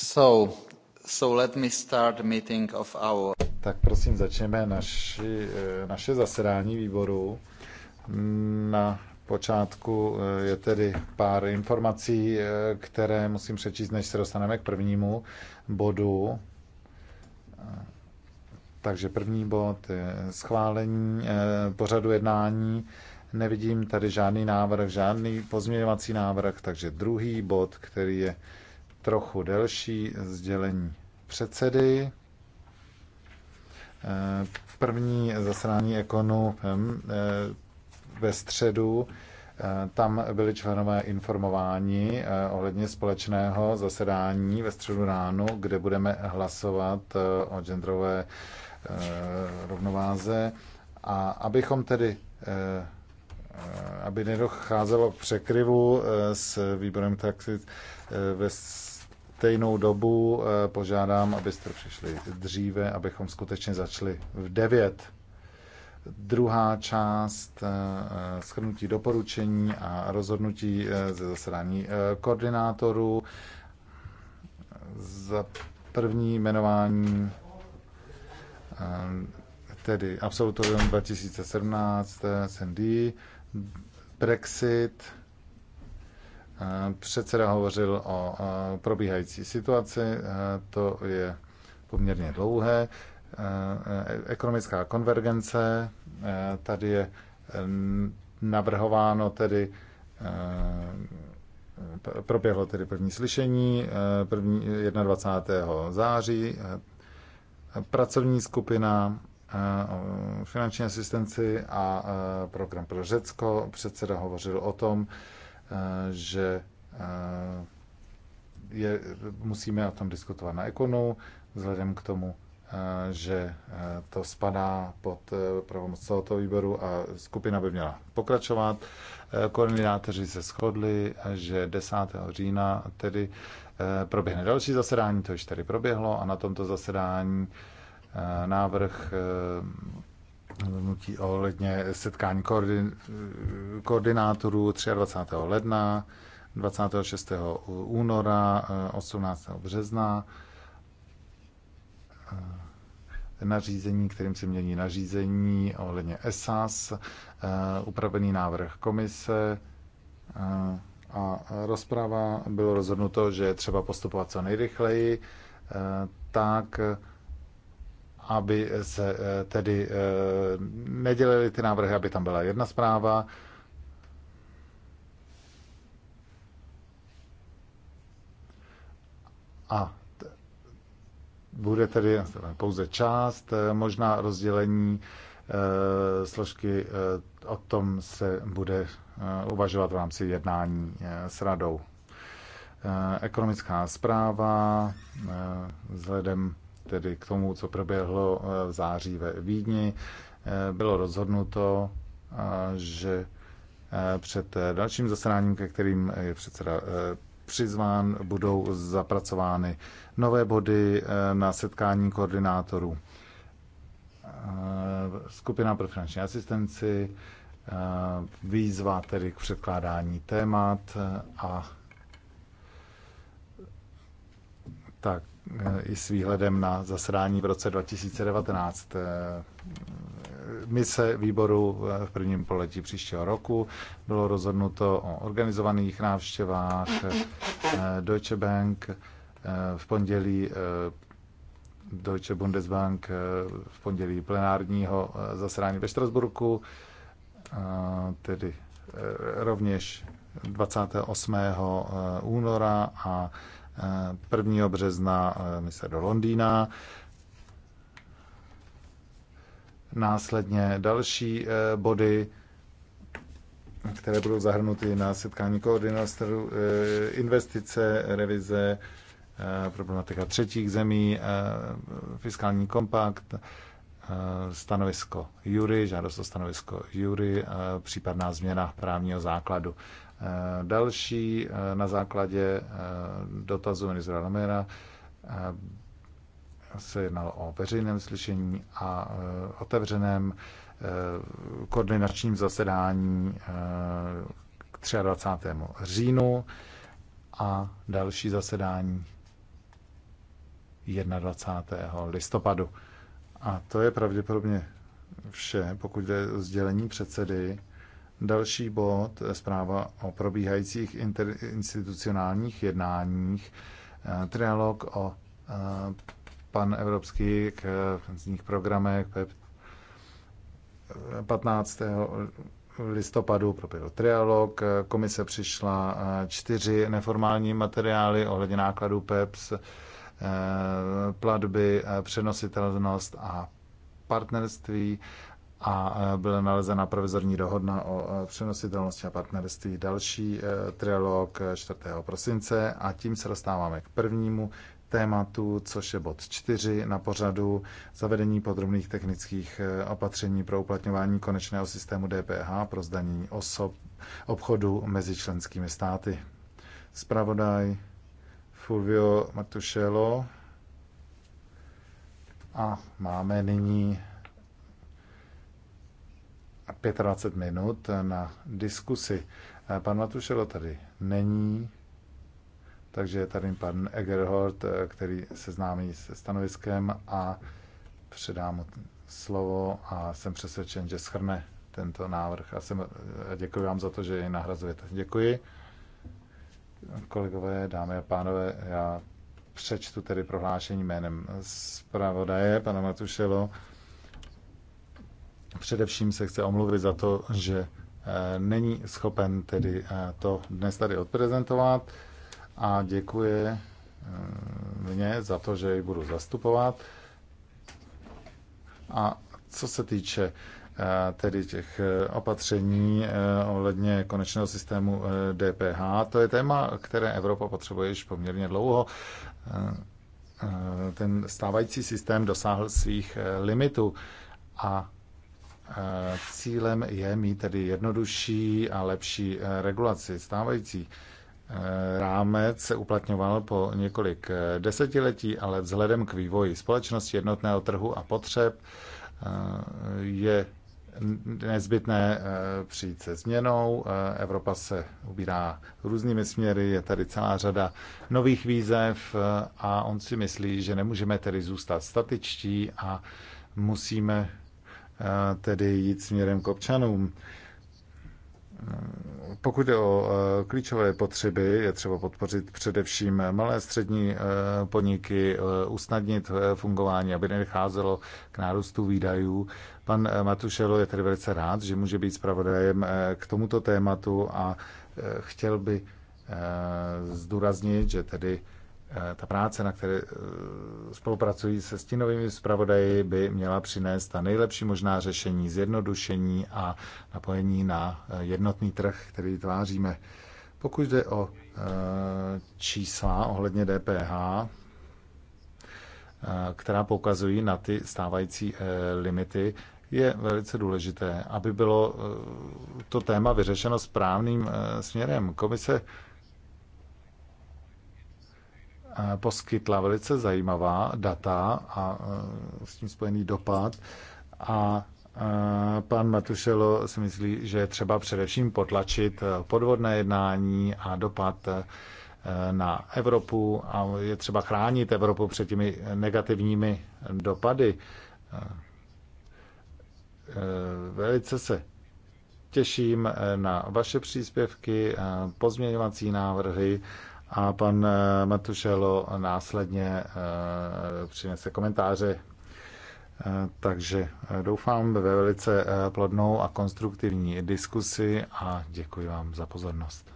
So, so let me start meeting of our... Tak prosím, začneme naši, eh, naše zasedání výboru. Na počátku eh, je tedy pár informací, eh, které musím přečíst, než se dostaneme k prvnímu bodu. Takže první bod je schválení pořadu jednání. Nevidím tady žádný návrh, žádný pozměňovací návrh, takže druhý bod, který je trochu delší sdělení předsedy. Eh, první zasedání ekonu ehm, eh, ve středu eh, tam byli členové informováni ohledně společného zasedání ve středu ráno, kde budeme hlasovat o genderové rovnováze. A abychom tedy, aby nedocházelo k překryvu s výborem taxi ve stejnou dobu eh, požádám, abyste přišli dříve, abychom skutečně začali v 9. Druhá část eh, eh, schrnutí doporučení a rozhodnutí ze zasedání koordinátorů. Za první jmenování tedy absolutorium 2017 SND, Brexit, Předseda hovořil o probíhající situaci, to je poměrně dlouhé. E, ekonomická konvergence, tady je navrhováno tedy proběhlo tedy první slyšení první 21. září. Pracovní skupina o finanční asistenci a program pro Řecko. Předseda hovořil o tom, Eh, že eh, je, musíme o tom diskutovat na ekonu, vzhledem k tomu, eh, že to spadá pod pravomoc tohoto výboru a skupina by měla pokračovat. Koordinátoři se shodli, že 10. října tedy proběhne další zasedání, to již tady proběhlo a na tomto zasedání návrh rozhodnutí ohledně setkání koordin, koordinátorů 23. ledna, 26. února, 18. Eh, března eh, nařízení, kterým se mění nařízení ohledně ESAS, eh, upravený návrh komise a rozprava. Bylo rozhodnuto, že je třeba postupovat co nejrychleji, tak aby se eh, tedy eh, nedělili ty návrhy, aby tam byla jedna zpráva. A bude tedy pouze část, eh, možná rozdělení složky, o tom se bude uvažovat v rámci jednání s radou. Ekonomická zpráva vzhledem tedy k tomu, co proběhlo eh, v září ve Vídni, eh, bylo rozhodnuto, eh, že před dalším zasedáním, ke kterým je předseda přizván, budou zapracovány nové body na setkání koordinátorů. Skupina pro finanční asistenci, výzva tedy k předkládání témat a tak Eh, i s výhledem na zasedání v roce 2019. Eh, mise výboru eh, v prvním poletí příštího roku bylo rozhodnuto o organizovaných návštěvách Deutsche Bank v pondělí Deutsche Bundesbank v pondělí plenárního zasedání ve Štrasburku, tedy rovněž 28. února a 1. března eh, mise do Londýna, následně další eh, body, které budou zahrnuty na setkání koordinátorů eh, investice, revize, problematika třetích zemí, fiskální kompakt, stanovisko jury, žádost o stanovisko jury, případná změna právního základu. Eh, další eh, na základě eh, dotazu ministra Romera se jednalo o veřejném slyšení a otevřeném koordinačním zasedání k 23. říjnu a další zasedání 21. listopadu. A to je pravděpodobně vše, pokud jde o sdělení předsedy. Další bod, eh, zpráva o probíhajících interinstitucionálních jednáních, eh, trialog o eh, panevropských programech 15. listopadu proběhl trialog. Komise přišla čtyři neformální materiály ohledně nákladů PEPS, platby, přenositelnost a partnerství a e, byla nalezena provizorní dohodna o e, přenositelnosti a partnerství. Další e, trilog 4. prosince a tím se dostáváme k prvnímu tématu, což je bod 4 na pořadu zavedení podrobných technických opatření pro uplatňování konečného systému DPH pro zdanění osob obchodu mezi členskými státy. Spravodaj Fulvio Martušelo a máme nyní 25 minut na diskusi. Pan Matušelo tady není, takže je tady pan Egerhort, který se známí se stanoviskem a předám mu slovo a jsem přesvědčen, že schrne tento návrh. A jsem, děkuji vám za to, že jej nahrazujete. Děkuji. Kolegové, dámy a pánové, já přečtu tedy prohlášení jménem zpravodaje, pana Matušelo Především se chce omluvit za to, že eh, není schopen tedy eh, to dnes tady odprezentovat a děkuje eh, mě za to, že ji budu zastupovat. A co se týče tedy těch opatření ohledně konečného systému DPH, to je téma, které Evropa potřebuje již poměrně dlouho. Ten stávající systém dosáhl svých limitů a Cílem je mít tedy jednodušší a lepší eh, regulaci. Stávající eh, rámec se uplatňoval po několik eh, desetiletí, ale vzhledem k vývoji společnosti jednotného trhu a potřeb je nezbytné přijít se změnou. Evropa se ubírá různými směry, je tady celá řada nových výzev a on si myslí, že nemůžeme tedy zůstat statičtí a musíme tedy jít směrem k občanům. Pokud je o e, klíčové potřeby, je třeba podpořit především malé střední e, podniky, e, usnadnit fungování, aby nedocházelo k nárůstu výdajů. Pan Matušelo je tedy velice rád, že může být zpravodajem k tomuto tématu a chtěl by zdůraznit, že tedy Eh, ta práce, na které eh, spolupracují se stínovými zpravodaji, by měla přinést ta nejlepší možná řešení, zjednodušení a napojení na eh, jednotný trh, který tváříme. Pokud jde o čísla ohledně DPH, která poukazují na ty stávající limity, je velice důležité, aby bylo to téma vyřešeno správným směrem. Komise Eh, poskytla velice zajímavá data a eh, s tím spojený dopad. A eh, pan Matušelo si myslí, že je třeba především potlačit podvodné jednání a dopad na Evropu a je třeba chránit Evropu před těmi negativními dopady. Velice se těším na vaše příspěvky, pozměňovací návrhy a pan eh, Matušelo následně eh, přinese komentáře. Eh, takže doufám ve velice plodnou a konstruktivní diskusi a děkuji vám za pozornost.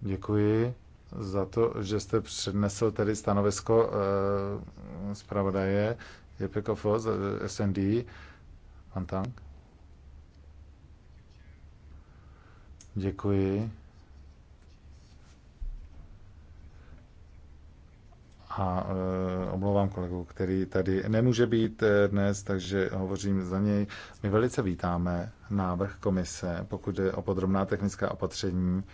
Děkuji za to, že jste přednesl tedy stanovisko zpravodaje JPKFO z SND. Pan Tank. Děkuji. a e, omlouvám kolegu, který tady nemůže být e, dnes, takže hovořím za něj. My velice vítáme návrh komise, pokud je o podrobná technická opatření, e,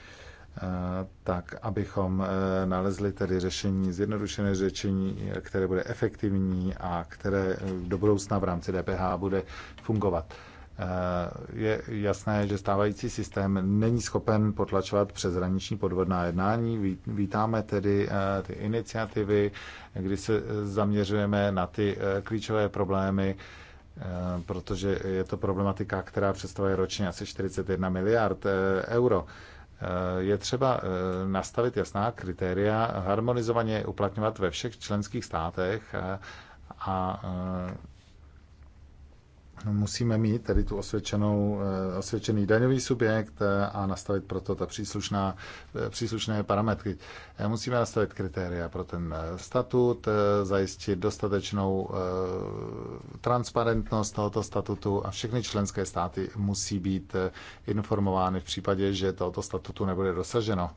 tak abychom nalezli tedy řešení, zjednodušené řešení, které bude efektivní a které do budoucna v rámci DPH bude fungovat. Eh, je jasné, že stávající systém není schopen potlačovat přeshraniční podvodná jednání. Vítáme tedy eh, ty iniciativy, kdy se eh, zaměřujeme na ty klíčové problémy, protože je to problematika, která představuje ročně asi 41 miliard euro. Je třeba nastavit jasná kritéria, harmonizovaně uplatňovat ve všech členských státech a No, musíme mít tedy tu osvědčenou, eh, osvědčený daňový subjekt eh, a nastavit proto ta příslušná, eh, příslušné parametry. Musíme nastavit kritéria pro ten statut, zajistit dostatečnou transparentnost tohoto statutu a všechny členské státy musí být informovány v případě, že tohoto statutu nebude dosaženo.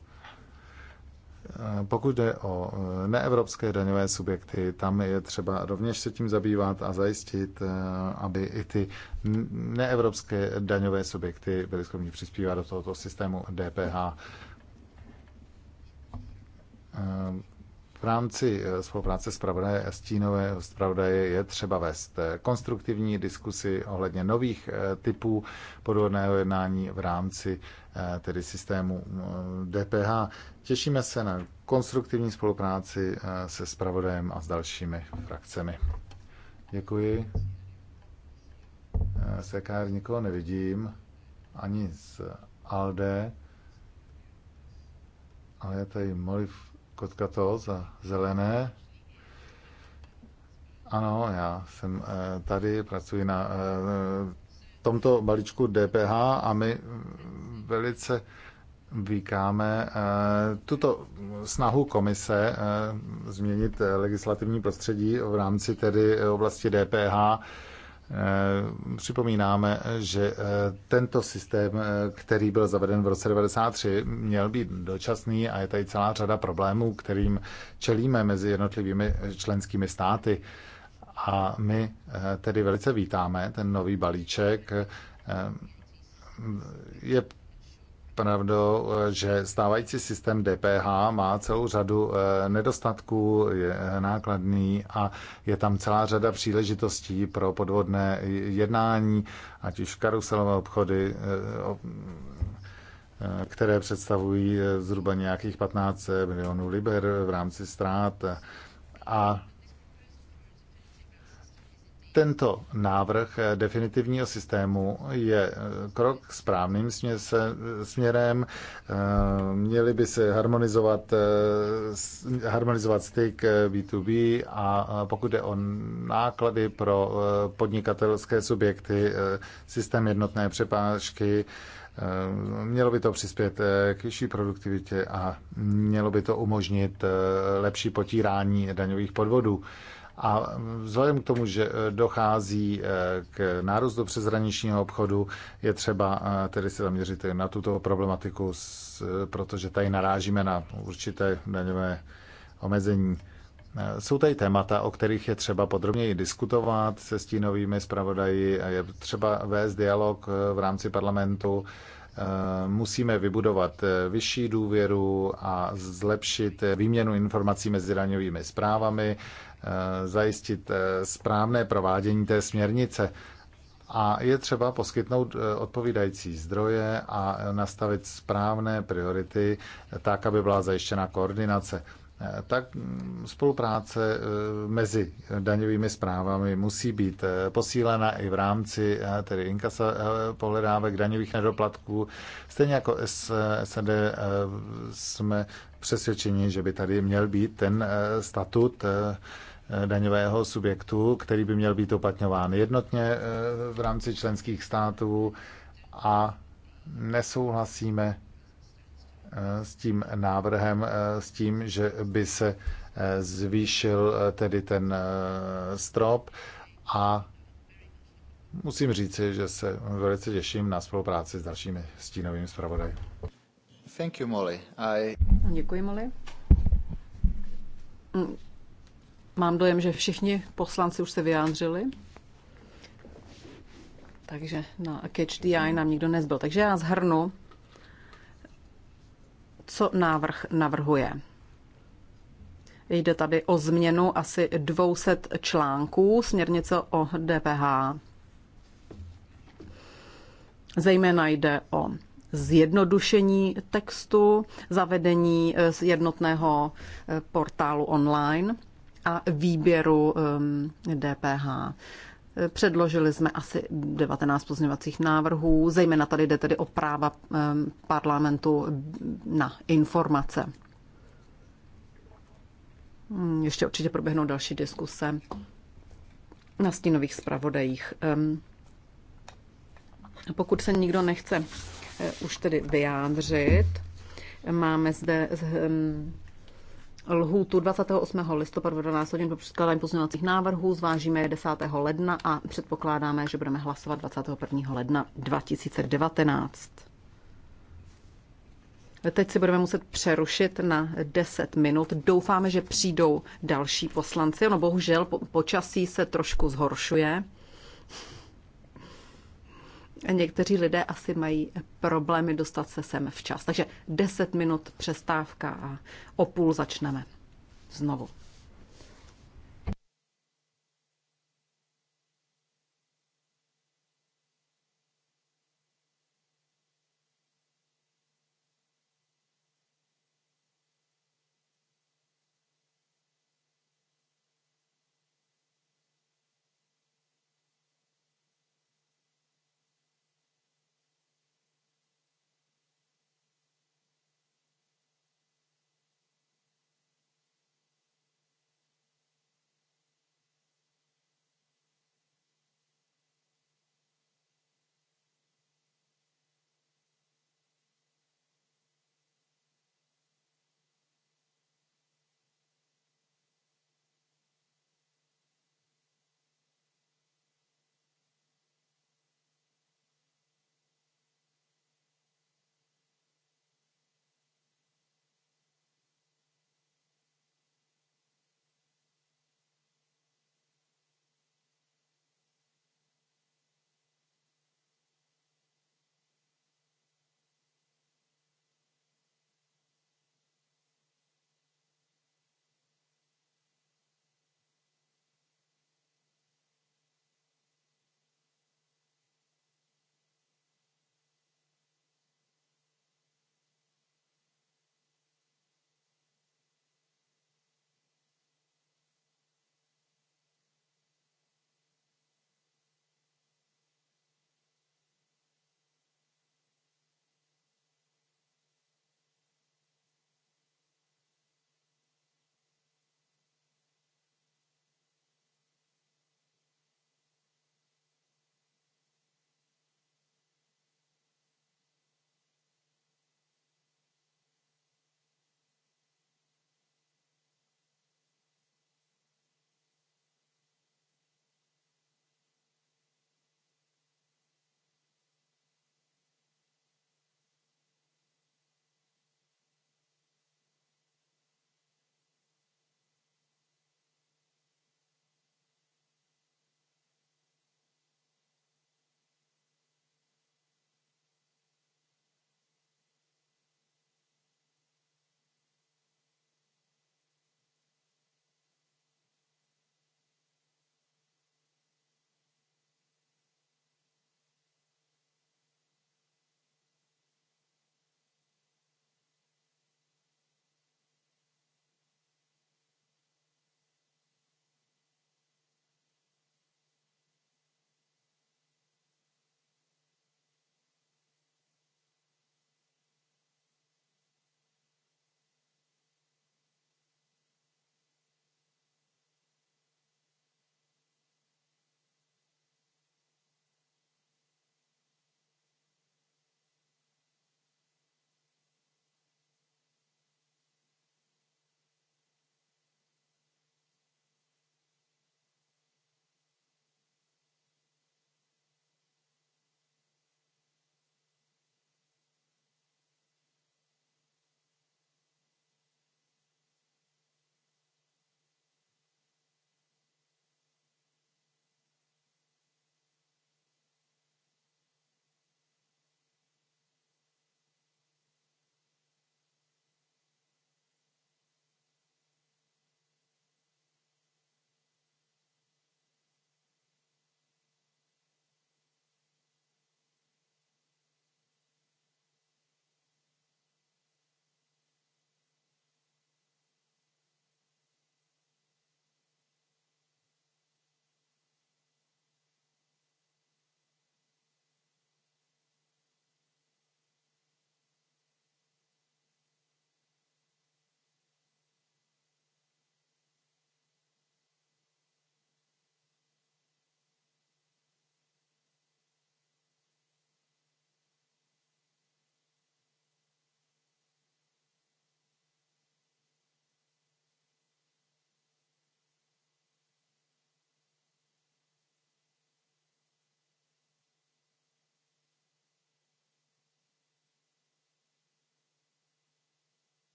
Eh, pokud jde o eh, neevropské daňové subjekty, tam je třeba rovněž se tím zabývat a zajistit, eh, aby i ty neevropské daňové subjekty byly schopni přispívat do tohoto systému DPH. V rámci eh, spolupráce s pravdaje, a stínové zpravodaje je třeba vést eh, konstruktivní diskusy ohledně nových eh, typů podvodného jednání v rámci tedy systému DPH. Těšíme se na konstruktivní spolupráci se spravodajem a s dalšími frakcemi. Děkuji. Sekár nikoho nevidím, ani z ALDE, ale je tady Molly Kotka to za zelené. Ano, já jsem eh, tady, pracuji na eh, tomto balíčku DPH a my velice vykáme eh, tuto snahu komise změnit legislativní prostředí v rámci tedy oblasti DPH Eh, připomínáme, že eh, tento systém, eh, který byl zaveden v roce 1993, měl být dočasný a je tady celá řada problémů, kterým čelíme mezi jednotlivými členskými státy. A my tedy velice vítáme ten nový balíček. Je pravdou, eh, že stávající systém DPH má celou řadu eh, nedostatků, je eh, nákladný a je tam celá řada příležitostí pro podvodné jednání, ať už karuselové obchody, které představují zhruba nějakých 15 milionů liber v rámci ztrát a tento návrh definitivního systému je eh, krok správným směrem. Eh, měly by se harmonizovat, eh, harmonizovat styk B2B a pokud je o náklady pro podnikatelské subjekty, systém jednotné přepážky, Mělo by to přispět k vyšší produktivitě a mělo by to umožnit lepší potírání daňových podvodů. A vzhledem k tomu, že eh, dochází eh, k nárůstu přezraničního obchodu, je třeba eh, tedy se zaměřit na tuto problematiku, protože tady narážíme na určité daňové omezení. Jsou tady témata, o kterých je třeba podrobněji diskutovat se stínovými zpravodaji a je třeba vést dialog v rámci parlamentu. Musíme vybudovat vyšší důvěru a zlepšit výměnu informací mezi daňovými zprávami Eh, zajistit eh, správné provádění té směrnice. A je třeba poskytnout eh, odpovídající zdroje a nastavit správné priority tak, aby byla zajištěna koordinace. Tak mm, spolupráce mezi daňovými zprávami musí být posílena i v rámci tedy inkasa pohledávek daňových nedoplatků. Stejně jako SD jsme přesvědčeni, že by tady měl být ten statut Eh, daňového subjektu, který by měl být uplatňován jednotně eh, v rámci členských států a nesouhlasíme eh, s tím návrhem, s tím, že by se zvýšil tedy ten strop a musím říct, že se velice těším na spolupráci s dalšími stínovými zpravodaji. Thank you, Molly. I... Děkuji, Molly. Mám dojem, že všichni poslanci už se vyjádřili. Takže na Catch the Eye nám nikdo nezbyl. Takže já zhrnu, co návrh navrhuje. Jde tady o změnu asi 200 článků směrnice o DPH. Zejména jde o zjednodušení textu, zavedení eh, jednotného eh, portálu online – a výběru um, DPH. Předložili jsme asi 19 pozměňovacích návrhů, zejména tady jde tedy o práva um, parlamentu na informace. Hmm, ještě určitě proběhnou další diskuse na stínových zpravodajích. Um, pokud se nikdo nechce eh, už tedy vyjádřit, máme zde hm, lhůtu 28. listopadu 12 hodin pro předkládání pozměňovacích návrhů, zvážíme je 10. ledna a předpokládáme, že budeme hlasovat 21. ledna 2019. Teď si budeme muset přerušit na 10 minut. Doufáme, že přijdou další poslanci. No bohužel počasí se trošku zhoršuje. Někteří lidé asi mají problémy dostat se sem včas. Takže 10 minut přestávka a o půl začneme znovu.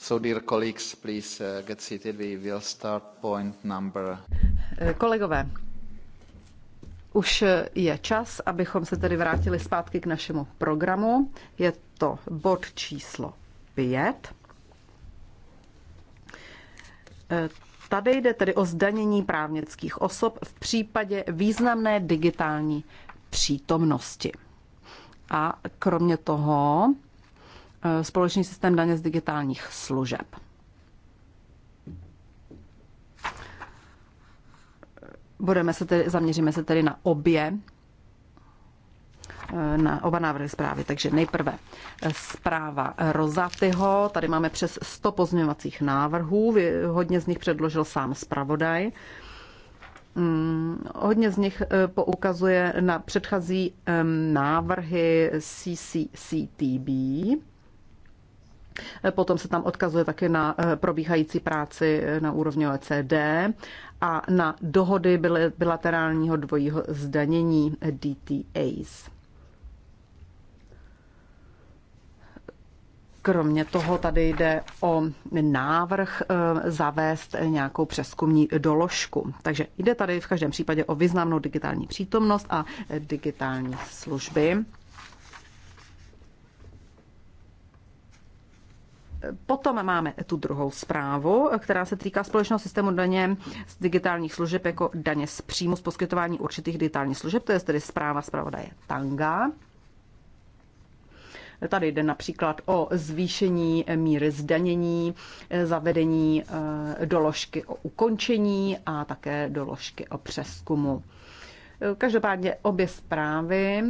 So, dear colleagues, please uh, get seated. We will start point number... Eh, kolegové, už eh, je čas, abychom se tedy vrátili zpátky k našemu programu. Je to bod číslo 5. Eh, tady jde tedy o zdanění právnických osob v případě významné digitální přítomnosti. A kromě toho Eh, společný systém daně z digitálních služeb. Budeme se tedy, zaměříme se tedy na obě eh, na oba návrhy zprávy. Takže nejprve eh, zpráva Rozatyho. Tady máme přes 100 pozměňovacích návrhů. Hodně z nich předložil sám zpravodaj. Mm, hodně z nich poukazuje na předchozí návrhy CCCTB. Potom se tam odkazuje také na eh, probíhající práci eh, na úrovni OECD a na dohody bilaterálního dvojího zdanění eh, DTAs. Kromě toho tady jde o návrh zavést nějakou přeskumní doložku. Takže jde tady v každém případě o významnou digitální přítomnost a digitální služby. Potom máme tu druhou zprávu, která se týká společného systému daně z digitálních služeb jako daně z příjmu z poskytování určitých digitálních služeb. To je tedy zpráva zpravodaje Tanga. Tady jde například o zvýšení míry zdanění, zavedení eh, doložky o ukončení a také doložky o přeskumu. Každopádně obě zprávy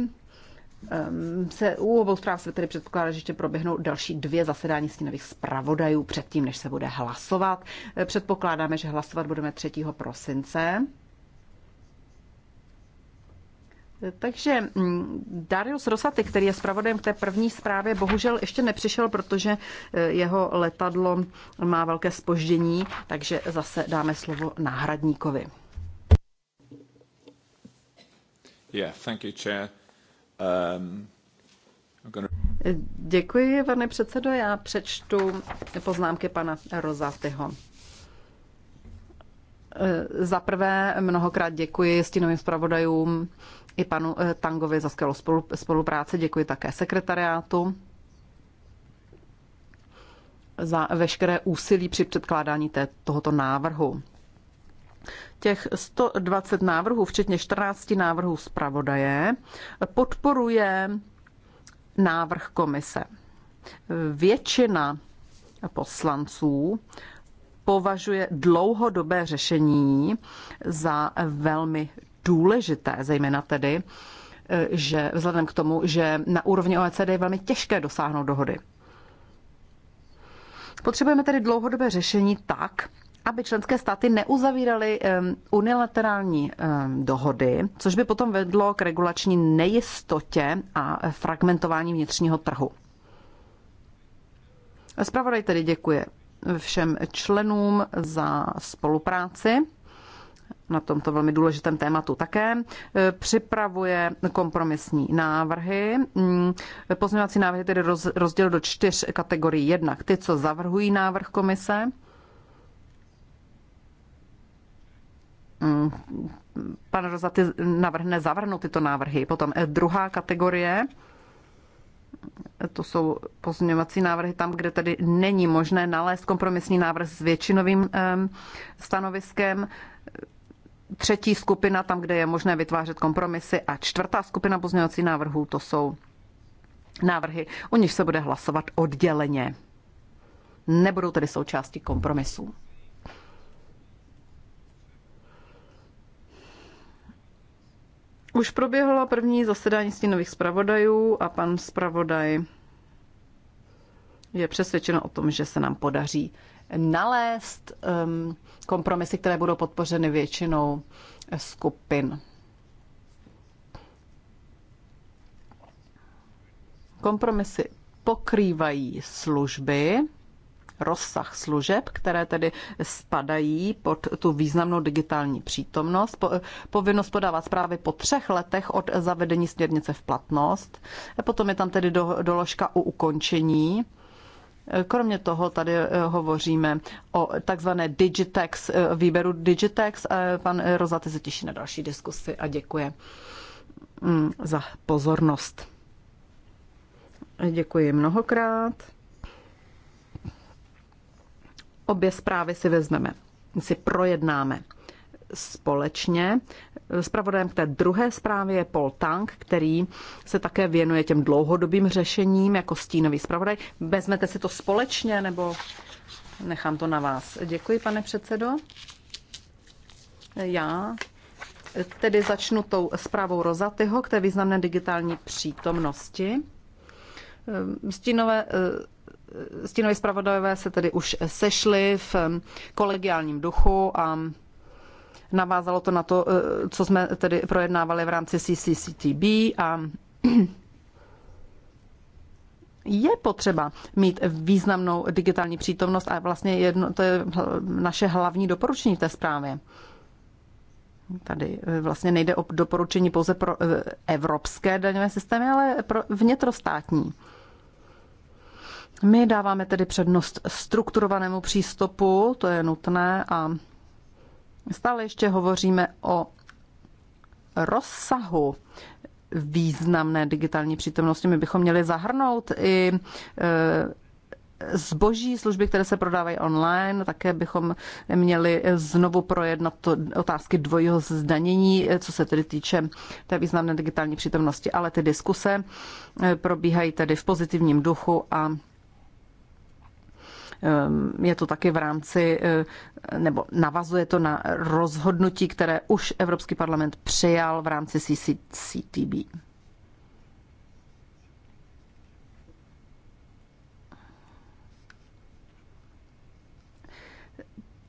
Ehm, se u obou zpráv se tedy předpokládá, že ještě proběhnou další dvě zasedání stínových zpravodajů předtím, než se bude hlasovat. Eh, předpokládáme, že hlasovat budeme 3. prosince. Eh, takže mm, Darius Rosaty, který je zpravodajem k té první zprávě, bohužel ještě nepřišel, protože eh, jeho letadlo má velké spoždění, takže zase dáme slovo náhradníkovi. Yeah, thank you, chair. Um, děkuji, pane předsedo. Já přečtu poznámky pana Rozatyho. Eh, za prvé mnohokrát děkuji stínovým zpravodajům i panu eh, Tangovi za skvělou spolupráci. Děkuji také sekretariátu za veškeré úsilí při předkládání té, tohoto návrhu těch 120 návrhů, včetně 14 návrhů zpravodaje, podporuje návrh komise. Většina poslanců považuje dlouhodobé řešení za velmi důležité, zejména tedy, že vzhledem k tomu, že na úrovni OECD je velmi těžké dosáhnout dohody. Potřebujeme tedy dlouhodobé řešení tak, aby členské státy neuzavíraly unilaterální dohody, což by potom vedlo k regulační nejistotě a fragmentování vnitřního trhu. Zpravodaj tedy děkuje všem členům za spolupráci na tomto velmi důležitém tématu také. Připravuje kompromisní návrhy. Mm, pozměňovací návrhy tedy rozdělil do čtyř kategorií. Jednak ty, co zavrhují návrh komise, Mm, pan Rozaty navrhne zavrhnout tyto návrhy. Potom eh, druhá kategorie, to jsou pozměňovací návrhy tam, kde tedy není možné nalézt kompromisní návrh s většinovým ehm, stanoviskem. Třetí skupina tam, kde je možné vytvářet kompromisy. A čtvrtá skupina pozměňovacích návrhů, to jsou návrhy, o nich se bude hlasovat odděleně. Nebudou tedy součástí kompromisů. Už proběhlo první zasedání stínových zpravodajů a pan zpravodaj je přesvědčen o tom, že se nám podaří nalézt um, kompromisy, které budou podpořeny většinou skupin. Kompromisy pokrývají služby, rozsah služeb, které tedy spadají pod tu významnou digitální přítomnost, povinnost podávat zprávy po třech letech od zavedení směrnice v platnost, potom je tam tedy do, doložka u ukončení Kromě toho tady eh, hovoříme o takzvané Digitex, eh, výběru Digitex. Eh, pan Rozate se těší na další diskusy a děkuje mm, za pozornost. Děkuji mnohokrát. Obě zprávy si vezmeme, si projednáme společně. Spravodajem k té druhé zprávě je Paul Tank, který se také věnuje těm dlouhodobým řešením jako stínový spravodaj. Vezmete si to společně nebo nechám to na vás. Děkuji, pane předsedo. Já tedy začnu tou zprávou Rozatyho k té významné digitální přítomnosti. Stínové Stínové zpravodajové se tedy už sešli v kolegiálním duchu a navázalo to na to, e, co jsme tedy projednávali v rámci CCCTB a je potřeba mít významnou digitální přítomnost a vlastně jedno, to je naše hlavní doporučení v té zprávě. Tady e, vlastně nejde o doporučení pouze pro e, evropské daňové systémy, ale pro vnitrostátní. My dáváme tedy přednost strukturovanému přístupu, to je nutné a stále ještě hovoříme o rozsahu významné digitální přítomnosti. My bychom měli zahrnout i e, zboží, služby, které se prodávají online. Také bychom měli znovu projednat to, otázky dvojího zdanění, e, co se tedy týče té významné digitální přítomnosti. Ale ty diskuse e, probíhají tedy v pozitivním duchu a Ehm, je to taky v rámci, eh, nebo navazuje to na rozhodnutí, které už Evropský parlament přijal v rámci CCTB.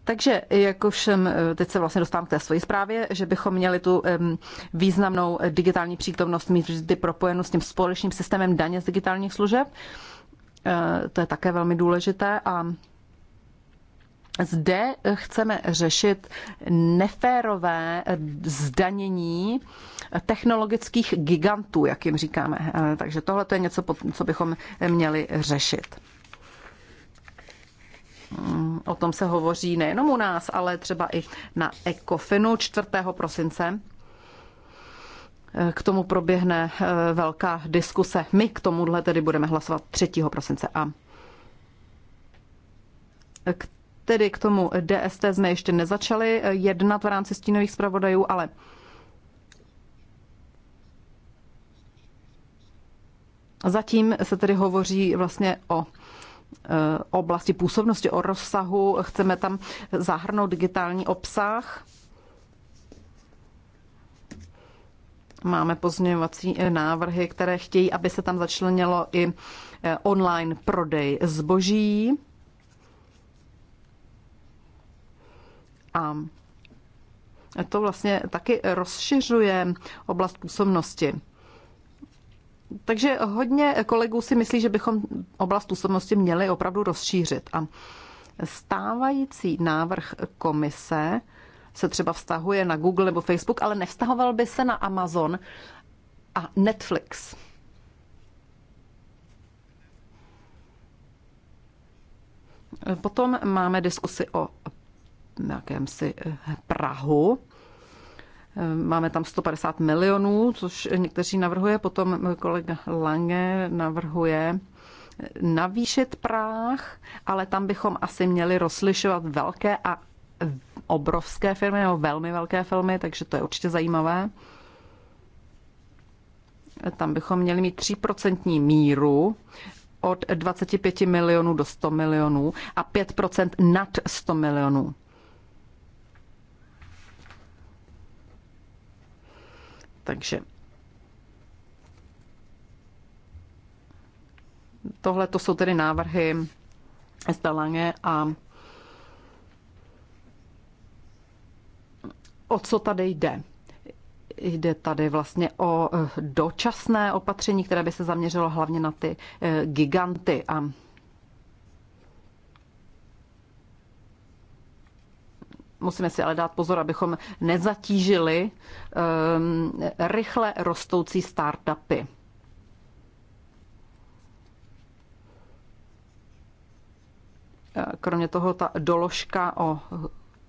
Takže jako všem, eh, teď se vlastně dostávám k té své zprávě, že bychom měli tu ehm, významnou digitální přítomnost mít vždy propojenou s tím společným systémem daně z digitálních služeb. Eh, to je také velmi důležité a zde chceme řešit neférové zdanění technologických gigantů, jak jim říkáme. Eh, takže tohle to je něco, co bychom měli řešit. Mm, o tom se hovoří nejenom u nás, ale třeba i na Ecofinu 4. prosince Eh, k tomu proběhne eh, velká diskuse. My k tomuhle tedy budeme hlasovat 3. prosince a k tedy k tomu DST jsme ještě nezačali eh, jednat v rámci stínových zpravodajů, ale zatím se tedy hovoří vlastně o oblasti působnosti, o rozsahu. Chceme tam zahrnout digitální obsah Máme pozměňovací eh, návrhy, které chtějí, aby se tam začlenilo i eh, online prodej zboží. A to vlastně taky rozšiřuje oblast působnosti. Takže hodně kolegů si myslí, že bychom oblast působnosti měli opravdu rozšířit. A stávající návrh komise se třeba vztahuje na Google nebo Facebook, ale nevztahoval by se na Amazon a Netflix. Potom máme diskusi o si eh, Prahu. Máme tam 150 milionů, což někteří navrhuje, potom kolega Lange navrhuje eh, navýšit práh, ale tam bychom asi měli rozlišovat velké a obrovské firmy nebo velmi velké firmy, takže to je určitě zajímavé. Tam bychom měli mít 3% míru od 25 milionů do 100 milionů a 5% nad 100 milionů. Takže tohle to jsou tedy návrhy Estelange a o co tady jde. Jde tady vlastně o eh, dočasné opatření, které by se zaměřilo hlavně na ty eh, giganty a Musíme si ale dát pozor, abychom nezatížili um, rychle rostoucí startupy. Kromě toho ta doložka o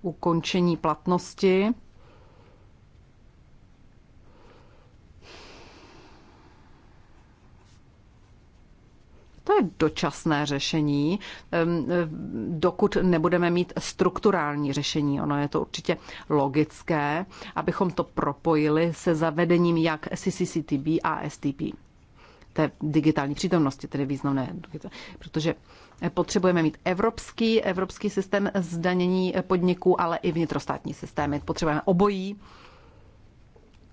ukončení platnosti to je dočasné řešení, dokud nebudeme mít strukturální řešení. Ono je to určitě logické, abychom to propojili se zavedením jak CCCTB a STP té digitální přítomnosti, tedy významné, protože potřebujeme mít evropský, evropský systém zdanění podniků, ale i vnitrostátní systémy. Potřebujeme obojí,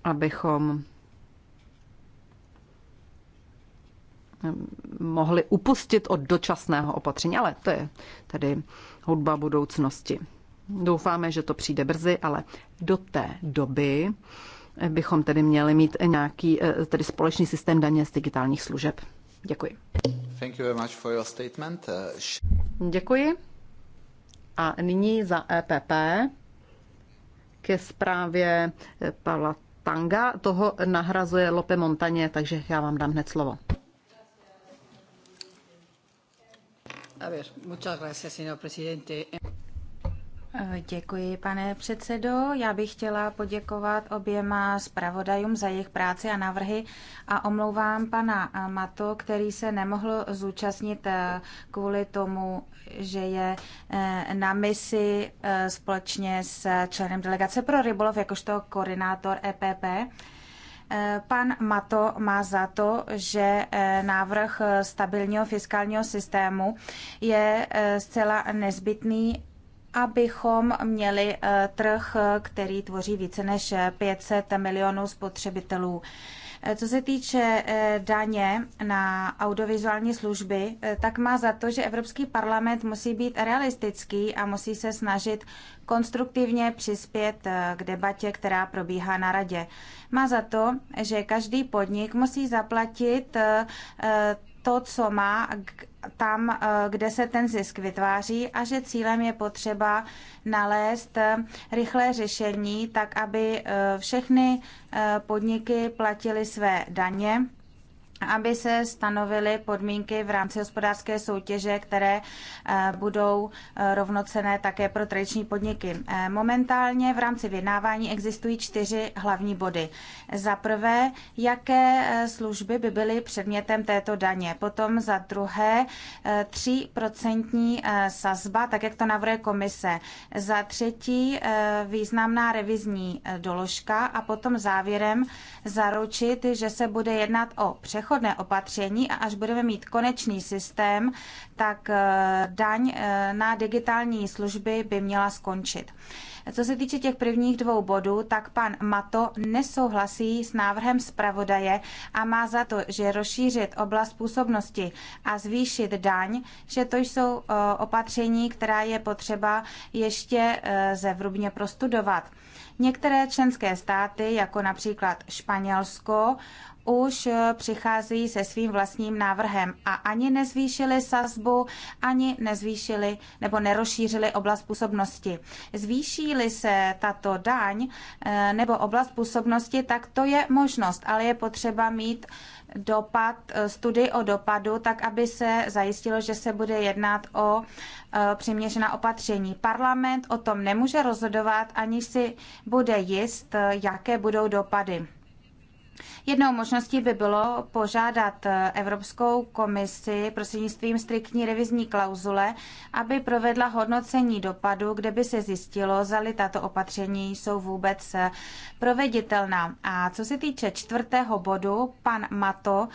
abychom mohli upustit od dočasného opatření, ale to je tedy hudba budoucnosti. Doufáme, že to přijde brzy, ale do té doby bychom tedy měli mít nějaký eh, tedy společný systém daně z digitálních služeb. Děkuji. Thank you very much for your statement. Eh, Děkuji. A nyní za EPP ke zprávě eh, Pavla Tanga. Toho nahrazuje Lope Montaně, takže já vám dám hned slovo. Eh, děkuji, pane předsedo. Já bych chtěla poděkovat oběma zpravodajům za jejich práci a návrhy a omlouvám pana eh, Mato, který se nemohl zúčastnit eh, kvůli tomu, že je na misi společně s členem delegace pro rybolov jakožto koordinátor EPP. Eh, pan Mato má za to, že eh, návrh stabilního fiskálního systému je eh, zcela nezbytný abychom měli trh, který tvoří více než 500 milionů spotřebitelů. Eh, co se týče eh, daně na audiovizuální služby, eh, tak má za to, že Evropský parlament musí být realistický a musí se snažit konstruktivně přispět k debatě, která probíhá na radě. Má za to, že každý podnik musí zaplatit to, co má tam, eh, kde se ten zisk vytváří a že cílem je potřeba nalézt eh, rychlé řešení, tak aby eh, všechny podniky platily své daně aby se stanovily podmínky v rámci hospodářské soutěže, které eh, budou eh, rovnocené také pro tradiční podniky. Eh, momentálně v rámci vyjednávání existují čtyři hlavní body. Za prvé, jaké služby by byly předmětem této daně. Potom za druhé, 3% sazba, tak jak to navrhuje komise. Za třetí, významná revizní doložka a potom závěrem zaručit, že se bude jednat o přechod přechodné opatření a až budeme mít konečný systém, tak eh, daň eh, na digitální služby by měla skončit. Co se týče těch prvních dvou bodů, tak pan Mato nesouhlasí s návrhem zpravodaje a má za to, že rozšířit oblast působnosti a zvýšit daň, že to jsou eh, opatření, která je potřeba ještě zevrubně prostudovat. Některé členské státy, jako například Španělsko, už eh, přichází se svým vlastním návrhem a ani nezvýšili sazbu, ani nezvýšili nebo nerozšířili oblast působnosti. Zvýší-li se tato daň eh, nebo oblast působnosti, tak to je možnost, ale je potřeba mít dopad, eh, studii o dopadu, tak aby se zajistilo, že se bude jednat o přiměřená opatření. Parlament o tom nemůže rozhodovat, aniž si bude jist, jaké budou dopady. Jednou možností by bylo požádat eh, Evropskou komisi prostřednictvím striktní revizní klauzule, aby provedla hodnocení dopadu, kde by se zjistilo, zda-li tato opatření jsou vůbec eh, proveditelná. A co se týče čtvrtého bodu, pan Mato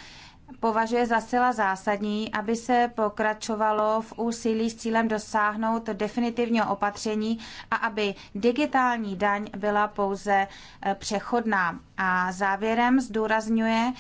považuje za zcela zásadní, aby se pokračovalo v úsilí s cílem dosáhnout definitivního opatření a aby digitální daň byla pouze eh, přechodná. A závěrem zdůrazňuje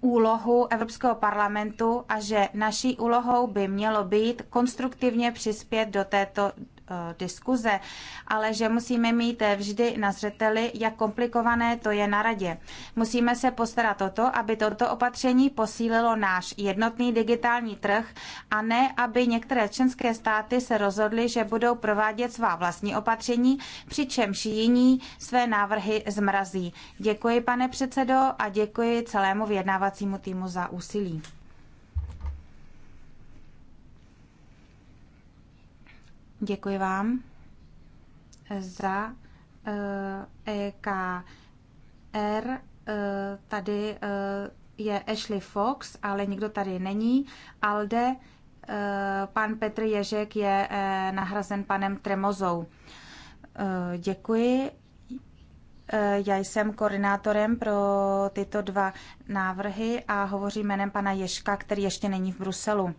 úlohu Evropského parlamentu a že naší úlohou by mělo být konstruktivně přispět do této Eh, diskuze, ale že musíme mít eh, vždy na zřeteli, jak komplikované to je na radě. Musíme se postarat o to, aby toto opatření posílilo náš jednotný digitální trh a ne, aby některé členské státy se rozhodly, že budou provádět svá vlastní opatření, přičemž jiní své návrhy zmrazí. Děkuji, pane předsedo, a děkuji celému vyjednávacímu týmu za úsilí. Děkuji vám za EKR. Eh, e eh, tady eh, je Ashley Fox, ale nikdo tady není. Alde, pan Petr Ježek je nahrazen panem Tremozou. Děkuji. Já jsem koordinátorem pro tyto dva návrhy a hovořím jménem pana Ješka, který ještě není v Bruselu.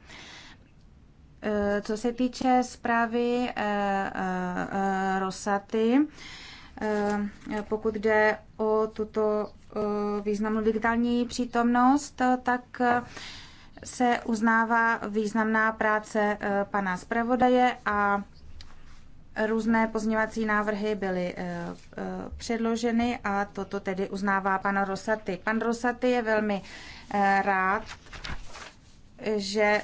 Eh, co se týče zprávy eh, eh, Rosaty, pokud jde o tuto významnou digitální přítomnost, tak se uznává významná práce pana zpravodaje a různé pozměňovací návrhy byly předloženy a toto tedy uznává pan Rosaty. Pan Rosaty je velmi rád, že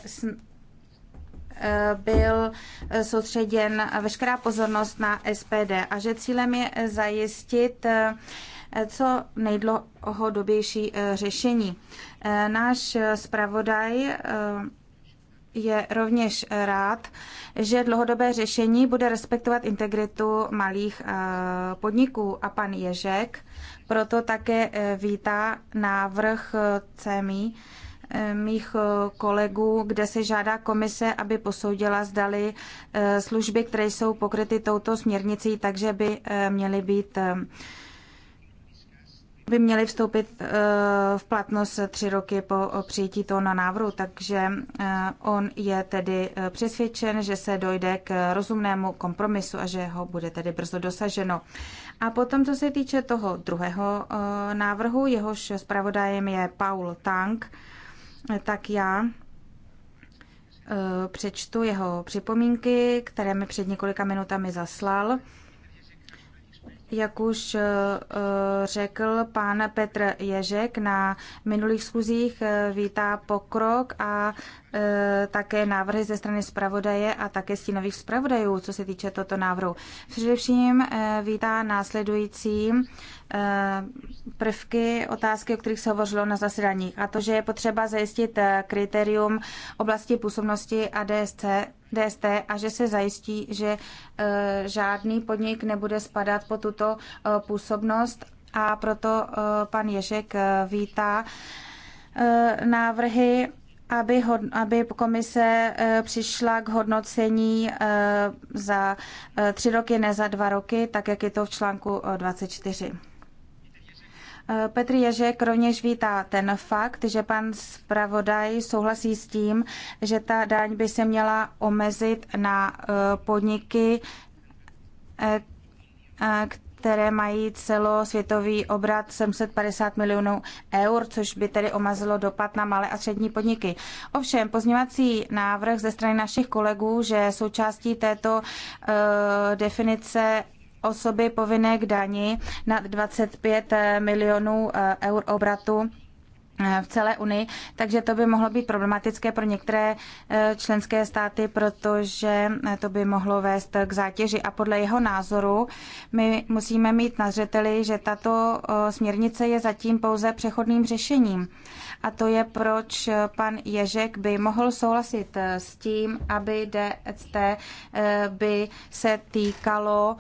byl soustředěn veškerá pozornost na SPD a že cílem je zajistit eh, co nejdlouhodobější eh, řešení. Eh, náš zpravodaj je rovněž rád, že dlouhodobé řešení bude respektovat integritu malých podniků a pan Ježek proto také vítá návrh CEMI, mých eh, kolegů, kde se žádá komise, aby posoudila, zdali eh, služby, které jsou pokryty touto směrnicí, takže by eh, měly být by měly vstoupit v platnost tři roky po přijetí toho na návrhu, takže on je tedy přesvědčen, že se dojde k rozumnému kompromisu a že ho bude tedy brzo dosaženo. A potom, co se týče toho druhého návrhu, jehož zpravodajem je Paul Tank, tak já eh, přečtu jeho připomínky, které mi před několika minutami zaslal. Jak už eh, eh, řekl pán Petr Ježek na minulých schůzích, eh, vítá pokrok a také návrhy ze strany zpravodaje a také stínových zpravodajů, co se týče toto návrhu. Především vítá následující prvky, otázky, o kterých se hovořilo na zasedáních, a to, že je potřeba zajistit kritérium oblasti působnosti ADSC DST a že se zajistí, že e, žádný podnik nebude spadat po tuto e, působnost a proto e, pan Ježek vítá návrhy, aby, hod, aby komise přišla k hodnocení za tři roky, ne za dva roky, tak jak je to v článku 24. Petr Ježek rovněž vítá ten fakt, že pan zpravodaj souhlasí s tím, že ta daň by se měla omezit na eh, podniky, eh, eh, které mají celosvětový obrat 750 milionů eur, což by tedy omezilo dopad na malé a střední podniky. Ovšem, pozněvací návrh ze strany našich kolegů, že součástí této uh, definice osoby povinné k dani nad 25 eh, milionů eh, eur obratu eh, v celé Unii, takže to by mohlo být problematické pro některé členské státy, protože to by mohlo vést k zátěži. A podle jeho názoru my musíme mít na zřeteli, že tato směrnice je zatím pouze přechodným řešením. A to je, proč pan Ježek by mohl souhlasit s tím, aby DST by se týkalo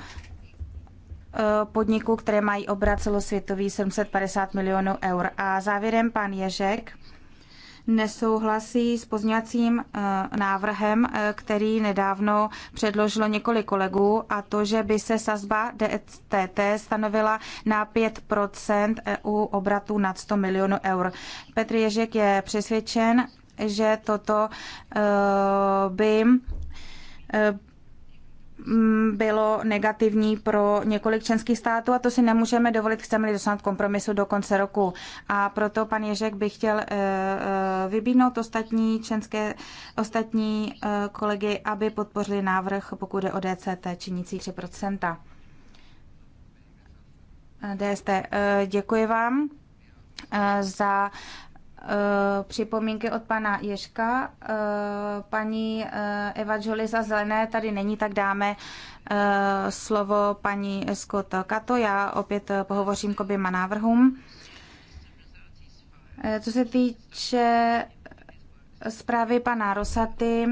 Eh, podniků, které mají obrat celosvětový 750 milionů eur. A závěrem pan Ježek nesouhlasí s pozňacím eh, návrhem, eh, který nedávno předložilo několik kolegů, a to, že by se sazba DTT e stanovila na 5 e u obratu nad 100 milionů eur. Petr Ježek je přesvědčen, že toto by Mm, bylo negativní pro několik členských států a to si nemůžeme dovolit, chceme-li dosáhnout kompromisu do konce roku. A proto pan Ježek by chtěl eh, eh, vybídnout ostatní členské, ostatní eh, kolegy, aby podpořili návrh, pokud je o DCT činící 3%. DST, děkuji vám za Eh, připomínky od pana Ježka. Eh, paní eh, Eva Jolisa zelené tady není, tak dáme slovo paní Scott Kato. Já opět pohovořím k oběma návrhům. Co se týče zprávy pana Rosaty,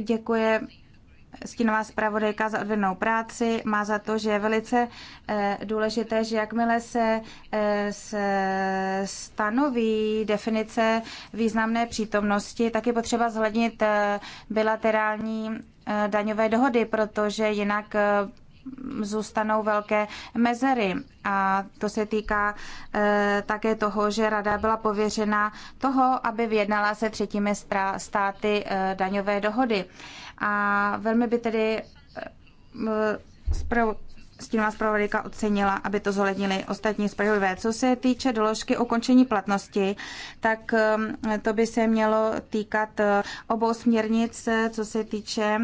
děkuje stínová zpravodajka za odvednou práci, má za to, že je velice eh, důležité, že jakmile se, eh, stanoví definice významné přítomnosti, tak je potřeba zhlednit eh, bilaterální daňové dohody, protože jinak zůstanou velké mezery. A to se týká e, také toho, že rada byla pověřena toho, aby vyjednala se třetími státy e, daňové dohody. A velmi by tedy zpravo, eh, stínová zpravodajka ocenila, aby to zohlednili ostatní zpravodajové. Co se týče doložky ukončení platnosti, tak eh, to by se mělo týkat eh, obou směrnic, co se týče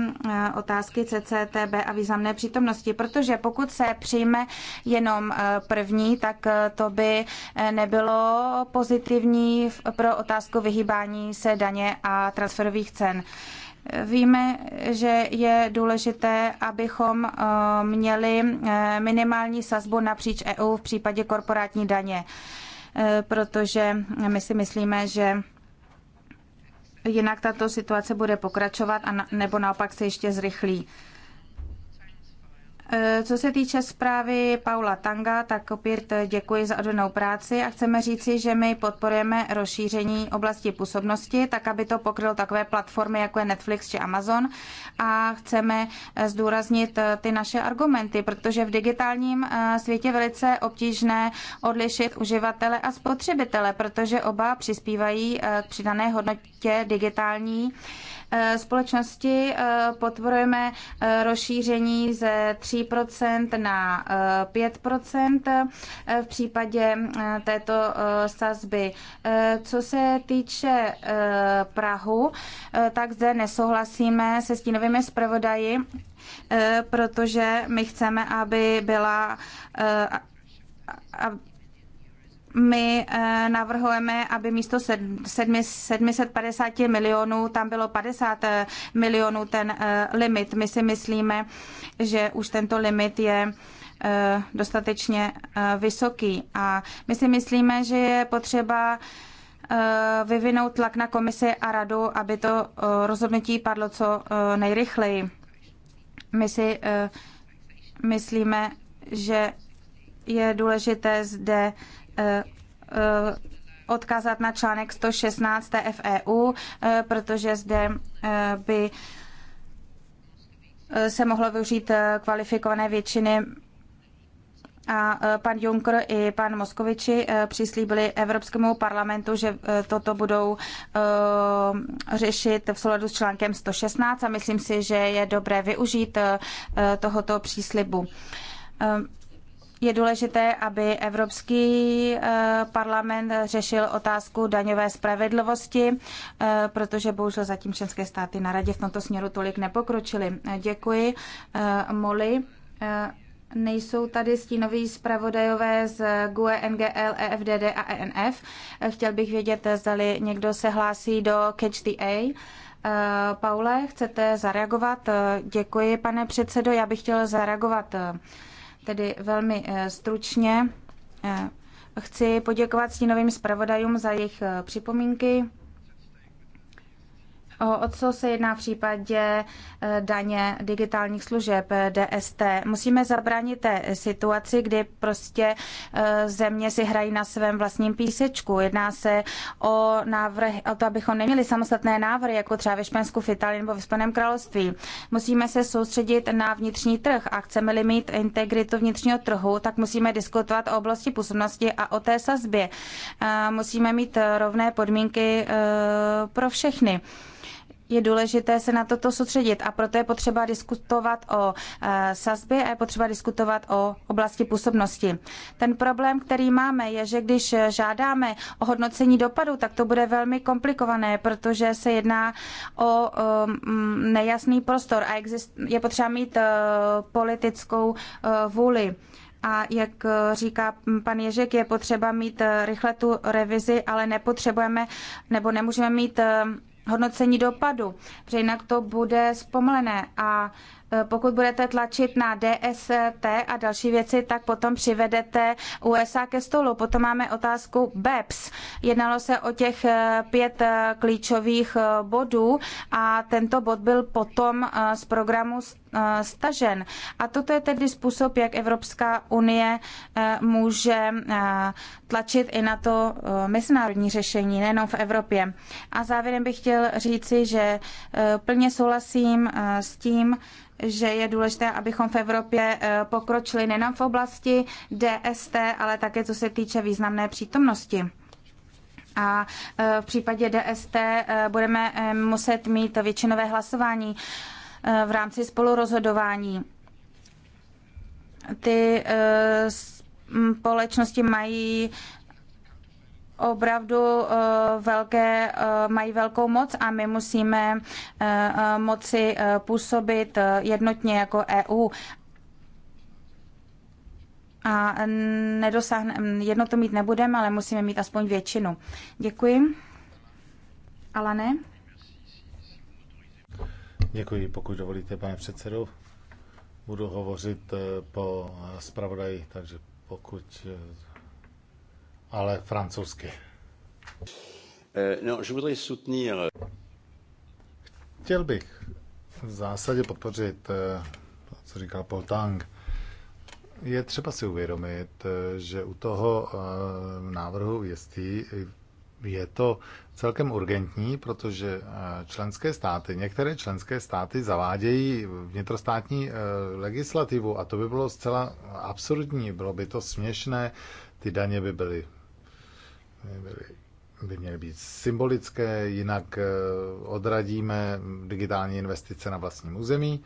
otázky CCTB a významné přítomnosti, protože pokud se přijme jenom první, tak to by nebylo pozitivní pro otázku vyhýbání se daně a transferových cen. Víme, že je důležité, abychom eh, měli eh, minimální sazbu napříč EU v případě korporátní daně, eh, protože my si myslíme, že jinak tato situace bude pokračovat a nebo naopak se ještě zrychlí. Eh, co se týče zprávy Paula Tanga, tak opět děkuji za odvednou práci a chceme říci, že my podporujeme rozšíření oblasti působnosti, tak aby to pokrylo takové platformy, jako je Netflix či Amazon a chceme eh, zdůraznit eh, ty naše argumenty, protože v digitálním světě velice obtížné odlišit uživatele a spotřebitele, protože oba přispívají k přidané hodnotě digitální Eh, společnosti eh, podporujeme eh, rozšíření ze 3% na 5% v případě této sazby. Co se týče Prahu, tak zde nesouhlasíme se stínovými zpravodaji, protože my chceme, aby byla my eh, navrhujeme, aby místo 750 milionů tam bylo 50 eh, milionů ten eh, limit. My si myslíme, že už tento limit je dostatečně vysoký a my si myslíme, že je potřeba vyvinout tlak na komisi a radu, aby to rozhodnutí padlo co nejrychleji. My si myslíme, že je důležité zde Eh, eh, odkázat na článek 116 FEU, eh, protože zde by se mohlo využít kvalifikované většiny a pan Juncker i pan Moskoviči přislíbili Evropskému parlamentu, že toto budou řešit v souladu s článkem 116 a myslím si, že je dobré využít tohoto příslibu je důležité, aby Evropský eh, parlament řešil otázku daňové spravedlivosti, eh, protože bohužel zatím členské státy na radě v tomto směru tolik nepokročily. Eh, děkuji. Moli, nejsou tady stínoví zpravodajové z GUE, NGL, EFDD a ENF. Chtěl bych vědět, zda někdo se hlásí do Catch the A. Paule, chcete zareagovat? Děkuji, pane předsedo. Já bych chtěl zareagovat tedy velmi eh, stručně eh, chci poděkovat stínovým zpravodajům za jejich eh, připomínky o co se jedná v případě e, daně digitálních služeb e, DST. Musíme zabránit té situaci, kdy prostě e, země si hrají na svém vlastním písečku. Jedná se o návrh, o to, abychom neměli samostatné návrhy, jako třeba ve Španělsku, v Itálii nebo ve Spojeném království. Musíme se soustředit na vnitřní trh a chceme-li mít integritu vnitřního trhu, tak musíme diskutovat o oblasti působnosti a o té sazbě. Musíme mít rovné podmínky pro všechny je důležité se na toto soustředit a proto je potřeba diskutovat o eh, sazbě a je potřeba diskutovat o oblasti působnosti. Ten problém, který máme, je, že když žádáme o hodnocení dopadu, tak to bude velmi komplikované, protože se jedná o eh, mm, nejasný prostor a je potřeba mít eh, politickou vůli. A jak říká pan Ježek, je potřeba mít rychle tu revizi, ale nepotřebujeme nebo nemůžeme mít hodnocení dopadu, protože jinak to bude zpomalené a e, pokud budete tlačit na DST a další věci, tak potom přivedete USA ke stolu. Potom máme otázku BEPS. Jednalo se o těch e, pět e, klíčových bodů a tento bod byl potom z programu Eh, stažen. A toto je tedy způsob, jak Evropská unie eh, může eh, tlačit i na to mezinárodní řešení, nejenom v Evropě. A závěrem bych chtěl říci, že plně souhlasím s tím, že je důležité, abychom v Evropě pokročili nejenom v oblasti DST, ale také co se týče významné přítomnosti. A v případě DST budeme muset mít většinové hlasování v rámci spolurozhodování. Ty eh, společnosti mají opravdu eh, velké, eh, mají velkou moc a my musíme moci působit jednotně jako EU a jedno to mít nebudeme, ale musíme mít aspoň většinu. Děkuji. Alane? Děkuji, pokud dovolíte, pane předsedo. Budu hovořit eh, po eh, zpravodaji, takže pokud... Eh, ale francouzsky. No, je voudrais soutenir... Chtěl bych v zásadě podpořit to, co říkal Paul Tang. Je třeba si uvědomit, že u toho návrhu jistý je to celkem urgentní, protože eh, členské státy, některé členské státy zavádějí vnitrostátní eh, legislativu a to by bylo zcela absurdní, bylo by to směšné, ty daně by byly, by, byly, by měly být symbolické, jinak eh, odradíme digitální investice na vlastním území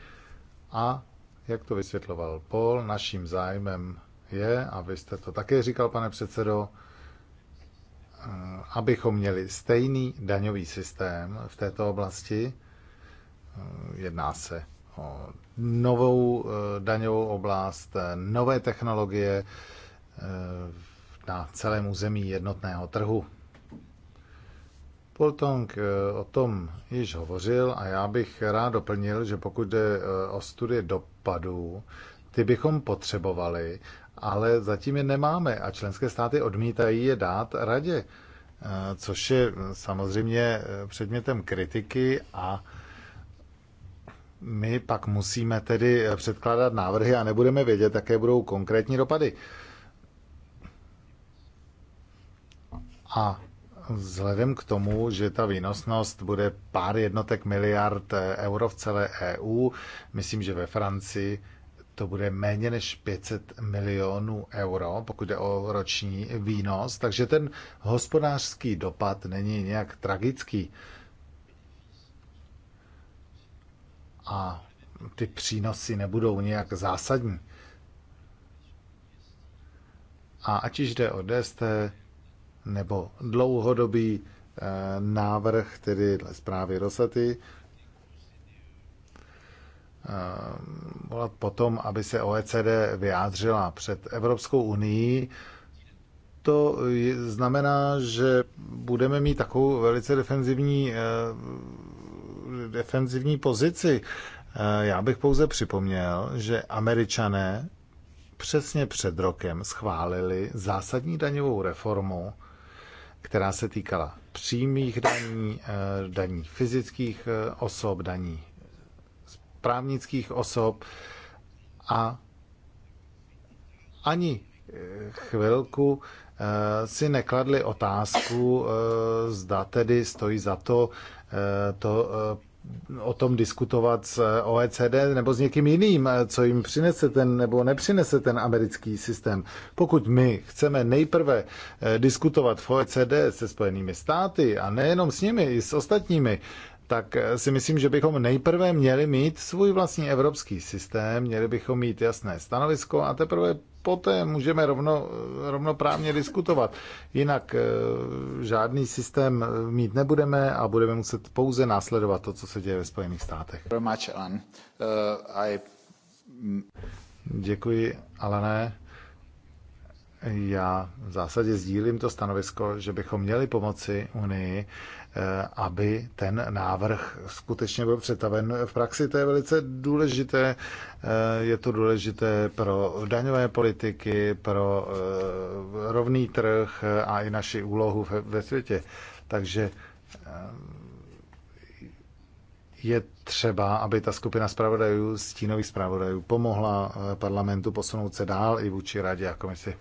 a jak to vysvětloval Paul, naším zájmem je, a vy jste to také říkal, pane předsedo, Eh, abychom měli stejný daňový systém v této oblasti. Eh, jedná se o novou eh, daňovou oblast, nové technologie na celém území jednotného trhu. Poltong o tom již hovořil a já bych rád doplnil, že pokud jde o studie dopadů, ty bychom potřebovali, ale zatím je nemáme a členské státy odmítají je dát radě, eh, což je eh, samozřejmě eh, předmětem kritiky a my pak musíme tedy předkládat návrhy a nebudeme vědět, jaké budou konkrétní dopady. A vzhledem k tomu, že ta výnosnost bude pár jednotek miliard euro v celé EU, myslím, že ve Francii to bude méně než 500 milionů euro, pokud jde o roční výnos, takže ten hospodářský dopad není nějak tragický. A ty přínosy nebudou nějak zásadní. A ať již jde o DST nebo dlouhodobý eh, návrh, tedy dle zprávy Rosety, Ehm, volat potom, aby se OECD vyjádřila před Evropskou unii, to znamená, že budeme mít takovou velice defenzivní, ehm, defenzivní pozici. Ehm, já bych pouze připomněl, že američané přesně před rokem schválili zásadní daňovou reformu, která se týkala přímých daní, daní fyzických osob, daní právnických osob a ani eh, chvilku eh, si nekladli otázku, eh, zda tedy stojí za to, to o tom diskutovat s OECD nebo s někým jiným, co jim přinese ten nebo nepřinese ten americký systém. Pokud my chceme nejprve diskutovat v OECD se Spojenými státy a nejenom s nimi, i s ostatními, tak si myslím, že bychom nejprve měli mít svůj vlastní evropský systém, měli bychom mít jasné stanovisko a teprve poté můžeme rovno, rovnoprávně diskutovat. Jinak eh, žádný systém mít nebudeme a budeme muset pouze následovat to, co se děje ve Spojených státech. Eh, Děkuji, Alané. Já v zásadě sdílím to stanovisko, že bychom měli pomoci Unii Eh, aby ten návrh skutečně byl přetaven v praxi. To je velice důležité. Eh, je to důležité pro daňové politiky, pro eh, rovný trh a i naši úlohu ve světě. Takže je třeba, aby ta skupina zpravodajů, stínových zpravodajů, pomohla parlamentu posunout se dál i vůči radě a komisi.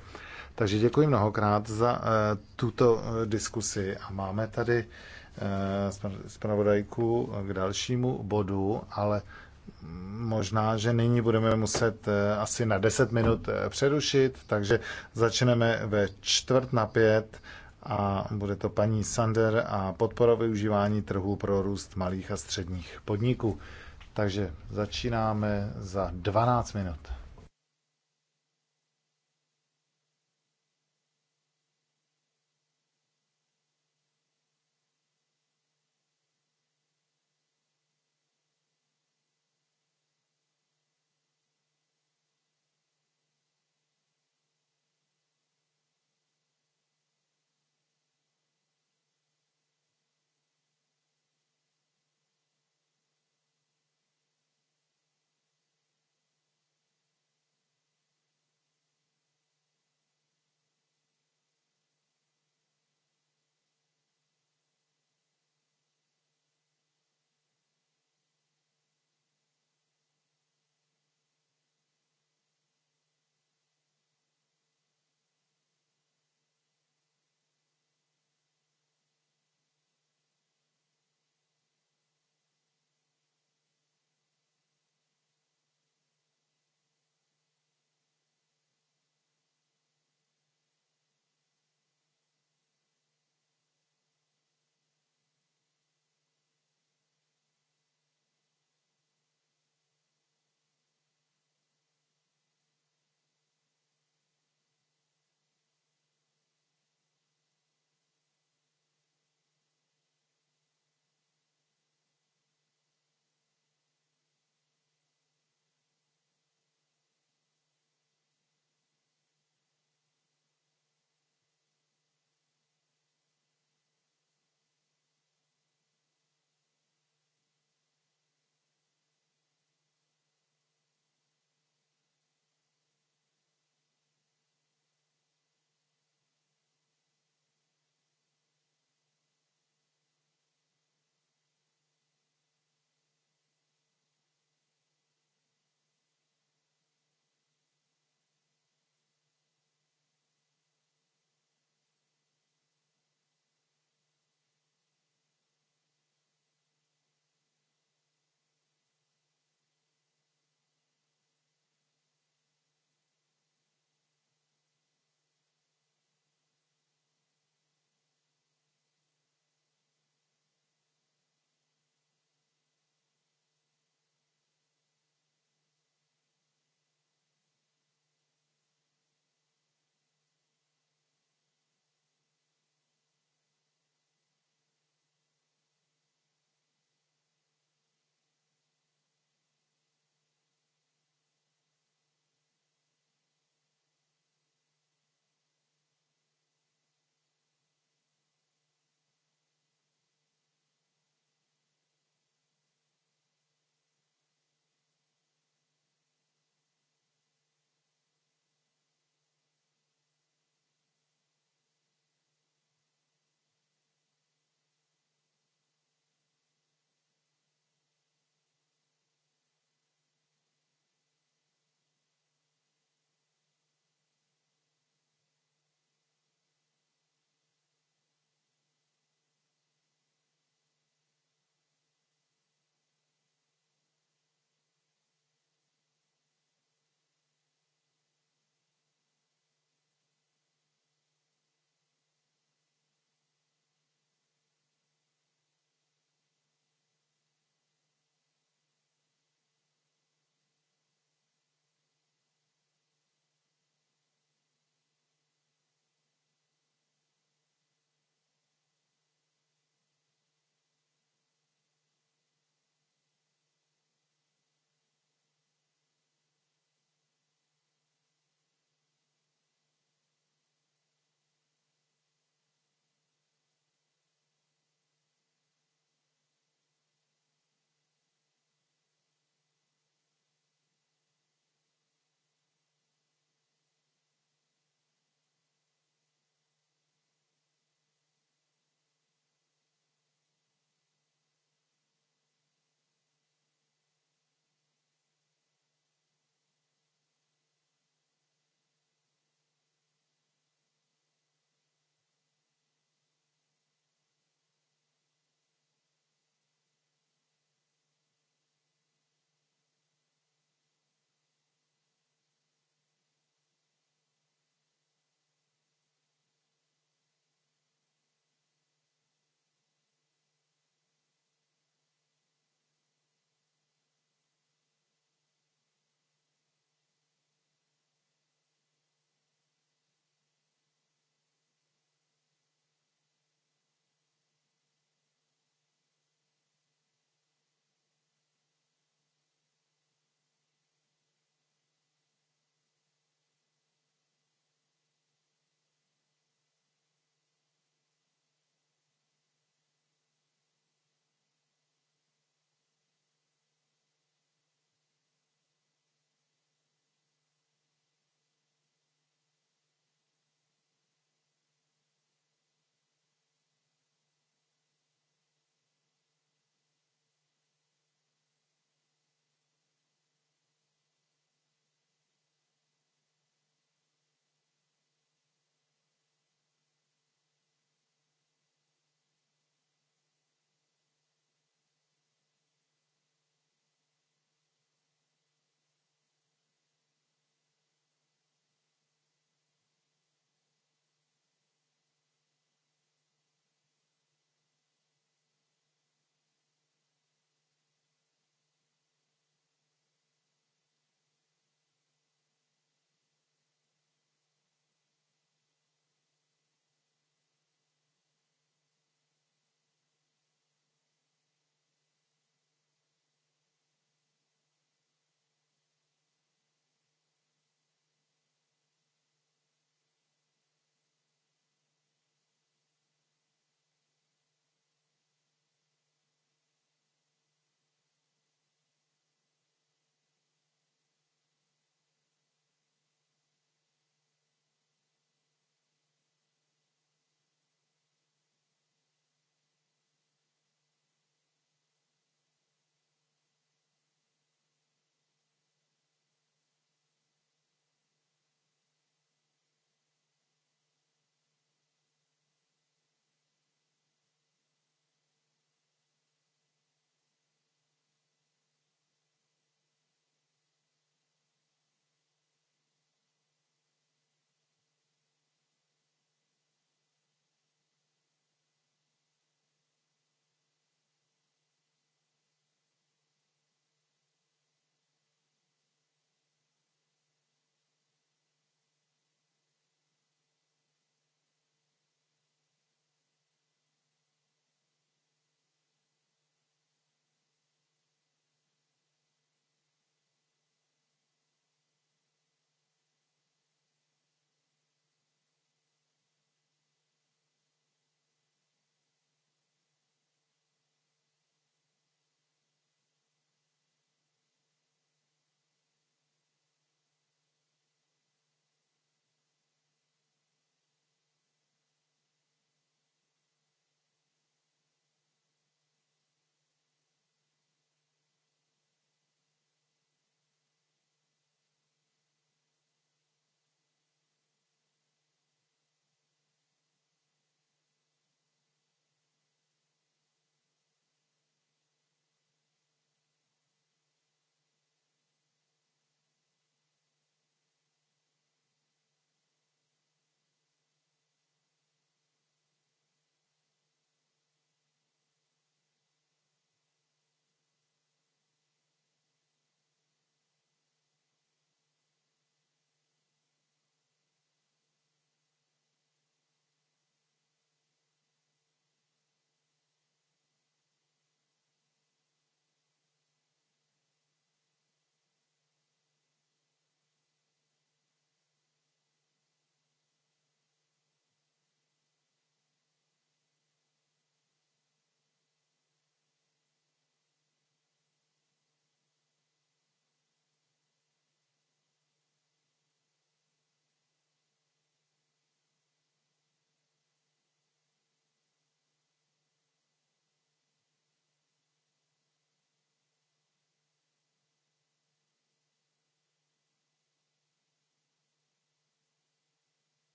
Takže děkuji mnohokrát za tuto diskusi a máme tady zpravodajku eh, k dalšímu bodu, ale možná, že nyní budeme muset eh, asi na 10 minut eh, přerušit, takže začneme ve čtvrt na pět a bude to paní Sander a podpora využívání trhu pro růst malých a středních podniků. Takže začínáme za 12 minut.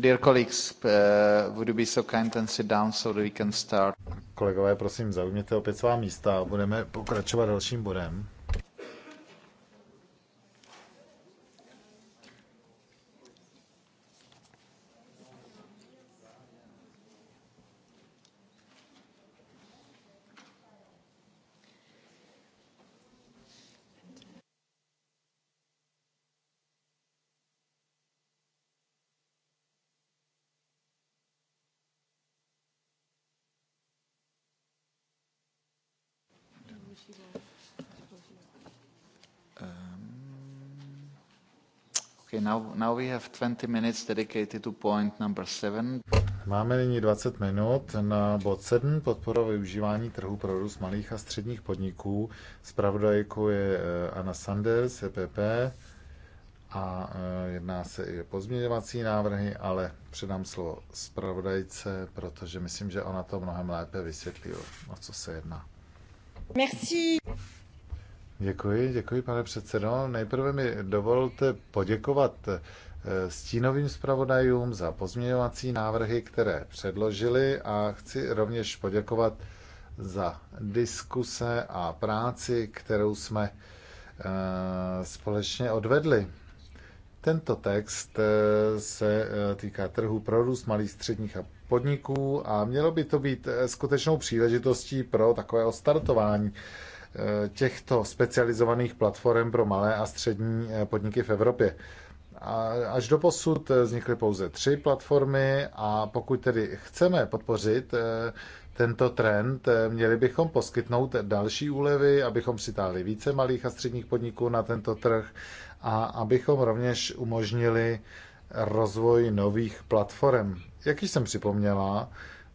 Dear colleagues, uh, would you be so kind and sit down so that we can start? Kolegové, prosím, zaujměte opět svá místa a budeme pokračovat dalším bodem. we have 20 minutes dedicated to point number Máme nyní 20 minut na bod 7, podpora využívání trhu pro růst malých a středních podniků. Spravodajkou je eh, Anna Sanders, EPP, a eh, jedná se i o pozměňovací návrhy, ale předám slovo spravodajce, protože myslím, že ona to mnohem lépe vysvětlí, o co se jedná. Merci. Děkuji, děkuji, pane předsedo. Nejprve mi dovolte poděkovat eh, Eh, stínovým zpravodajům za pozměňovací návrhy, které předložili a chci rovněž poděkovat za diskuse a práci, kterou jsme eh, společně odvedli. Tento text eh, se týká trhu pro růst malých středních a podniků a mělo by to být skutečnou příležitostí pro takové startování těchto specializovaných platform pro malé a střední podniky v Evropě. Až do posud vznikly pouze tři platformy a pokud tedy chceme podpořit eh, tento trend, eh, měli bychom poskytnout další úlevy, abychom přitáhli více malých a středních podniků na tento trh a abychom rovněž umožnili rozvoj nových platform. Jak již jsem připomněla,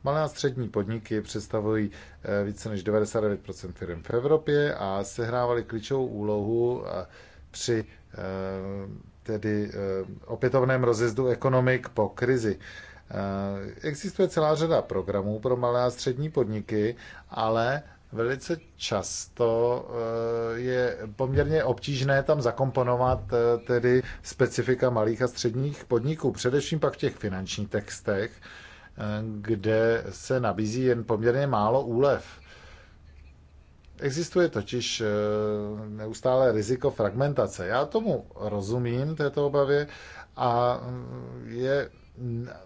malé a střední podniky představují eh, více než 99 firm v Evropě a sehrávaly klíčovou úlohu při tedy eh, opětovném rozjezdu ekonomik po krizi. Eh, existuje celá řada programů pro malé a střední podniky, ale velice často eh, je poměrně obtížné tam zakomponovat tedy specifika malých a středních podniků, především pak v těch finančních textech, kde se nabízí jen poměrně málo úlev. Existuje totiž eh, neustále riziko fragmentace. Já tomu rozumím, této obavě, a mm, je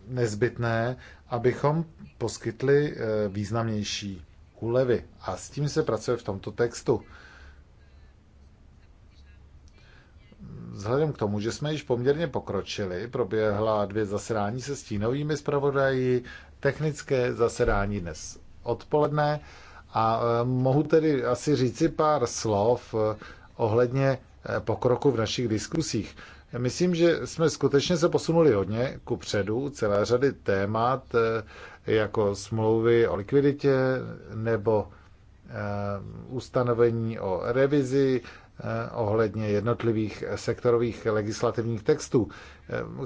nezbytné, abychom poskytli eh, významnější úlevy. A s tím se pracuje v tomto textu. Vzhledem k tomu, že jsme již poměrně pokročili, proběhla dvě zasedání se stínovými zpravodají, technické zasedání dnes odpoledne. A e, mohu tedy asi říci pár slov e, ohledně e, pokroku v našich diskusích. Myslím, že jsme skutečně se posunuli hodně ku předu, celé řady témat, jako smlouvy o likviditě nebo ustanovení o revizi ohledně jednotlivých sektorových legislativních textů.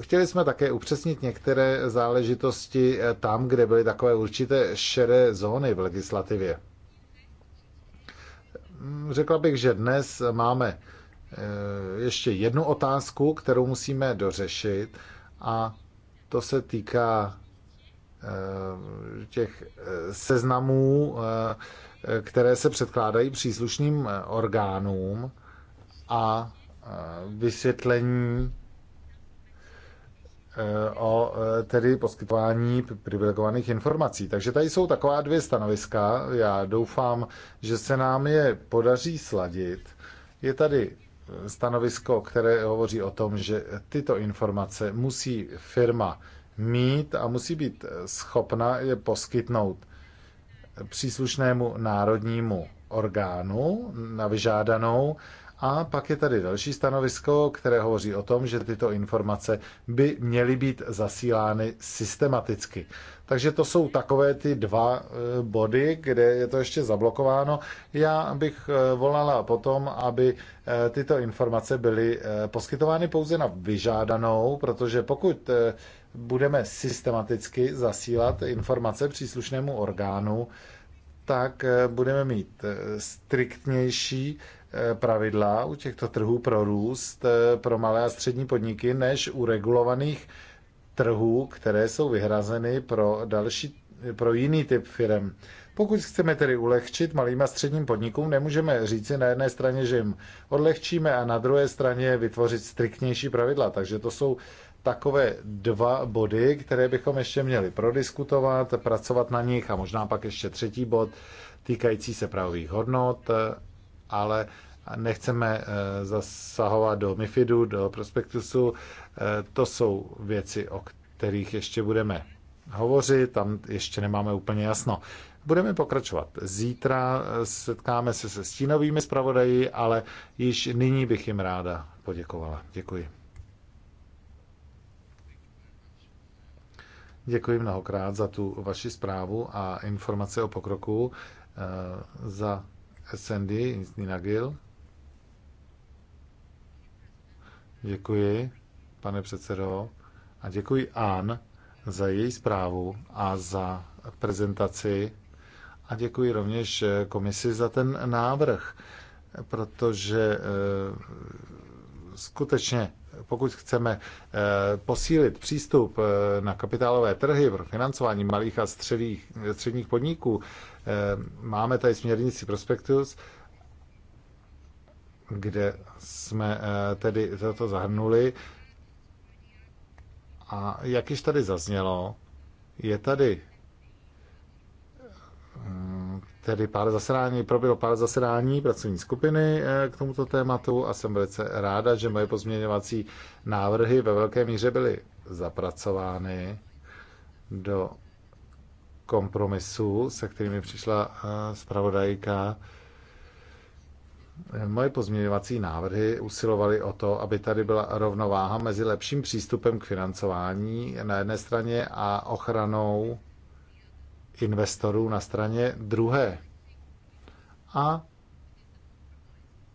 Chtěli jsme také upřesnit některé záležitosti tam, kde byly takové určité šedé zóny v legislativě. Řekla bych, že dnes máme eh, ještě jednu otázku, kterou musíme dořešit a to se týká eh, těch eh, seznamů, které se předkládají příslušným orgánům a vysvětlení o e, tedy poskytování privilegovaných informací. Takže tady jsou taková dvě stanoviska. Já doufám, že se nám je podaří sladit. Je tady e, stanovisko, které hovoří o tom, že tyto informace musí firma mít a musí být e, schopna je poskytnout příslušnému národnímu orgánu na vyžádanou a pak je tady další stanovisko, které hovoří o tom, že tyto informace by měly být zasílány systematicky. Takže to jsou takové ty dva eh, body, kde je to ještě zablokováno. Já bych eh, volala potom, aby eh, tyto informace byly poskytovány pouze na vyžádanou, protože pokud budeme systematicky zasílat informace příslušnému orgánu, tak budeme mít striktnější Eh, pravidla u těchto trhů pro růst eh, pro malé a střední podniky než u regulovaných trhů, které jsou vyhrazeny pro další pro jiný typ firm. Pokud chceme tedy ulehčit malým a středním podnikům, nemůžeme říci na jedné straně, že jim odlehčíme a na druhé straně vytvořit striktnější pravidla. Takže to jsou takové dva body, které bychom ještě měli prodiskutovat, pracovat na nich a možná pak ještě třetí bod týkající se pravých hodnot ale nechceme eh, zasahovat do MIFIDu, do prospektusu. Eh, to jsou věci, o kterých ještě budeme hovořit, tam ještě nemáme úplně jasno. Budeme pokračovat. Zítra eh, setkáme se se stínovými zpravodaji, ale již nyní bych jim ráda poděkovala. Děkuji. Děkuji mnohokrát za tu vaši zprávu a informace o pokroku, za SND, Nina Gill. Děkuji, pane předsedo, a děkuji An za její zprávu a za prezentaci a děkuji rovněž eh, komisi za ten návrh, protože eh, skutečně pokud chceme eh, posílit přístup eh, na kapitálové trhy pro financování malých a středních, středních podniků, eh, máme tady směrnici Prospectus, kde jsme tedy toto zahrnuli. A jak již tady zaznělo, je tady tedy pár zasedání, proběhlo pár zasedání pracovní skupiny eh, k tomuto tématu a jsem velice ráda, že moje pozměňovací návrhy ve velké míře byly zapracovány do kompromisu, se kterými přišla eh, zpravodajka. Eh, moje pozměňovací návrhy usilovaly o to, aby tady byla rovnováha mezi lepším přístupem k financování na jedné straně a ochranou investorů na straně druhé. A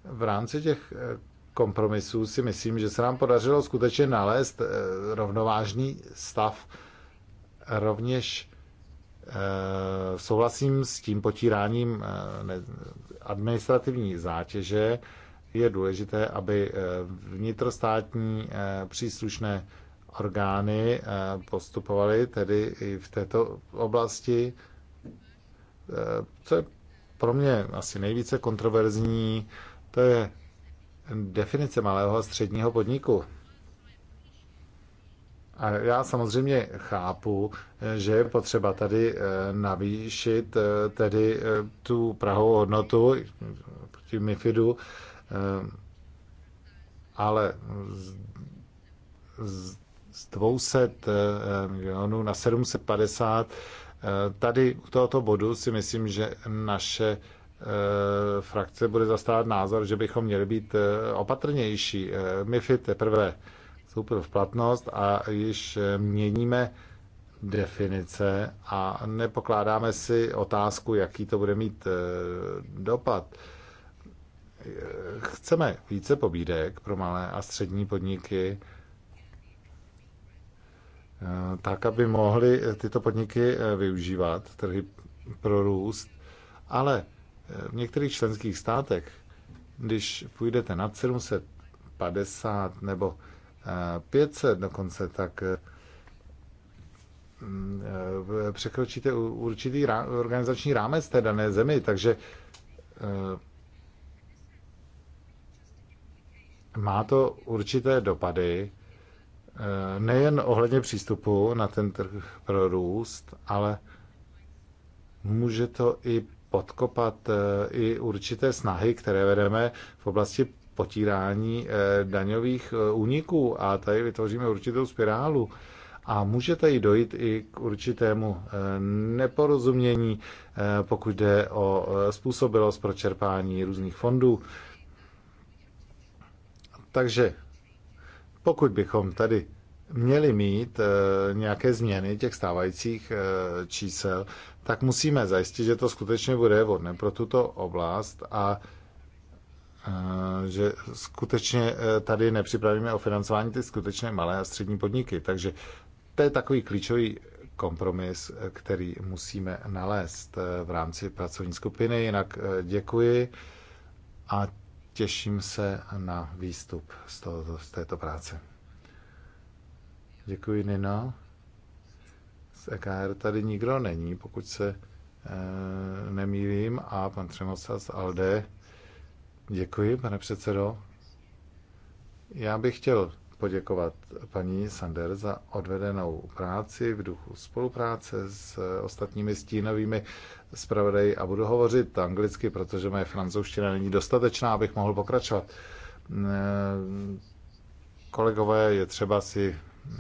v rámci těch eh, kompromisů si myslím, že se nám podařilo skutečně nalézt eh, rovnovážný stav. Rovněž eh, souhlasím s tím potíráním administrativní zátěže. Je důležité, aby vnitrostátní příslušné orgány eh, postupovaly tedy i v této oblasti. Eh, co je pro mě asi nejvíce kontroverzní, to je definice malého a středního podniku. A já samozřejmě chápu, eh, že je potřeba tady navýšit tedy tu prahovou hodnotu proti MIFIDu, ale z 200 eh, eh, milionů na 750. Eh, tady u tohoto bodu si myslím, že naše frakce bude zastávat názor, že bychom měli být opatrnější. MIFID teprve vstoupil v platnost a již měníme definice a nepokládáme si otázku, jaký to bude mít dopad. Chceme více pobídek pro malé a střední podniky, Eh, tak, aby mohly eh, tyto podniky eh, využívat trhy pro růst. Ale v některých členských státech, když půjdete nad 750 nebo 500 dokonce, tak mm, překročíte určitý organizační rámec té dané zemi, takže má to určité dopady Eh, nejen ohledně přístupu na ten trh pro růst, ale může to i podkopat eh, i určité snahy, které vedeme v oblasti potírání eh, daňových úniků a tady vytvoříme určitou spirálu. A může tady dojít i k určitému neporozumění, pokud jde o způsobilost pro čerpání různých fondů. Takže pokud bychom tady měli mít eh, nějaké změny těch stávajících eh, čísel, tak musíme zajistit, že to skutečně bude vhodné pro tuto oblast a eh, že skutečně tady nepřipravíme o financování ty skutečně malé a střední podniky. Takže to je takový klíčový kompromis, který musíme nalézt v rámci pracovní skupiny. Jinak děkuji a těším se na výstup z, toho, z této práce. Děkuji, Nino. Z EKR tady nikdo není, pokud se e, nemýlím. A pan Třemoca z ALDE. Děkuji, pane předsedo. Já bych chtěl poděkovat paní Sander za odvedenou práci v duchu spolupráce s ostatními stínovými zpravodaji a budu hovořit anglicky, protože moje francouzština není dostatečná, abych mohl pokračovat. Eh, kolegové, je třeba si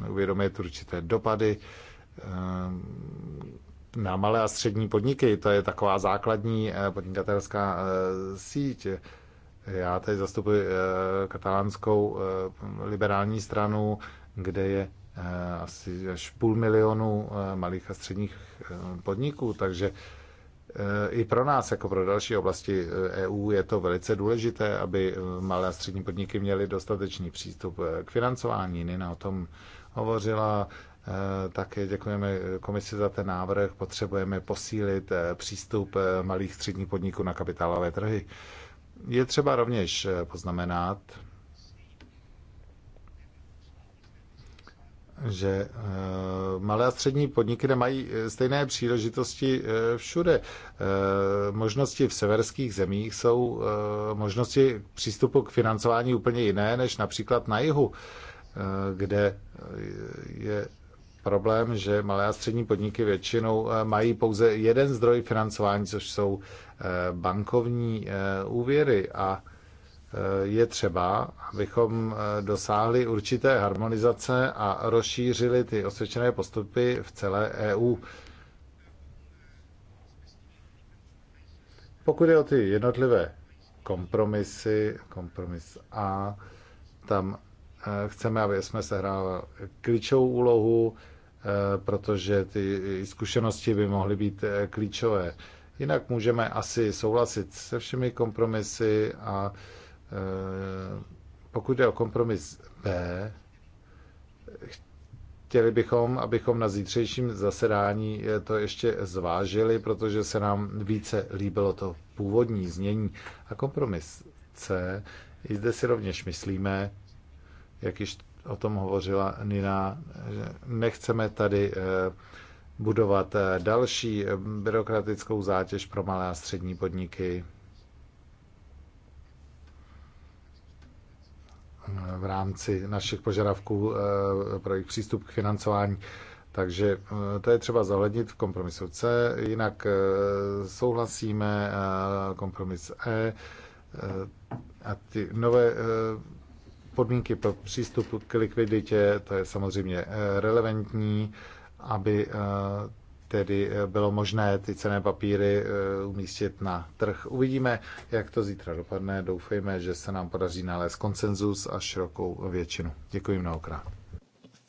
uvědomit určité dopady eh, na malé a střední podniky. To je taková základní eh, podnikatelská síť. Já tady zastupuji eh, katalánskou eh, liberální stranu, kde je eh, asi až půl milionu malých a středních podniků, takže i pro nás, jako pro další oblasti EU, e je to velice důležité, aby malé a střední podniky měly dostatečný přístup k financování. Nina o tom hovořila. Také děkujeme komisi za ten návrh. Potřebujeme posílit přístup malých středních podniků na kapitálové trhy. Je třeba rovněž eh, poznamenat, že eh, malé a střední podniky nemají eh, stejné příležitosti všude. Možnosti v severských zemích jsou možnosti přístupu k financování úplně jiné než například na jihu, kde je problém, že malé a střední podniky většinou mají pouze jeden zdroj financování, což jsou Eh, bankovní eh, úvěry a eh, je třeba, abychom dosáhli určité harmonizace a rozšířili ty osvědčené postupy v celé EU. Pokud je o ty jednotlivé kompromisy, kompromis A, tam chceme, aby jsme sehrávali klíčovou úlohu, protože ty zkušenosti by mohly být klíčové. Jinak můžeme asi souhlasit se všemi kompromisy a e, pokud jde o kompromis B, chtěli bychom, abychom na zítřejším zasedání e, to ještě zvážili, protože se nám více líbilo to původní znění. A kompromis C, i zde si rovněž myslíme, jak již o tom hovořila Nina, že nechceme tady e, budovat eh, další eh, byrokratickou zátěž pro malé a střední podniky. v rámci našich požadavků eh, pro jejich přístup k financování. Takže to je třeba zohlednit v kompromisu C, jinak souhlasíme kompromis E a ty nové podmínky pro přístup k likviditě, to je samozřejmě relevantní aby eh, tedy eh, bylo možné ty cené papíry eh, umístit na trh. Uvidíme, jak to zítra dopadne. Doufejme, že se nám podaří nalézt konsenzus a širokou většinu. Děkuji mnohokrát.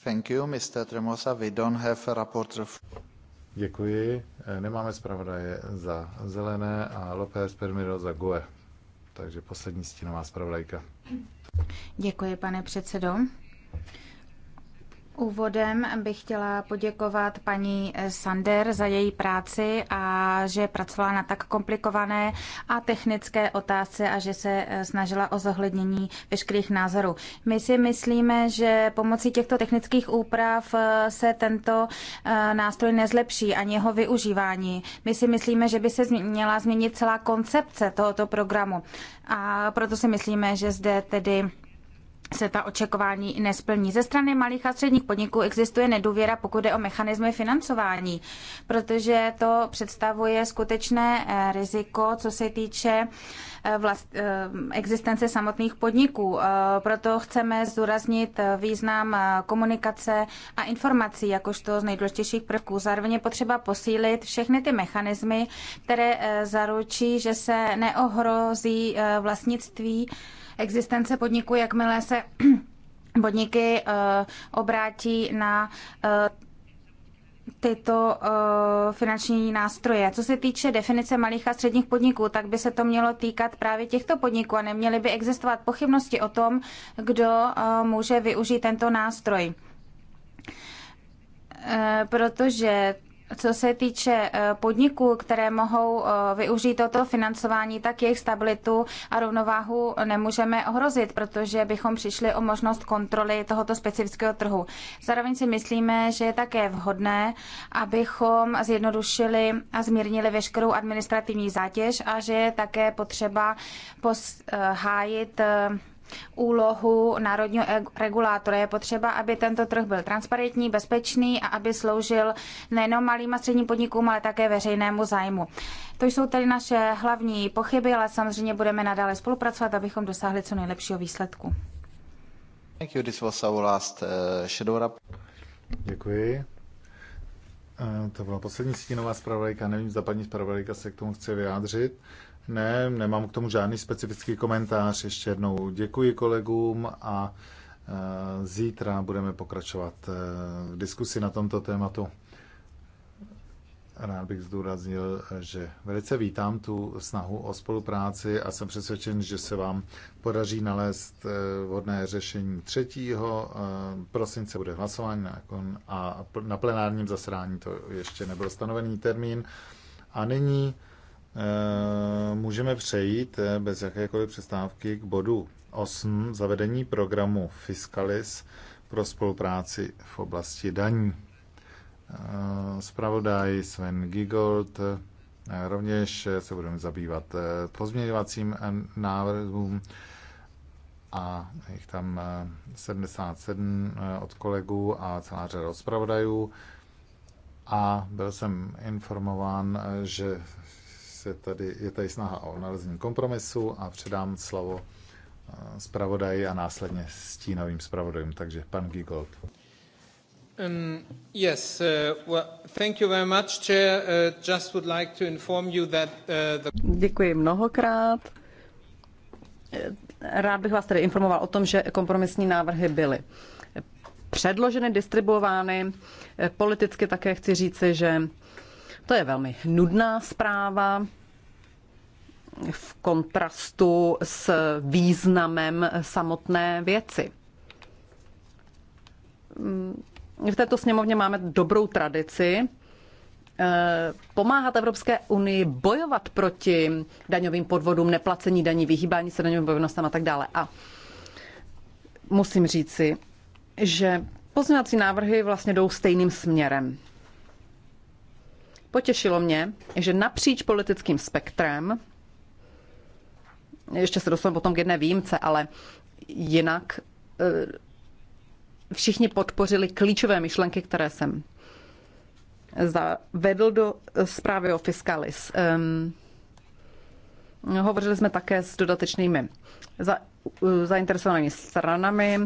Thank you, Mr. Tremosa. We don't have a report. Děkuji. Nemáme zpravodaje za zelené a López Permiro za GUE. Takže poslední stínová zpravodajka. Děkuji, pane předsedo. Úvodem bych chtěla poděkovat paní eh, Sander za její práci a že pracovala na tak komplikované a technické otázce a že se eh, snažila o zohlednění veškerých názorů. My si myslíme, že pomocí těchto technických úprav eh, se tento nástroj nezlepší ani jeho využívání. My si myslíme, že by se měla změnit celá koncepce tohoto programu a proto si myslíme, že zde tedy se ta očekování nesplní. Ze strany malých a středních podniků existuje nedůvěra, pokud je o mechanismy financování, protože to představuje skutečné eh, riziko, co se týče eh, vlast, eh, existence samotných podniků. Proto chceme zdůraznit význam komunikace a informací jakožto z nejdůležitějších prvků. Zároveň je potřeba posílit všechny ty mechanismy, které zaručí, že se neohrozí vlastnictví existence podniku, jakmile se podniky eh, obrátí na eh, tyto uh, finanční nástroje. Co se týče definice malých a středních podniků, tak by se to mělo týkat právě těchto podniků a neměly by existovat pochybnosti o tom, kdo uh, může využít tento nástroj. Uh, protože co se týče eh, podniků, které mohou eh, využít toto financování, tak jejich stabilitu a rovnováhu nemůžeme ohrozit, protože bychom přišli o možnost kontroly tohoto specifického trhu. Zároveň si myslíme, že je také vhodné, abychom zjednodušili a zmírnili veškerou administrativní zátěž a že je také potřeba eh, hájit úlohu národního regulátora. Je potřeba, aby tento trh byl transparentní, bezpečný a aby sloužil nejenom malým a středním podnikům, ale také veřejnému zájmu. To jsou tedy naše hlavní pochyby, ale samozřejmě budeme nadále spolupracovat, abychom dosáhli co nejlepšího výsledku. Thank you. This was our last uh, Děkuji. Eh, to byla poslední stínová zpravodajka. Nevím, zda paní zpravodajka se k tomu chce vyjádřit. Ne, nemám k tomu žádný specifický komentář. Ještě jednou děkuji kolegům a e, zítra budeme pokračovat e, v diskusi na tomto tématu. Rád bych zdůraznil, že velice vítám tu snahu o spolupráci a jsem přesvědčen, že se vám podaří nalézt e, vhodné řešení 3. prosince bude hlasování a na plenárním zasedání to ještě nebyl stanovený termín. A nyní Eh, můžeme přejít eh, bez jakékoliv přestávky k bodu 8 zavedení programu Fiscalis pro spolupráci v oblasti daní. Spravodaj eh, Sven Gigold rovněž se budeme zabývat pozměňovacím návrhům a jich tam 77 od kolegů a celá řada od zpravodajů. A byl jsem informován, že se tady, je tady snaha o nalezení kompromisu a předám slovo eh, zpravodaji a následně stínovým zpravodajům. Takže pan Gigold. Um, yes, uh, well, thank you very much, Chair. Uh, just would like to inform you that uh, the... Děkuji mnohokrát. Rád bych vás tedy informoval o tom, že kompromisní návrhy byly předloženy, distribuovány. Politicky také chci říci, že to je velmi nudná zpráva v kontrastu s významem samotné věci. V této sněmovně máme dobrou tradici eh, pomáhat Evropské unii bojovat proti daňovým podvodům, neplacení daní, vyhýbání se daňovým povinnostem a tak dále. A musím říci, že pozměňovací návrhy vlastně jdou stejným směrem. Potěšilo mě, že napříč politickým spektrem ještě se dostanu potom k jedné výjimce, ale jinak eh, všichni podpořili klíčové myšlenky, které jsem zavedl do zprávy o fiskalis. Ehm, hovořili jsme také s dodatečnými za, zainteresovanými stranami.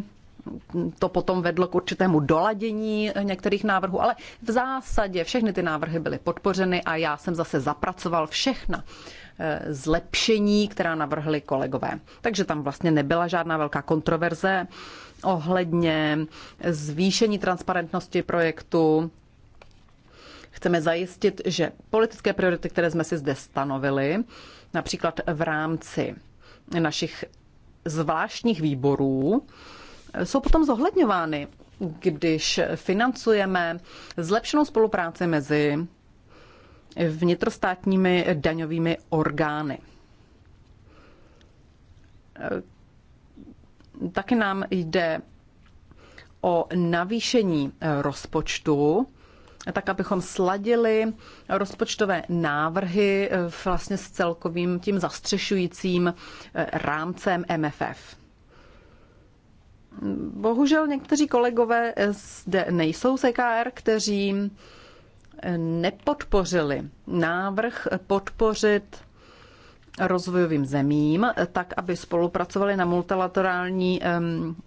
To potom vedlo k určitému doladění některých návrhů, ale v zásadě všechny ty návrhy byly podpořeny a já jsem zase zapracoval všechna Eh, zlepšení, která navrhli kolegové. Takže tam vlastně nebyla žádná velká kontroverze ohledně zvýšení transparentnosti projektu. Chceme zajistit, že politické priority, které jsme si zde stanovili, například v rámci našich zvláštních výborů, jsou potom zohledňovány, když financujeme zlepšenou spolupráci mezi vnitrostátními daňovými orgány. E, taky nám jde o navýšení rozpočtu, tak abychom sladili rozpočtové návrhy e, vlastně s celkovým tím zastřešujícím e, rámcem MFF. Bohužel někteří kolegové zde nejsou z EKR, kteří nepodpořili návrh podpořit rozvojovým zemím, tak aby spolupracovali na, multilaterální,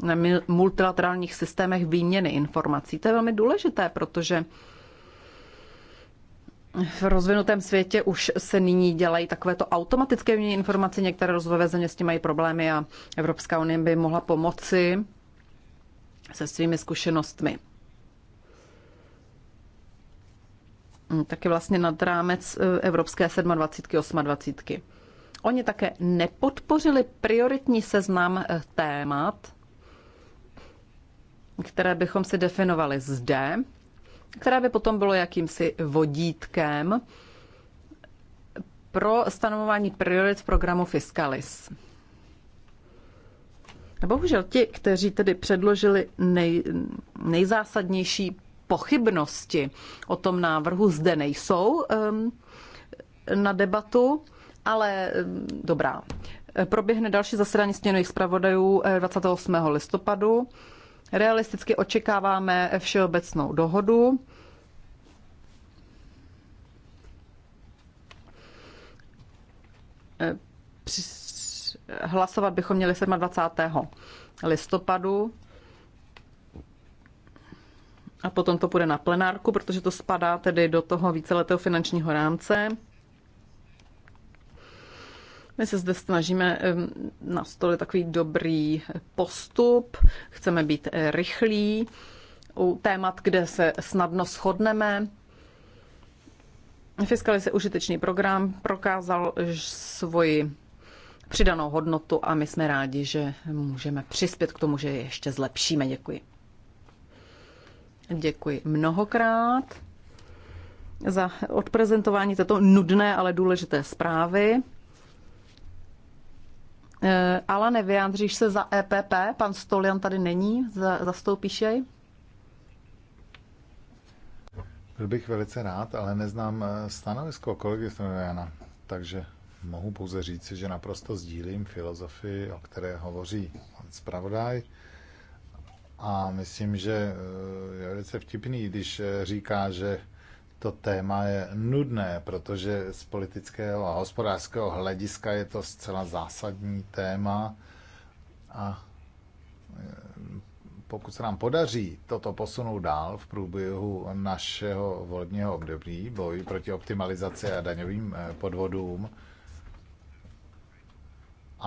na multilaterálních systémech výměny informací. To je velmi důležité, protože v rozvinutém světě už se nyní dělají takovéto automatické výměny informací. Některé rozvojové země s tím mají problémy a Evropská unie by mohla pomoci se svými zkušenostmi. Mm, taky vlastně nad rámec eh, Evropské 27. 28. Oni také nepodpořili prioritní seznam eh, témat, které bychom si definovali zde, které by potom bylo jakýmsi vodítkem pro stanovování priorit v programu Fiscalis. Bohužel ti, kteří tedy předložili nej, nejzásadnější pochybnosti o tom návrhu zde nejsou ehm, na debatu, ale ehm, dobrá. Proběhne další zasedání stěnových zpravodajů 28. Eh, listopadu. Realisticky očekáváme všeobecnou dohodu. Eh, hlasovat bychom měli 27. listopadu a potom to půjde na plenárku, protože to spadá tedy do toho víceletého finančního rámce. My se zde snažíme na stole takový dobrý postup, chceme být rychlí u témat, kde se snadno shodneme. Fiskal se užitečný program, prokázal svoji přidanou hodnotu a my jsme rádi, že můžeme přispět k tomu, že ještě zlepšíme. Děkuji. Děkuji mnohokrát za odprezentování této nudné, ale důležité zprávy. E, ale nevyjádříš se za EPP? Pan Stolian tady není, zastoupíš jej? Byl bych velice rád, ale neznám e, stanovisko kolegy Stoliana, takže mohu pouze říci, že naprosto sdílím filozofii, o které hovoří pan zpravodaj. A myslím, že eh, je velice vtipný, když eh, říká, že to téma je nudné, protože z politického a hospodářského hlediska je to zcela zásadní téma. A eh, pokud se nám podaří toto posunout dál v průběhu našeho volebního období, boj proti optimalizaci a daňovým podvodům,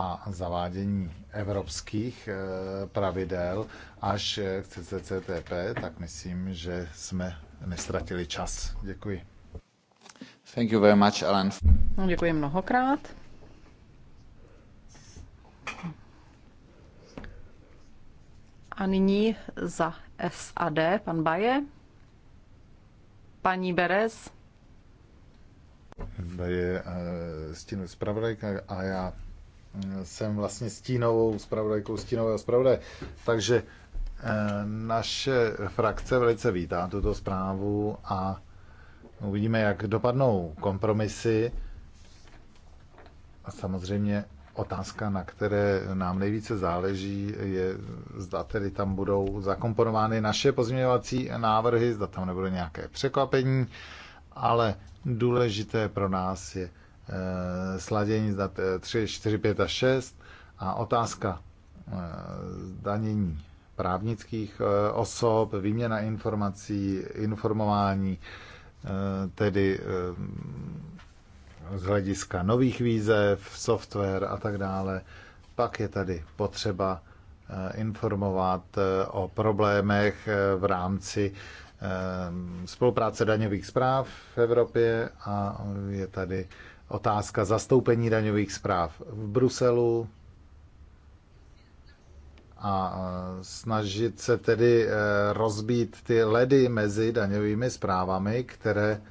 a zavádění evropských eh, pravidel až eh, k CCCTP, tak myslím, že jsme nestratili čas. Děkuji. Thank you very much, Alan. No, děkuji mnohokrát. A nyní za SAD pan Baje, paní Berez. Baje, eh, stínu zpravodajka a já jsem vlastně stínovou zpravodajkou stínového zpravodaje. Takže eh, naše frakce velice vítá tuto zprávu a uvidíme, jak dopadnou kompromisy. A samozřejmě otázka, na které nám nejvíce záleží, je, zda tedy tam budou zakomponovány naše pozměňovací návrhy, zda tam nebude nějaké překvapení, ale důležité pro nás je Eh, sladění za 3, 4, 5 a 6 a otázka eh, zdanění právnických eh, osob, výměna informací, informování, tedy z hlediska nových výzev, software a tak dále. Pak je tady potřeba informovat o problémech v rámci spolupráce daňových zpráv v Evropě a je tady Otázka zastoupení daňových zpráv v Bruselu a snažit se tedy e, rozbít ty ledy mezi daňovými zprávami, které e,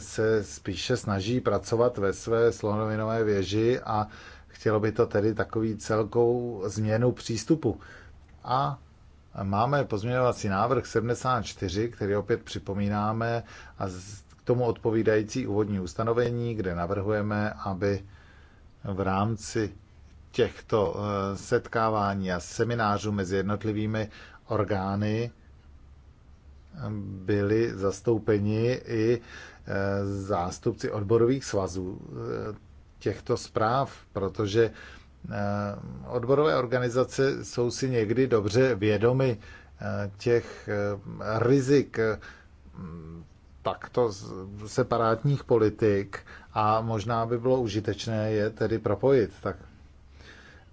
se spíše snaží pracovat ve své slonovinové věži a chtělo by to tedy takový celkou změnu přístupu. A máme pozměňovací návrh 74, který opět připomínáme a tomu odpovídající úvodní ustanovení, kde navrhujeme, aby v rámci těchto eh, setkávání a seminářů mezi jednotlivými orgány eh, byli zastoupeni i eh, zástupci odborových svazů těchto zpráv, protože odborové organizace jsou si někdy dobře vědomy těch rizik takto separátních politik a možná by bylo užitečné je tedy propojit. Tak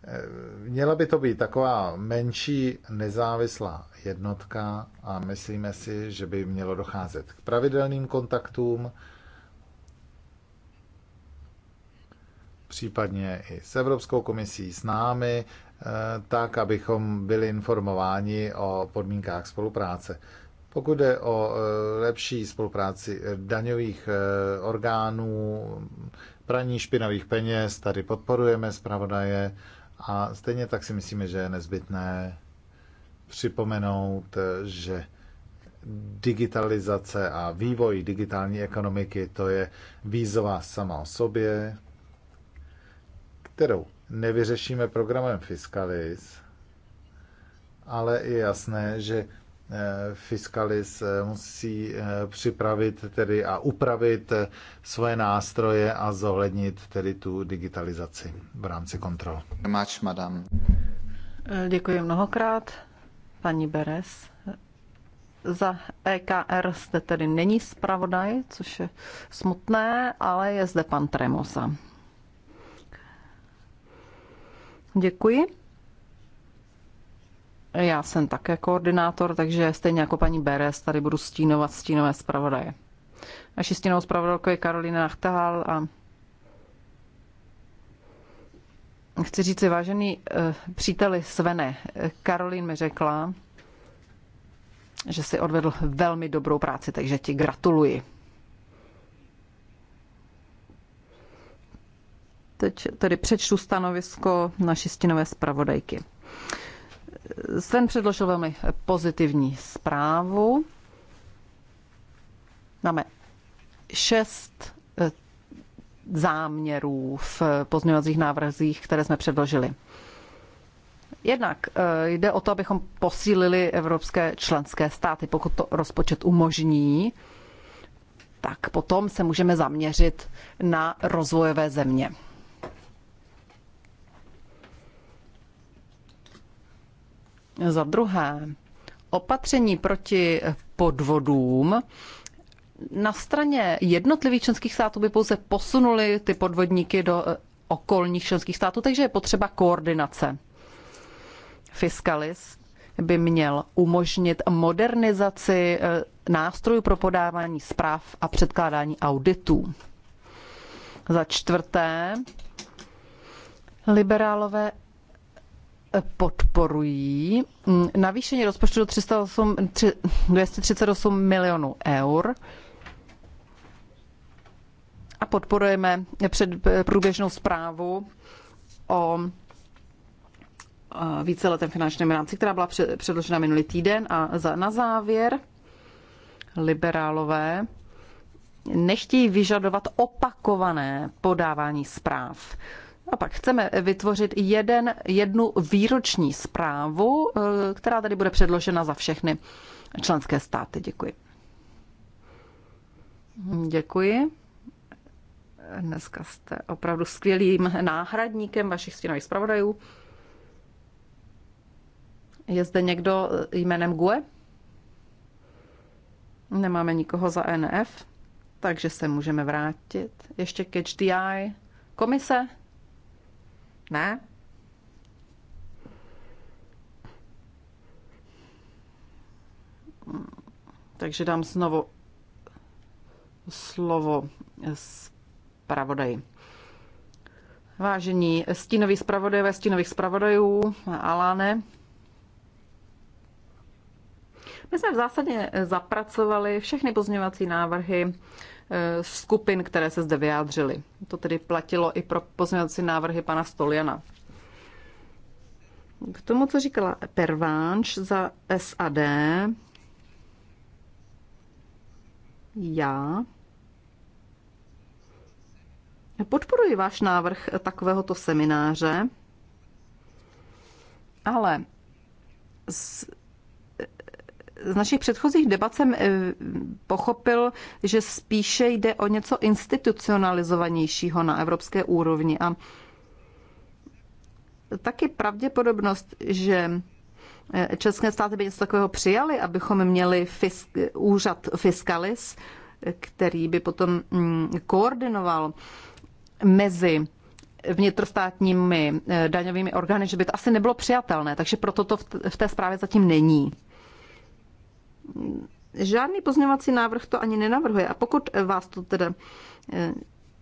eh, měla by to být taková menší nezávislá jednotka a myslíme si, že by mělo docházet k pravidelným kontaktům, případně i s Evropskou komisí, s námi, eh, tak, abychom byli informováni o podmínkách spolupráce. Pokud jde o e, lepší spolupráci e, daňových e, orgánů, praní špinavých peněz, tady podporujeme zpravodaje a stejně tak si myslíme, že je nezbytné připomenout, že digitalizace a vývoj digitální ekonomiky, to je výzva sama o sobě, kterou nevyřešíme programem Fiscalis, ale je jasné, že Fiskalis eh, musí eh, připravit tedy a upravit eh, svoje nástroje a zohlednit tedy tu digitalizaci v rámci kontrol. Máč, madam. Děkuji mnohokrát, paní Beres. Za EKR jste tedy není zpravodaj, což je smutné, ale je zde pan Tremosa. Děkuji. Já jsem také koordinátor, takže stejně jako paní Beres, tady budu stínovat stínové zpravodaje. Naši stínovou zpravodajkou je Karolina Nachtahal a chci říct si, vážený e, příteli Svene, Karolín mi řekla, že si odvedl velmi dobrou práci, takže ti gratuluji. Teď tedy přečtu stanovisko naší stínové zpravodajky. Sven předložil velmi pozitivní zprávu. Máme šest eh, záměrů v pozměňovacích návrzích, které jsme předložili. Jednak eh, jde o to, abychom posílili evropské členské státy, pokud to rozpočet umožní, tak potom se můžeme zaměřit na rozvojové země. Za druhé, opatření proti podvodům na straně jednotlivých členských států by pouze posunuli ty podvodníky do eh, okolních členských států, takže je potřeba koordinace. Fiskalis by měl umožnit modernizaci eh, nástrojů pro podávání zpráv a předkládání auditů. Za čtvrté, liberálové podporují mm, navýšení rozpočtu do 308, 238 milionů eur a podporujeme před průběžnou zprávu o víceletém finančním rámci, která byla předložena minulý týden. A za, na závěr liberálové nechtějí vyžadovat opakované podávání zpráv. A pak chceme vytvořit jeden, jednu výroční zprávu, eh, která tady bude předložena za všechny členské státy. Děkuji. Děkuji. Dneska jste opravdu skvělým náhradníkem vašich stínových zpravodajů. Je zde někdo jménem GUE? Nemáme nikoho za e NF, takže se můžeme vrátit. Ještě ke HDI. Komise? Ne? Takže dám znovu slovo zpravodaji. Vážení stínoví zpravodajové, stínových zpravodajů, Aláne, my jsme v zásadě eh, zapracovali všechny pozměňovací návrhy eh, skupin, které se zde vyjádřily. To tedy platilo i pro pozměňovací návrhy pana Stoliana. K tomu, co říkala Pervánč za SAD, já podporuji váš návrh takovéhoto semináře, ale z našich předchozích debat jsem eh, pochopil, že spíše jde o něco institucionalizovanějšího na evropské úrovni. A taky pravděpodobnost, že eh, české státy by něco takového přijali, abychom měli fisk, úřad Fiskalis, který by potom mm, koordinoval mezi vnitrostátními eh, daňovými orgány, že by to asi nebylo přijatelné, takže proto to v té zprávě zatím není. Žádný pozměňovací návrh to ani nenavrhuje. A pokud vás to tedy e,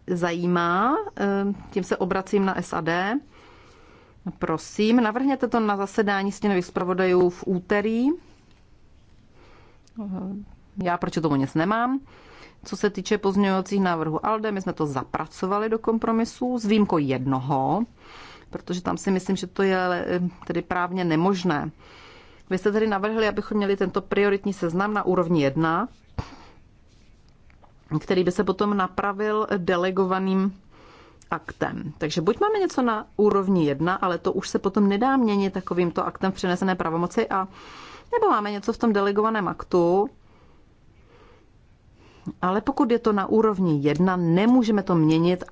zajímá, e, tím se obracím na SAD, prosím, navrhněte to na zasedání stěnových zpravodajů v úterý. Já proč tomu nic nemám. Co se týče pozměňovacích návrhů ALDE, my jsme to zapracovali do kompromisu s výjimkou jednoho, protože tam si myslím, že to je e, tedy právně nemožné. Vy jste tedy navrhli, abychom měli tento prioritní seznam na úrovni 1, který by se potom napravil delegovaným aktem. Takže buď máme něco na úrovni 1, ale to už se potom nedá měnit takovýmto aktem v přenesené pravomoci, a nebo máme něco v tom delegovaném aktu, ale pokud je to na úrovni 1, nemůžeme to měnit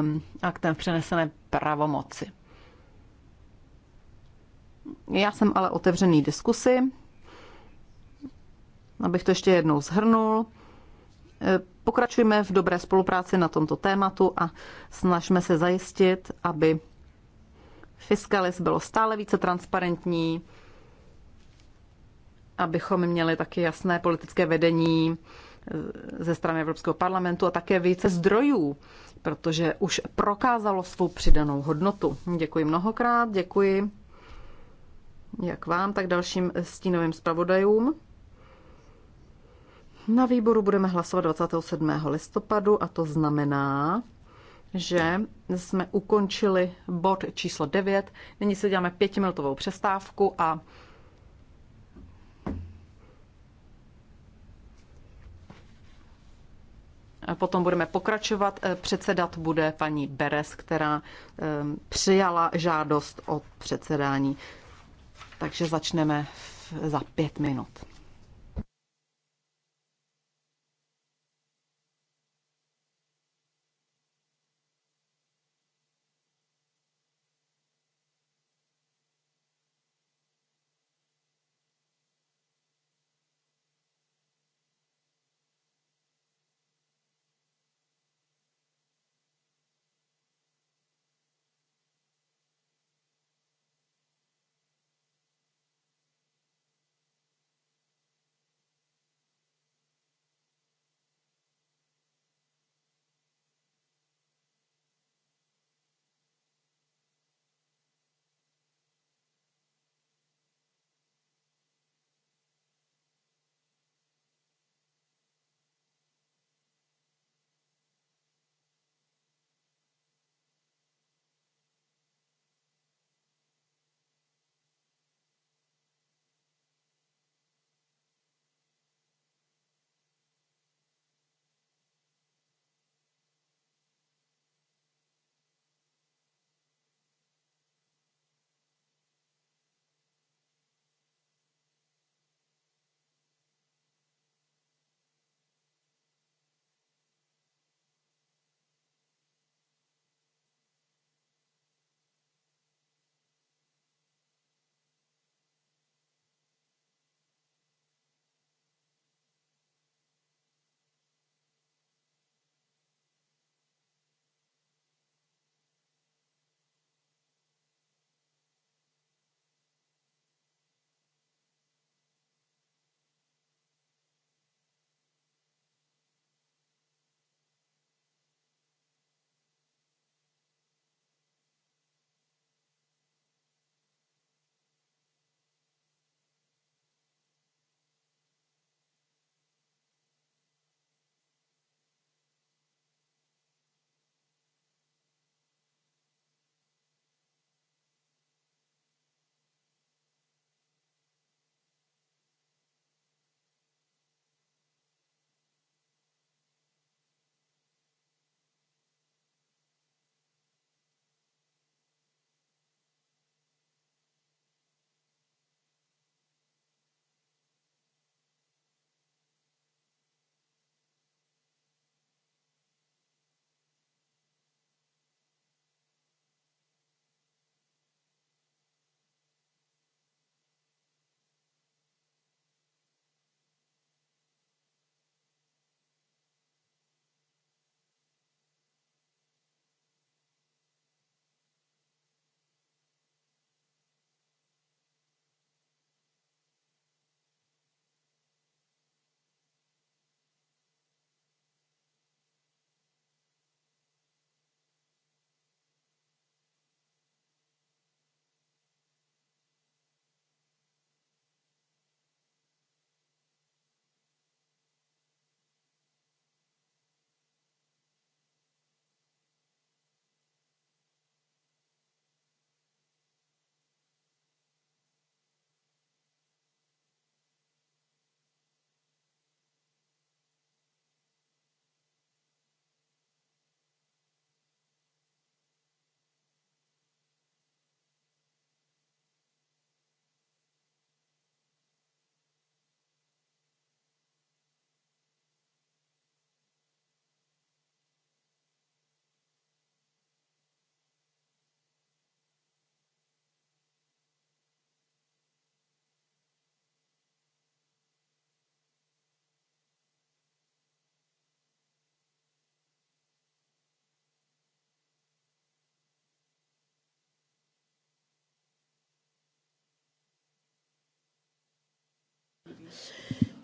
um, aktem v přenesené pravomoci. Já jsem ale otevřený diskusi. Abych to ještě jednou zhrnul, e, Pokračujeme v dobré spolupráci na tomto tématu a snažme se zajistit, aby Fiskalis bylo stále více transparentní, abychom měli taky jasné politické vedení e, ze strany Evropského parlamentu a také více zdrojů, protože už prokázalo svou přidanou hodnotu. Děkuji mnohokrát, děkuji jak vám, tak dalším stínovým zpravodajům. Na výboru budeme hlasovat 27. listopadu a to znamená, že jsme ukončili bod číslo 9. Nyní se děláme pětiminutovou přestávku a Potom budeme pokračovat. Eh, předsedat bude paní Beres, která eh, přijala žádost o předsedání. Takže začneme za pět minut.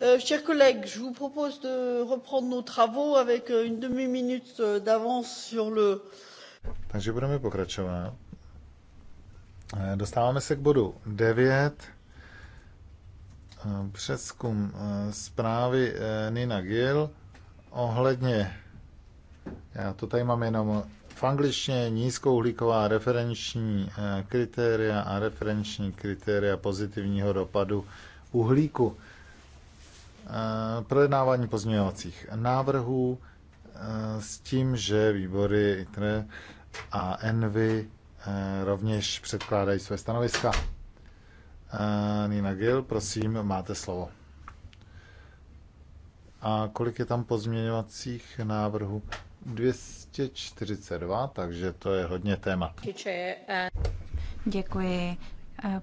Euh, chers collègues, je vous propose de reprendre nos travaux avec euh, une demi-minute euh, d'avance sur le. Takže budeme pokračovat. Eh, dostáváme se k bodu 9. Eh, přeskum eh, zprávy Nina Gill ohledně, já to tady mám jenom v angličtině, nízkouhlíková referenční kritéria a referenční kritéria pozitivního dopadu uhlíku. Eh, projednávání pozměňovacích návrhů eh, s tím, že výbory ITRE a ENVY eh, rovněž předkládají své stanoviska. Nina Gil, prosím, máte slovo. A kolik je tam pozměňovacích návrhů? 242, takže to je hodně témat. Děkuji.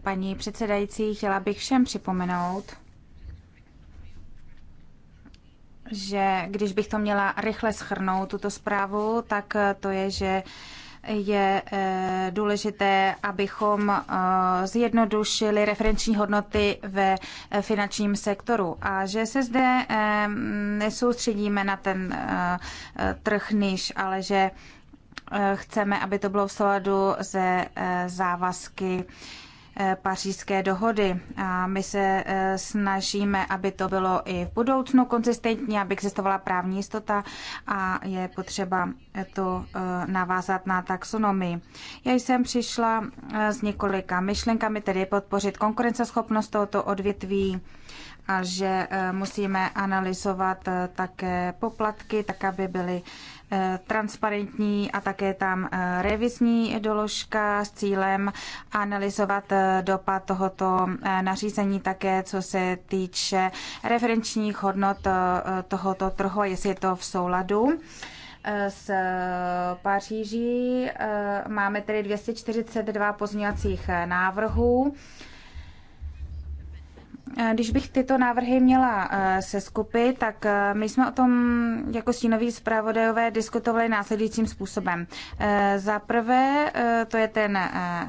Paní předsedající, chtěla bych všem připomenout, že když bych to měla rychle schrnout, tuto zprávu, tak to je, že je eh, důležité, abychom eh, zjednodušili referenční hodnoty ve eh, finančním sektoru a že se zde nesoustředíme na ten trh niž, ale že chceme, aby to bylo v souladu se závazky Eh, pařížské dohody. A my se eh, snažíme, aby to bylo i v budoucnu konzistentní, aby existovala právní jistota a je potřeba eh, to navázat na taxonomii. Já jsem přišla s několika myšlenkami, tedy podpořit konkurenceschopnost tohoto odvětví, a že eh, musíme analyzovat eh, také poplatky, tak aby byly eh, transparentní a také tam revizní doložka s cílem analyzovat dopad tohoto nařízení také, co se týče referenčních hodnot tohoto trhu, jestli je to v souladu s Paříží. Máme tedy 242 pozměňovacích návrhů Eh, když bych tyto návrhy měla eh, seskupit, tak eh, my jsme o tom jako stínoví zpravodajové diskutovali následujícím způsobem. Za prvé, to je ten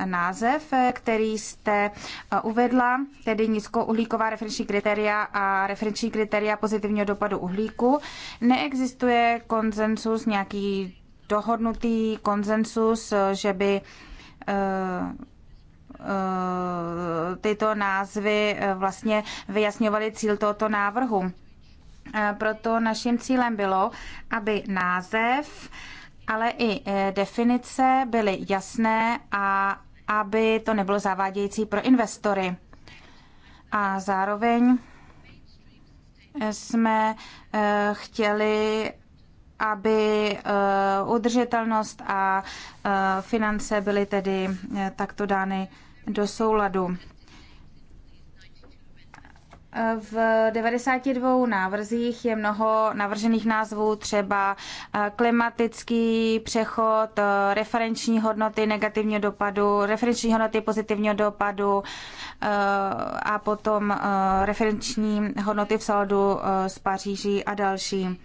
název, který jste uvedla, tedy nízkouhlíková referenční kritéria a referenční kritéria pozitivního dopadu uhlíku. Neexistuje konsensus, nějaký dohodnutý konsensus, že by Eh, tyto názvy eh, vlastně vyjasňovaly cíl tohoto návrhu. Eh, proto naším cílem bylo, aby název, ale i definice byly jasné a aby to nebylo zavádějící pro investory. A zároveň jsme chtěli, aby udržitelnost a finance byly tedy takto dány do souladu. V 92 návrzích je mnoho navržených názvů, třeba eh, klimatický přechod, eh, referenční hodnoty negativního dopadu, referenční hodnoty pozitivního dopadu eh, a potom referenční hodnoty v saldu z Paříží a další.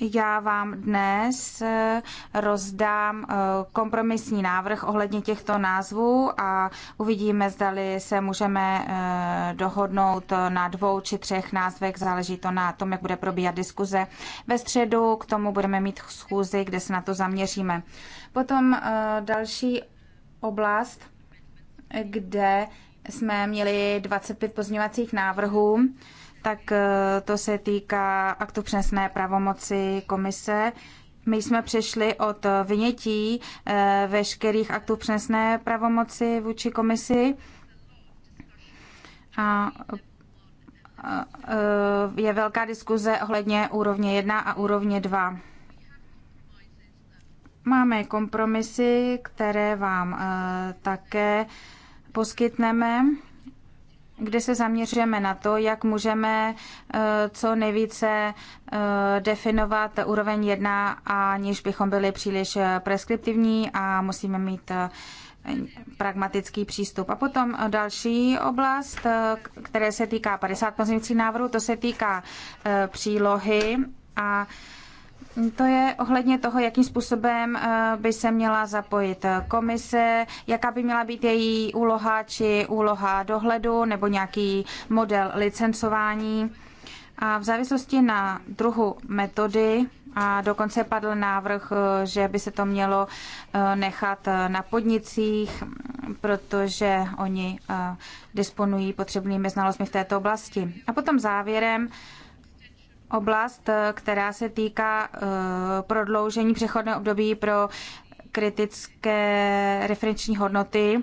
Já vám dnes eh, rozdám eh, kompromisní návrh ohledně těchto názvů a uvidíme, zdali se můžeme eh, dohodnout na dvou či třech názvech. Záleží to na tom, jak bude probíhat diskuze ve středu. K tomu budeme mít schůzi, kde se na to zaměříme. Potom další oblast, kde jsme měli 25 pozměňovacích návrhů tak eh, to se týká aktu přesné pravomoci komise. My jsme přešli od vynětí eh, veškerých aktů přesné pravomoci vůči komisi a eh, je velká diskuze ohledně úrovně 1 a úrovně 2. Máme kompromisy, které vám také poskytneme kde se zaměřujeme na to, jak můžeme eh, co nejvíce eh, definovat úroveň 1, aniž bychom byli příliš eh, preskriptivní a musíme mít pragmatický přístup. A potom další oblast, které se týká 50 pozměňovacích návrhů, to se týká přílohy a to je ohledně toho, jakým způsobem eh, by se měla zapojit eh, komise, jaká by měla být její úloha či úloha dohledu nebo nějaký model licencování. A v závislosti na druhu metody a dokonce padl návrh, eh, že by se to mělo nechat na podnicích, protože oni disponují potřebnými znalostmi v této oblasti. A potom závěrem oblast, eh, která se týká eh, prodloužení přechodné období pro kritické referenční hodnoty,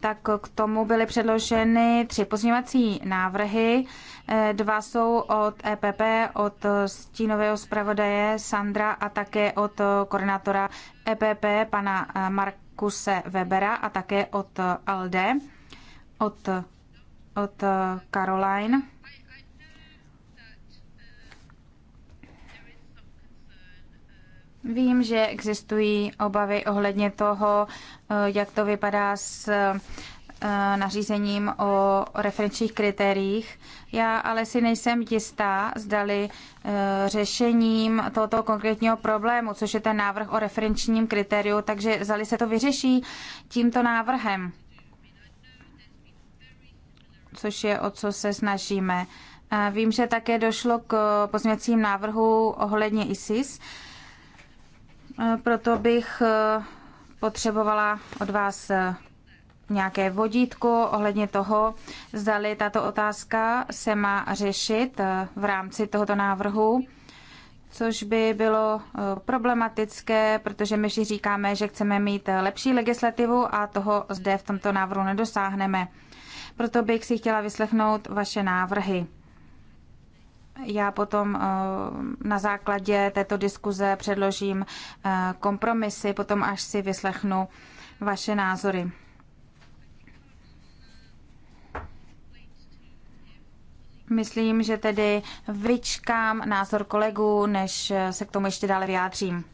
tak k tomu byly předloženy tři pozměňovací návrhy. Eh, dva jsou od EPP, od stínového zpravodaje Sandra a také od koordinátora EPP pana Markuse Webera a také od ALDE, od, od Caroline Vím, že existují obavy ohledně toho, eh, jak to vypadá s eh, nařízením o referenčních kritériích. Já ale si nejsem jistá, zdali eh, řešením tohoto konkrétního problému, což je ten návrh o referenčním kritériu, takže zdali se to vyřeší tímto návrhem, což je o co se snažíme. Vím, že také došlo k pozměcím návrhu ohledně ISIS proto bych e, potřebovala od vás e, nějaké vodítko ohledně toho, zdali tato otázka se má řešit e, v rámci tohoto návrhu, což by bylo problematické, protože my si říkáme, že chceme mít lepší legislativu a toho zde v tomto návrhu nedosáhneme. Proto bych si chtěla vyslechnout vaše návrhy. Já potom eh, na základě této diskuze předložím eh, kompromisy, potom až si vyslechnu vaše názory. Myslím, že tedy vyčkám názor kolegů, než eh, se k tomu ještě dále vyjádřím.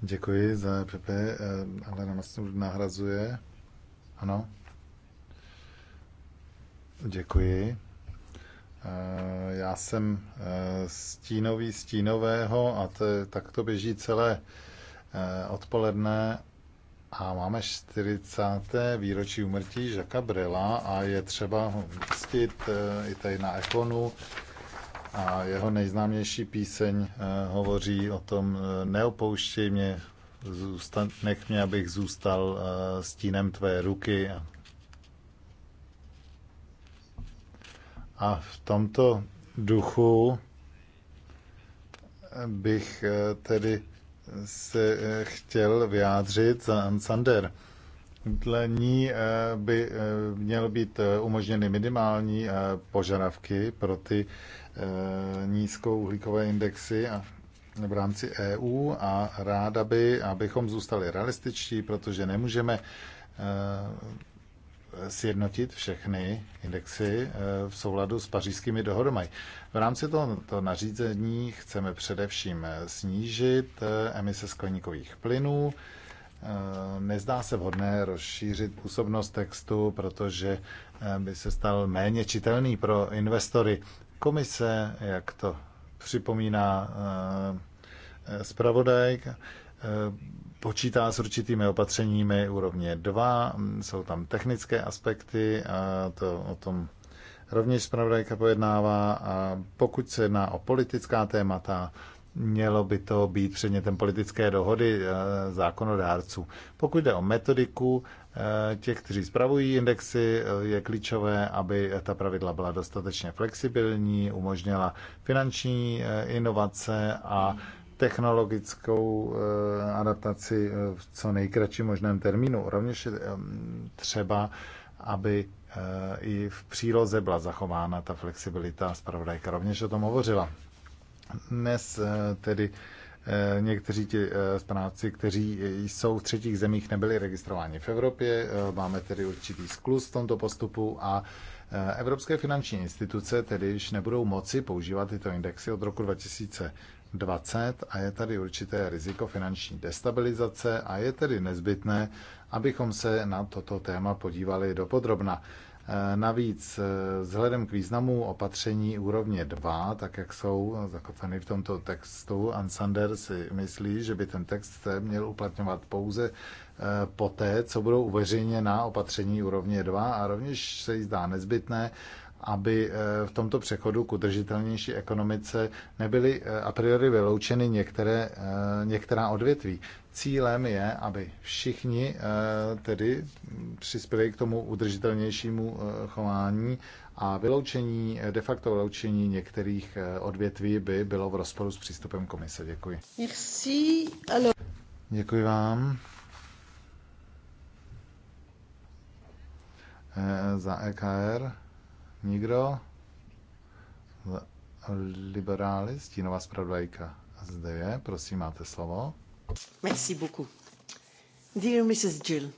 Děkuji za Pepe. Ale nás nahrazuje. Ano. Děkuji. Eh, já jsem stínový eh, stínového a to, tak to běží celé eh, odpoledne a máme 40. výročí umrtí Žaka Brela a je třeba uctit i tady na Ekonu a jeho nejznámější píseň hovoří o tom neopouštěj mě, zůsta, nech mě, abych zůstal stínem tvé ruky a A v tomto duchu bych eh, tedy se eh, chtěl vyjádřit za Ansander. Dle ní eh, by měly být umožněny minimální požadavky pro ty uhlíkové indexy a v rámci EU a ráda by, abychom zůstali realističtí, protože nemůžeme sjednotit všechny indexy eh, v souladu s pařížskými dohodami. V rámci tohoto to nařízení chceme především eh, snížit eh, emise skleníkových plynů. Nezdá se vhodné rozšířit působnost textu, protože by se stal méně čitelný pro investory. Komise, jak to připomíná zpravodaj, počítá s určitými opatřeními úrovně 2, jsou tam technické aspekty a to o tom rovněž zpravodajka pojednává a pokud se jedná o politická témata, mělo by to být předmětem politické dohody eh, zákonodárců. Pokud jde o metodiku eh, těch, kteří spravují indexy, eh, je klíčové, aby ta pravidla byla dostatečně flexibilní, umožnila finanční inovace a technologickou eh, adaptaci eh, v co nejkratším možném termínu. Rovněž eh, třeba, aby i v příloze byla zachována ta flexibilita. zpravodajka. rovněž o tom hovořila. Dnes tedy někteří ti zpráci, kteří jsou v třetích zemích, nebyli registrováni v Evropě. Máme tedy určitý sklus v tomto postupu a Evropské finanční instituce tedy již nebudou moci používat tyto indexy od roku 2000 20 a je tady určité riziko finanční destabilizace a je tedy nezbytné, abychom se na toto téma podívali dopodrobna. Eh, navíc eh, vzhledem k významu opatření úrovně 2, tak jak jsou zakotveny v tomto textu, Ansander si myslí, že by ten text se měl uplatňovat pouze eh, poté, co budou uveřejněna opatření úrovně 2 a rovněž se jí zdá nezbytné, aby eh, v tomto přechodu k udržitelnější ekonomice nebyly eh, a priori vyloučeny některé, eh, některá odvětví. Cílem je, aby všichni tedy přispěli k tomu udržitelnějšímu chování a vyloučení, de facto vyloučení některých odvětví by bylo v rozporu s přístupem komise. Děkuji. Merci. Děkuji vám. za EKR. Nikdo? Liberály, stínová zpravodajka zde je, prosím, máte slovo. Merci beaucoup. Dear Mrs. Jill.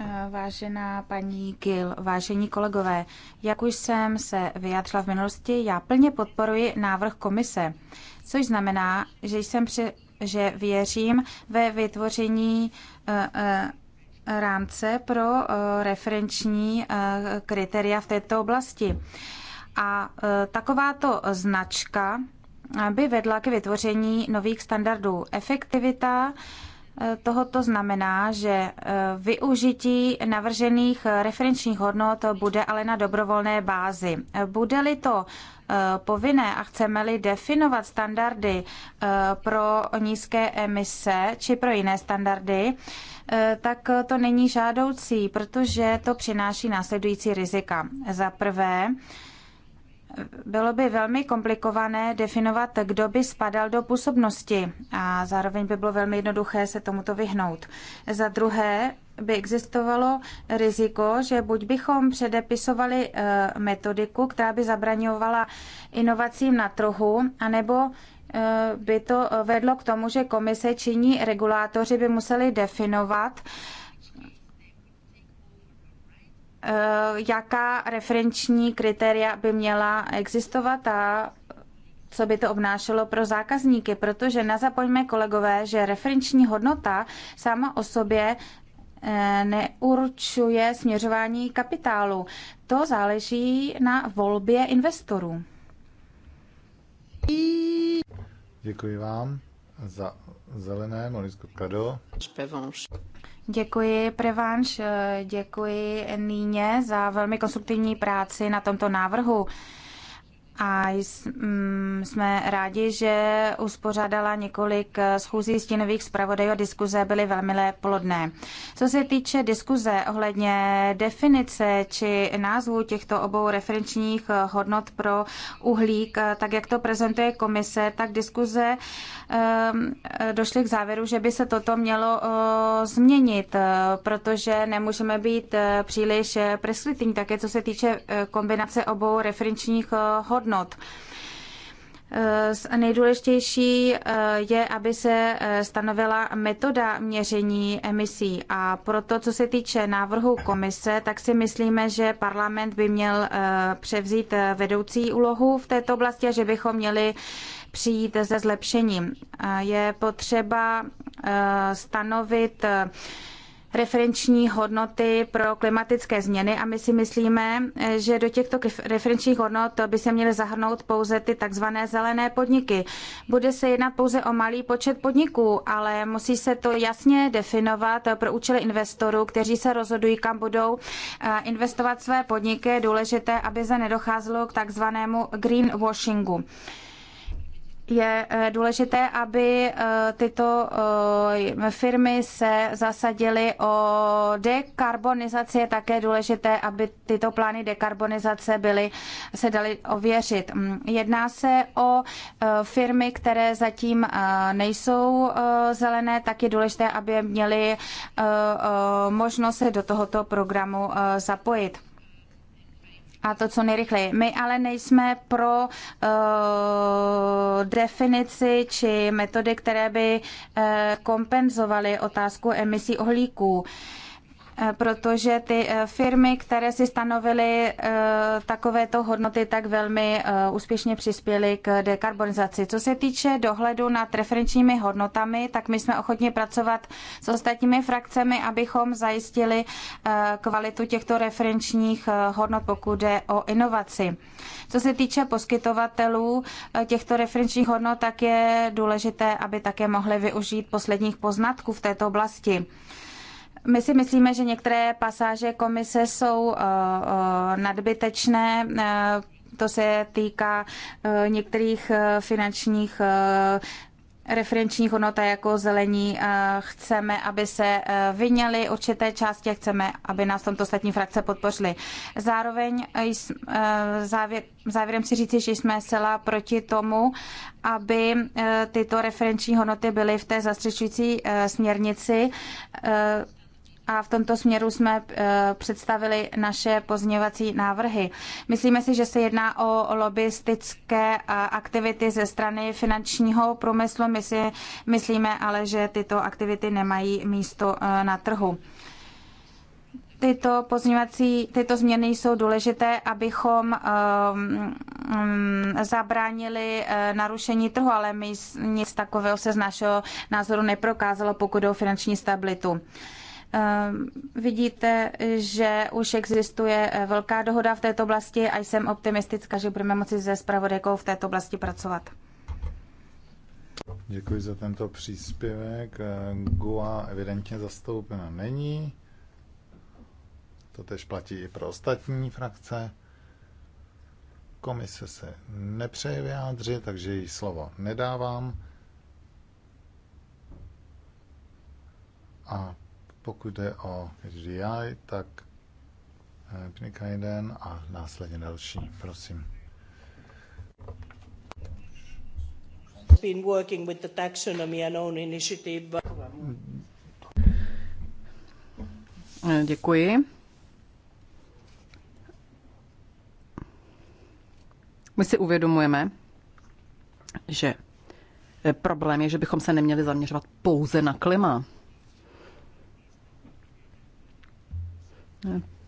Eh, vážená paní Gill, vážení kolegové, jak už jsem se vyjádřila v minulosti, já plně podporuji návrh komise, což znamená, že jsem při, že věřím ve vytvoření eh, eh, rámce pro eh, referenční eh, kritéria v této oblasti. A eh, takováto značka by vedla k vytvoření nových standardů. Efektivita tohoto znamená, že využití navržených referenčních hodnot bude ale na dobrovolné bázi. Bude-li to povinné a chceme-li definovat standardy pro nízké emise či pro jiné standardy, Eh, tak to není žádoucí, protože to přináší následující rizika. Za prvé, bylo by velmi komplikované definovat, kdo by spadal do působnosti a zároveň by bylo velmi jednoduché se tomuto vyhnout. Za druhé by existovalo riziko, že buď bychom předepisovali eh, metodiku, která by zabraňovala inovacím na trhu, anebo Eh, by to eh, vedlo k tomu, že komise činí regulátoři by museli definovat, eh, jaká referenční kritéria by měla existovat a co by to obnášelo pro zákazníky, protože nezapomeňme kolegové, že referenční hodnota sama o sobě neurčuje směřování kapitálu. To záleží na volbě investorů. Děkuji vám za zelené, Monisko Kado. Děkuji, Prevanš, děkuji Níně za velmi konstruktivní práci na tomto návrhu a mm, jsme rádi, že uspořádala několik eh, schůzí stínových zpravodajů a diskuze byly velmi plodné. Co se týče diskuze ohledně definice či názvu těchto obou referenčních eh, hodnot pro uhlík, eh, tak jak to prezentuje komise, tak diskuze Ehm, došli k závěru, že by se toto mělo eh, změnit, eh, protože nemůžeme být eh, příliš preskriptivní, také co se týče kombinace obou referenčních hodnot. Nejdůležitější je, aby se stanovila metoda měření emisí a proto, co se týče návrhu komise, tak si myslíme, že parlament by měl převzít vedoucí úlohu v této oblasti a že bychom měli přijít se zlepšením. Je potřeba eh, stanovit eh, referenční hodnoty pro klimatické změny a my si myslíme, eh, že do těchto referenčních hodnot by se měly zahrnout pouze ty takzvané zelené podniky. Bude se jednat pouze o malý počet podniků, ale musí se to jasně definovat pro účely investorů, kteří se rozhodují, kam budou investovat své podniky. Je důležité, aby se nedocházelo k takzvanému greenwashingu je eh, důležité, aby eh, tyto eh, firmy se zasadily o dekarbonizaci. Je také důležité, aby tyto plány dekarbonizace byly, se daly ověřit. Mm, jedná se o firmy, které zatím nejsou zelené, tak je důležité, aby měly možnost se do tohoto programu zapojit a to co nejrychleji. My ale nejsme pro uh, definici či metody, které by uh, kompenzovaly otázku emisí uhlíků. Uh, Eh, protože ty eh, firmy, které si stanovily eh, takovéto hodnoty, tak velmi úspěšně přispěly k dekarbonizaci. Co se týče dohledu nad referenčními hodnotami, tak my jsme ochotni pracovat s ostatními frakcemi, abychom zajistili kvalitu těchto referenčních hodnot, pokud jde o inovaci. Co se týče poskytovatelů těchto referenčních hodnot, tak je důležité, aby také mohli využít posledních poznatků v této oblasti. My si myslíme, že některé pasáže komise jsou eh, eh, nadbytečné, eh, to se týká některých finančních referenčních hodnot jako zelení chceme, aby se vyněly určité části a chceme, aby nás tomto ostatní frakce podpořily. Zároveň závěr, závěrem si říci, že jsme zcela proti tomu, aby tyto referenční hodnoty byly v té zastřešující směrnici a v tomto směru jsme eh, představili naše pozměňovací návrhy. Myslíme si, že se jedná o lobbystické eh, aktivity ze strany finančního průmyslu. My si myslíme ale, že tyto aktivity nemají místo eh, na trhu. Tyto pozměňovací, tyto změny jsou důležité, abychom um, um, zabránili uh, narušení trhu, ale my nic takového se z našeho názoru neprokázalo, pokud jde o finanční stabilitu. Uh, Ehm, vidíte, že už existuje eh, velká dohoda v této oblasti a jsem optimistická, že budeme moci se spravodajkou v této oblasti pracovat. Děkuji za tento příspěvek. Eh, Gua evidentně zastoupena není. To tež platí i pro ostatní frakce. Komise se nepřeje vyjádřit, takže jí slovo nedávám. A pokud jde o HDI, tak eh, Pnika jeden a následně další. Prosím. Been working with the taxonomy and own initiative. Děkuji. My si uvědomujeme, že eh, problém je, že bychom se neměli zaměřovat pouze na klima.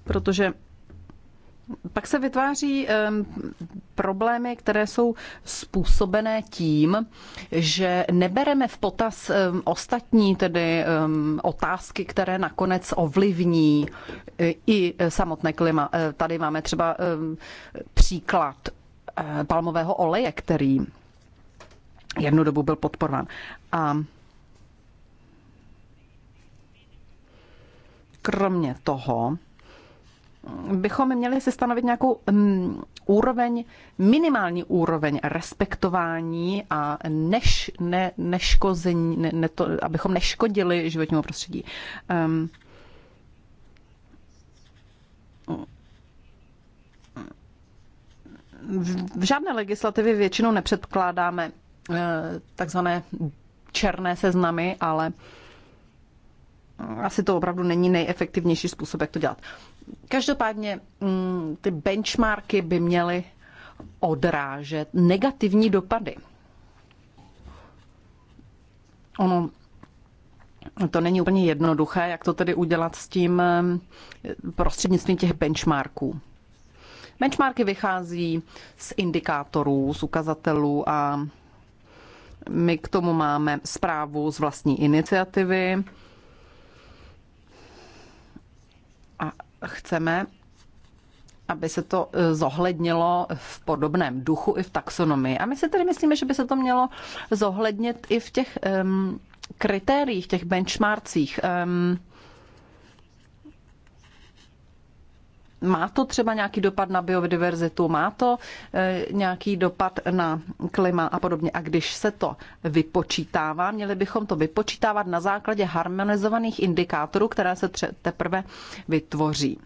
protože pak se vytváří problémy, které jsou způsobené tím, že nebereme v potaz ostatní tedy otázky, které nakonec ovlivní e, i samotné klima. E, tady máme třeba příklad e, palmového oleje, který jednu dobu byl podporován. A kromě toho, bychom měli si stanovit nějakou mm, úroveň, minimální úroveň respektování a než, ne, neškození, ne, ne to, abychom neškodili životnímu prostředí. Um, v žádné legislativě většinou nepředkládáme eh, takzvané černé seznamy, ale asi to opravdu není nejefektivnější způsob, jak to dělat. Každopádně mm, ty benchmarky by měly odrážet negativní dopady. Ono to není úplně jednoduché, jak to tedy udělat s tím mm, prostřednictvím těch benchmarků. Benchmarky vychází z indikátorů, z ukazatelů a my k tomu máme zprávu z vlastní iniciativy. A chceme, aby se to eh, zohlednilo v podobném duchu i v taxonomii. A my si tedy myslíme, že by se to mělo zohlednit i v těch um, kritériích, těch benchmarkcích. Um, ehm, Má to třeba nějaký dopad na biodiverzitu, má to eh, nějaký dopad na klima a podobně. A když se to vypočítává, měli bychom to vypočítávat na základě harmonizovaných indikátorů, které se teprve vytvoří.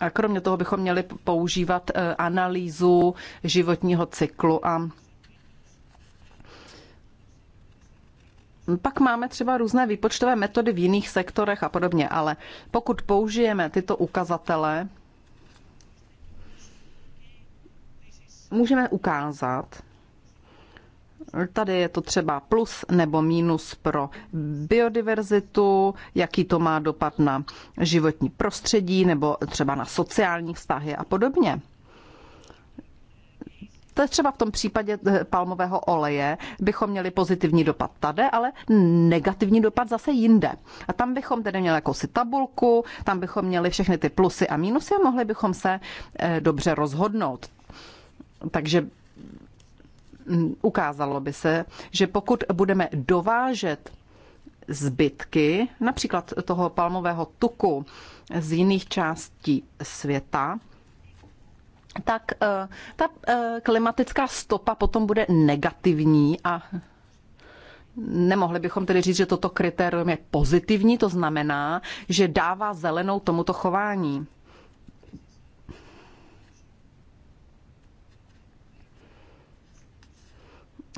A kromě toho bychom měli používat eh, analýzu životního cyklu a Pak máme třeba různé výpočtové metody v jiných sektorech a podobně, ale pokud použijeme tyto ukazatele, můžeme ukázat, Tady je to třeba plus nebo mínus pro biodiverzitu, jaký to má dopad na životní prostředí nebo třeba na sociální vztahy a podobně. To je třeba v tom případě eh, palmového oleje, bychom měli pozitivní dopad tady, ale negativní dopad zase jinde. A tam bychom tedy měli jakousi tabulku, tam bychom měli všechny ty plusy a mínusy a mohli bychom se eh, dobře rozhodnout. Takže mm, ukázalo by se, že pokud budeme dovážet zbytky, například toho palmového tuku z jiných částí světa, tak eh, ta eh, klimatická stopa potom bude negativní a Nemohli bychom tedy říct, že toto kritérium je pozitivní, to znamená, že dává zelenou tomuto chování.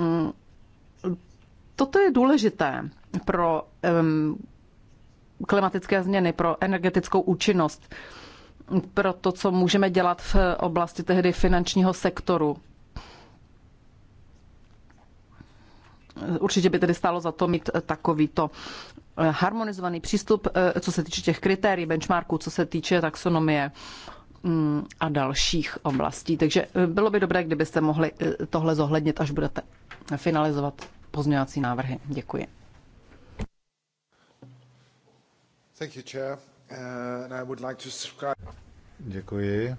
Mm. Toto je důležité pro klimatické změny, pro energetickou účinnost, pro to, co můžeme dělat v oblasti tehdy finančního sektoru. Určitě by tedy stálo za to mít takovýto eh, harmonizovaný přístup, eh, co se týče těch kritérií, benchmarků, co se týče taxonomie. Mm, a dalších oblastí. Takže eh, bylo by dobré, kdybyste mohli eh, tohle zohlednit, až budete finalizovat pozměňovací návrhy. Děkuji. Thank you, Chair. Uh, and I would like to subscribe... Děkuji.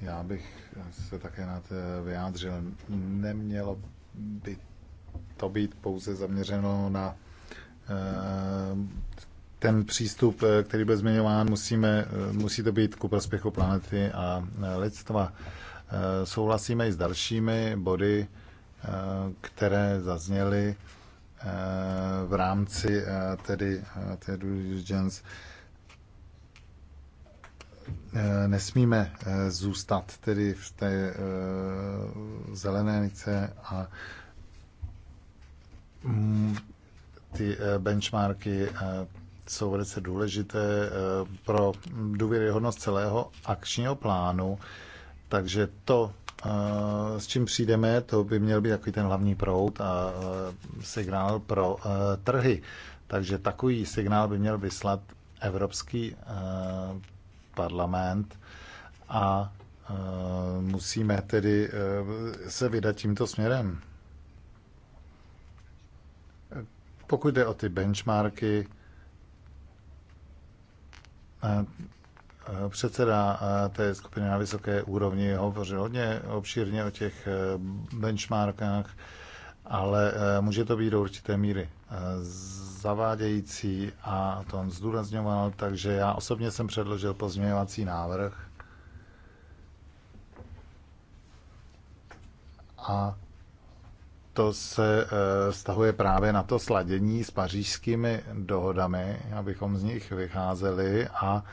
Já bych se také na to vyjádřil. Nemělo by to být pouze zaměřeno na eh, ten přístup, eh, který byl zmiňován, musíme, eh, musí to být ku prospěchu planety a eh, lidstva. Souhlasíme i s dalšími body, které zazněly v rámci tedy té due diligence. Nesmíme zůstat tedy v té zelené nice a mm, ty benchmarky jsou velice důležité eh, pro důvěryhodnost celého akčního plánu. Takže to, eh, s čím přijdeme, to by měl být takový ten hlavní proud a eh, signál pro trhy. Takže takový signál by měl vyslat Evropský parlament a musíme tedy se vydat tímto směrem. Pokud jde o ty benchmarky, Předseda té skupiny na vysoké úrovni hovořil hodně obšírně o těch e, benchmarkách, ale e, může to být do určité míry e, zavádějící a to on zdůrazňoval, takže já osobně jsem předložil pozměňovací návrh a to se stahuje eh, právě na to sladění s pařížskými dohodami, abychom z nich vycházeli a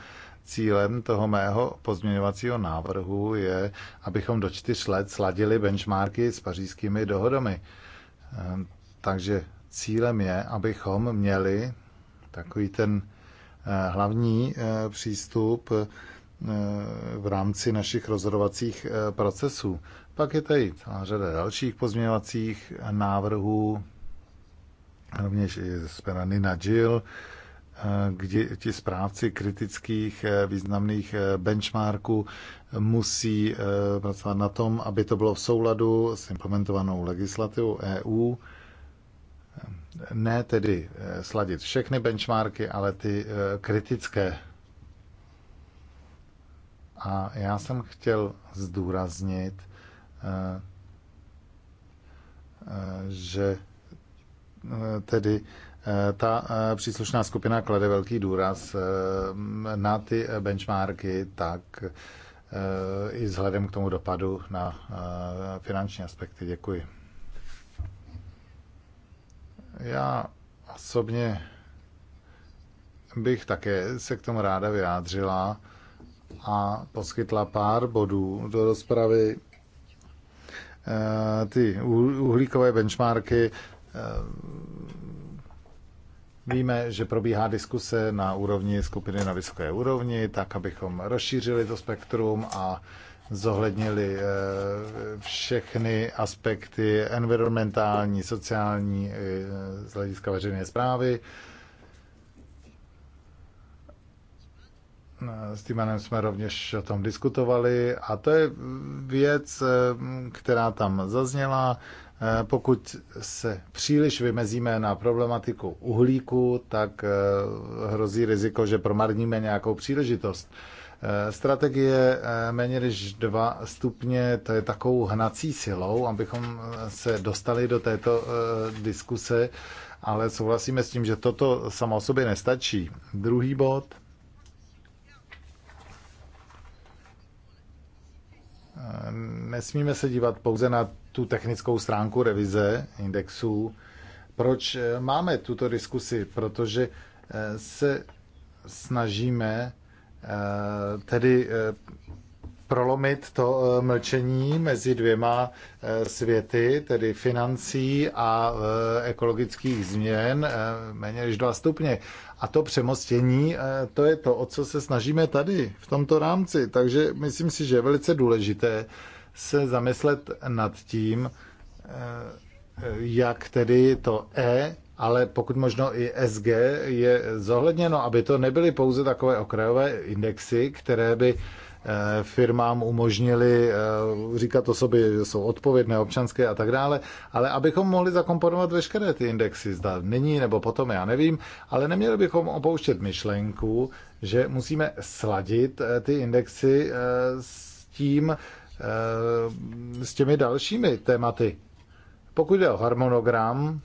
Cílem toho mého pozměňovacího návrhu je, abychom do čtyř let sladili benchmarky s pařížskými dohodami. Eh, takže cílem je, abychom měli takový ten eh, hlavní přístup v rámci našich rozhodovacích procesů. Pak je tady celá řada dalších pozměňovacích návrhů, rovněž i z pera Nina Jill, kdy ti správci kritických eh, významných eh, benchmarků musí eh, pracovat na tom, aby to bylo v souladu s implementovanou legislativou EU. Ne tedy sladit všechny benchmarky, ale ty kritické. A já jsem chtěl zdůraznit, Eh, eh, že eh, tedy ta příslušná skupina klade velký důraz na ty benchmarky, tak i vzhledem k tomu dopadu na finanční aspekty. Děkuji. Já osobně bych také se k tomu ráda vyjádřila a poskytla pár bodů do rozpravy, Eh, ty uhlíkové benchmarky. Eh, víme, že probíhá diskuse na úrovni skupiny na vysoké úrovni, tak abychom rozšířili to spektrum a zohlednili eh, všechny aspekty environmentální, sociální z hlediska veřejné zprávy. S Týmanem jsme rovněž o tom diskutovali a to je věc, eh, která tam zazněla. Eh, pokud se příliš vymezíme na problematiku uhlíku, tak eh, hrozí riziko, že promarníme nějakou příležitost. Strategie méně než dva stupně, to je takovou hnací silou, abychom se dostali do této diskuse, ale souhlasíme s tím, že toto samo o sobě nestačí. Druhý bod – nesmíme se dívat pouze na tu technickou stránku revize indexů. Proč eh, máme tuto diskusi? Protože eh, se snažíme eh, tedy prolomit to eh, mlčení mezi dvěma eh, světy, tedy financí a eh, ekologických změn, méně než dva stupně. A to přemostění, to je to, o co se snažíme tady, v tomto rámci. Takže myslím si, že je velice důležité se zamyslet nad tím, jak tedy to E, ale pokud možno i SG je zohledněno, aby to nebyly pouze takové okrajové indexy, které by Eh, firmám umožnili eh, říkat osoby, že jsou odpovědné, občanské a tak dále, ale abychom mohli zakomponovat veškeré ty indexy, zda nyní nebo potom, já nevím, ale neměli bychom opouštět myšlenku, že musíme sladit eh, ty indexy s tím, s těmi dalšími tématy. Pokud jde o harmonogram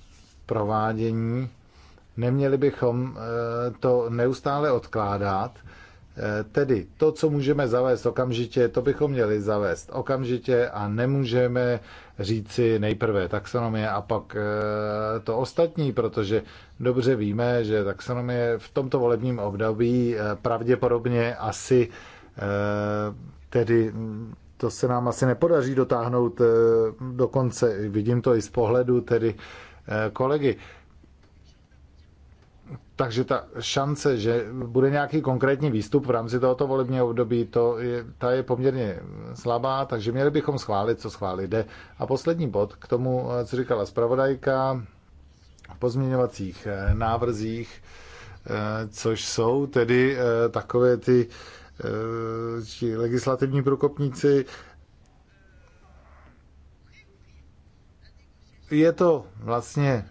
provádění, neměli bychom to neustále odkládat, Eh, tedy to, co můžeme zavést okamžitě, to bychom měli zavést okamžitě a nemůžeme říci nejprve taxonomie a pak eh, to ostatní, protože dobře víme, že taxonomie v tomto volebním období eh, pravděpodobně asi tedy to se nám asi nepodaří dotáhnout do konce. Vidím to i z pohledu tedy kolegy. Takže ta šance, že bude nějaký konkrétní výstup v rámci tohoto volebního období, to je, ta je poměrně slabá, takže měli bychom schválit, co schválit jde. A poslední bod k tomu, co říkala zpravodajka, v pozměňovacích eh, návrzích, eh, což jsou tedy eh, takové ty či legislativní průkopníci. Je to vlastně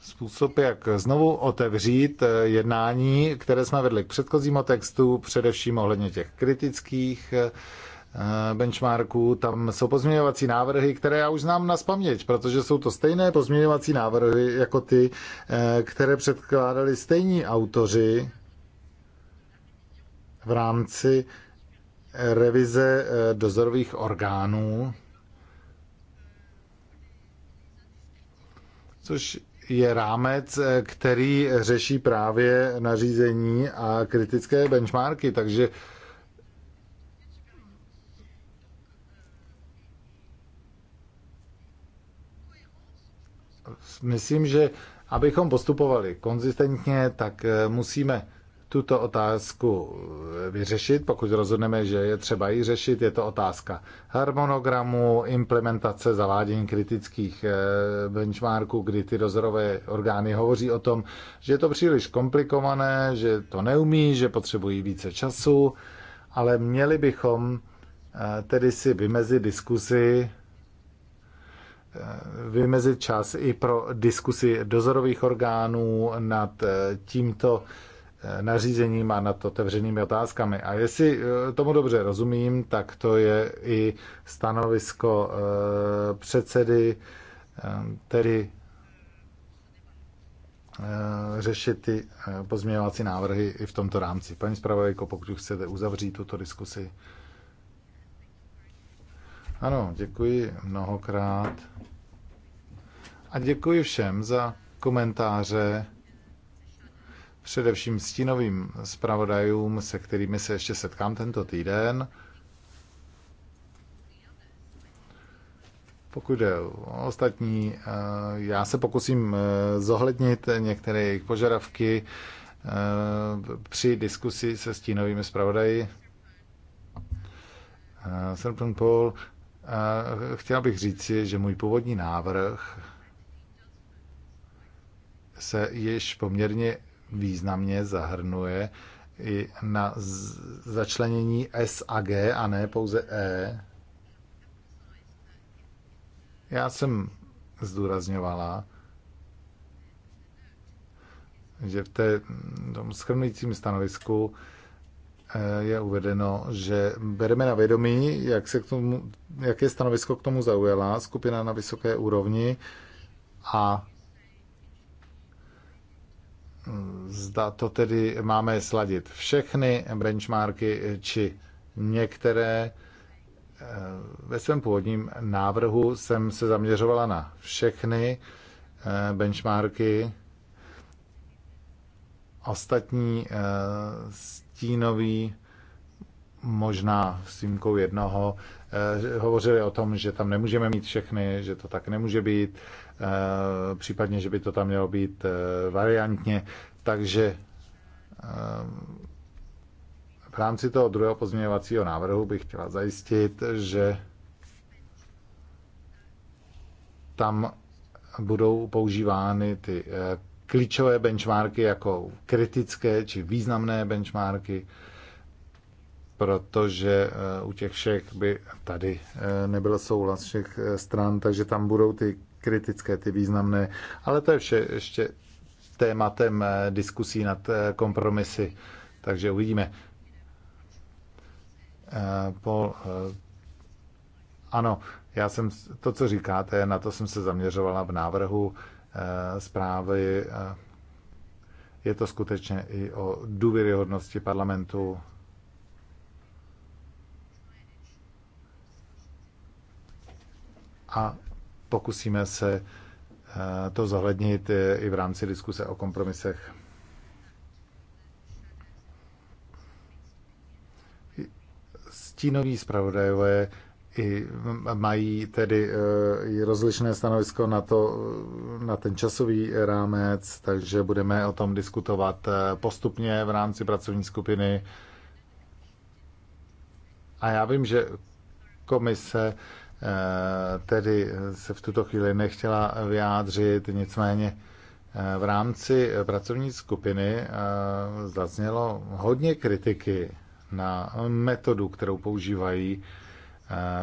způsob, jak znovu otevřít eh, jednání, které jsme vedli k předchozímu textu, především ohledně těch kritických eh, benchmarků. Tam jsou pozměňovací návrhy, které já už znám na spaměť, protože jsou to stejné pozměňovací návrhy jako ty, eh, které předkládali stejní autoři v rámci revize dozorových orgánů. Což je rámec, eh, který řeší právě nařízení a kritické benchmarky, takže myslím, že abychom postupovali konzistentně, tak eh, musíme tuto otázku eh, vyřešit, pokud rozhodneme, že je třeba ji řešit, je to otázka harmonogramu, implementace, zavádění kritických eh, benchmarků, kdy ty dozorové orgány hovoří o tom, že je to příliš komplikované, že to neumí, že potřebují více času, ale měli bychom eh, tedy si vymezit diskuzi, vymezit čas i pro diskusi dozorových orgánů nad tímto nařízením a nad otevřenými otázkami. A jestli eh, tomu dobře rozumím, tak to je i stanovisko eh, předsedy, eh, tedy řešit ty pozměňovací návrhy i v tomto rámci. Paní zpravodajko, pokud chcete uzavřít tuto diskusi. Ano, děkuji mnohokrát. A děkuji všem za komentáře především stínovým zpravodajům, se kterými se ještě setkám tento týden. Pokud jde o ostatní, eh, já se pokusím eh, zohlednit některé jejich požadavky eh, při diskusi se stínovými zpravodaji. Serpent Paul, chtěl bych říci, že můj původní návrh se již poměrně významně zahrnuje i na začlenění S a G a ne pouze E. Já jsem zdůrazňovala, že v té, tom schrnujícím stanovisku e, je uvedeno, že bereme na vědomí, jak, se k tomu, jaké stanovisko k tomu zaujala skupina na vysoké úrovni a zda to tedy máme sladit všechny benchmarky či některé. Ve svém původním návrhu jsem se zaměřovala na všechny eh, benchmarky. Ostatní eh, stínový možná s výjimkou jednoho, eh, hovořili o tom, že tam nemůžeme mít všechny, že to tak nemůže být Eh, případně, že by to tam mělo být eh, variantně. Takže eh, v rámci toho druhého pozměňovacího návrhu bych chtěla zajistit, že tam budou používány ty klíčové benchmarky jako kritické či významné benchmarky, protože u těch všech by tady nebyl souhlas všech stran, takže tam budou ty kritické, ty významné, ale to je vše ještě tématem eh, diskusí nad eh, kompromisy, takže uvidíme. Eh, po, ano, já jsem to, co říkáte, na to jsem se zaměřovala v návrhu zprávy. Je to skutečně i o důvěryhodnosti parlamentu. A pokusíme se eh, to zohlednit eh, i v rámci diskuse o kompromisech. Stínoví zpravodajové i mm, mají tedy eh, i rozličné stanovisko na, to, na ten časový rámec, takže budeme o tom diskutovat postupně v rámci pracovní skupiny. A já vím, že komise Eh, tedy se v tuto chvíli nechtěla vyjádřit, nicméně eh, v rámci pracovní skupiny eh, zaznělo hodně kritiky na metodu, kterou používají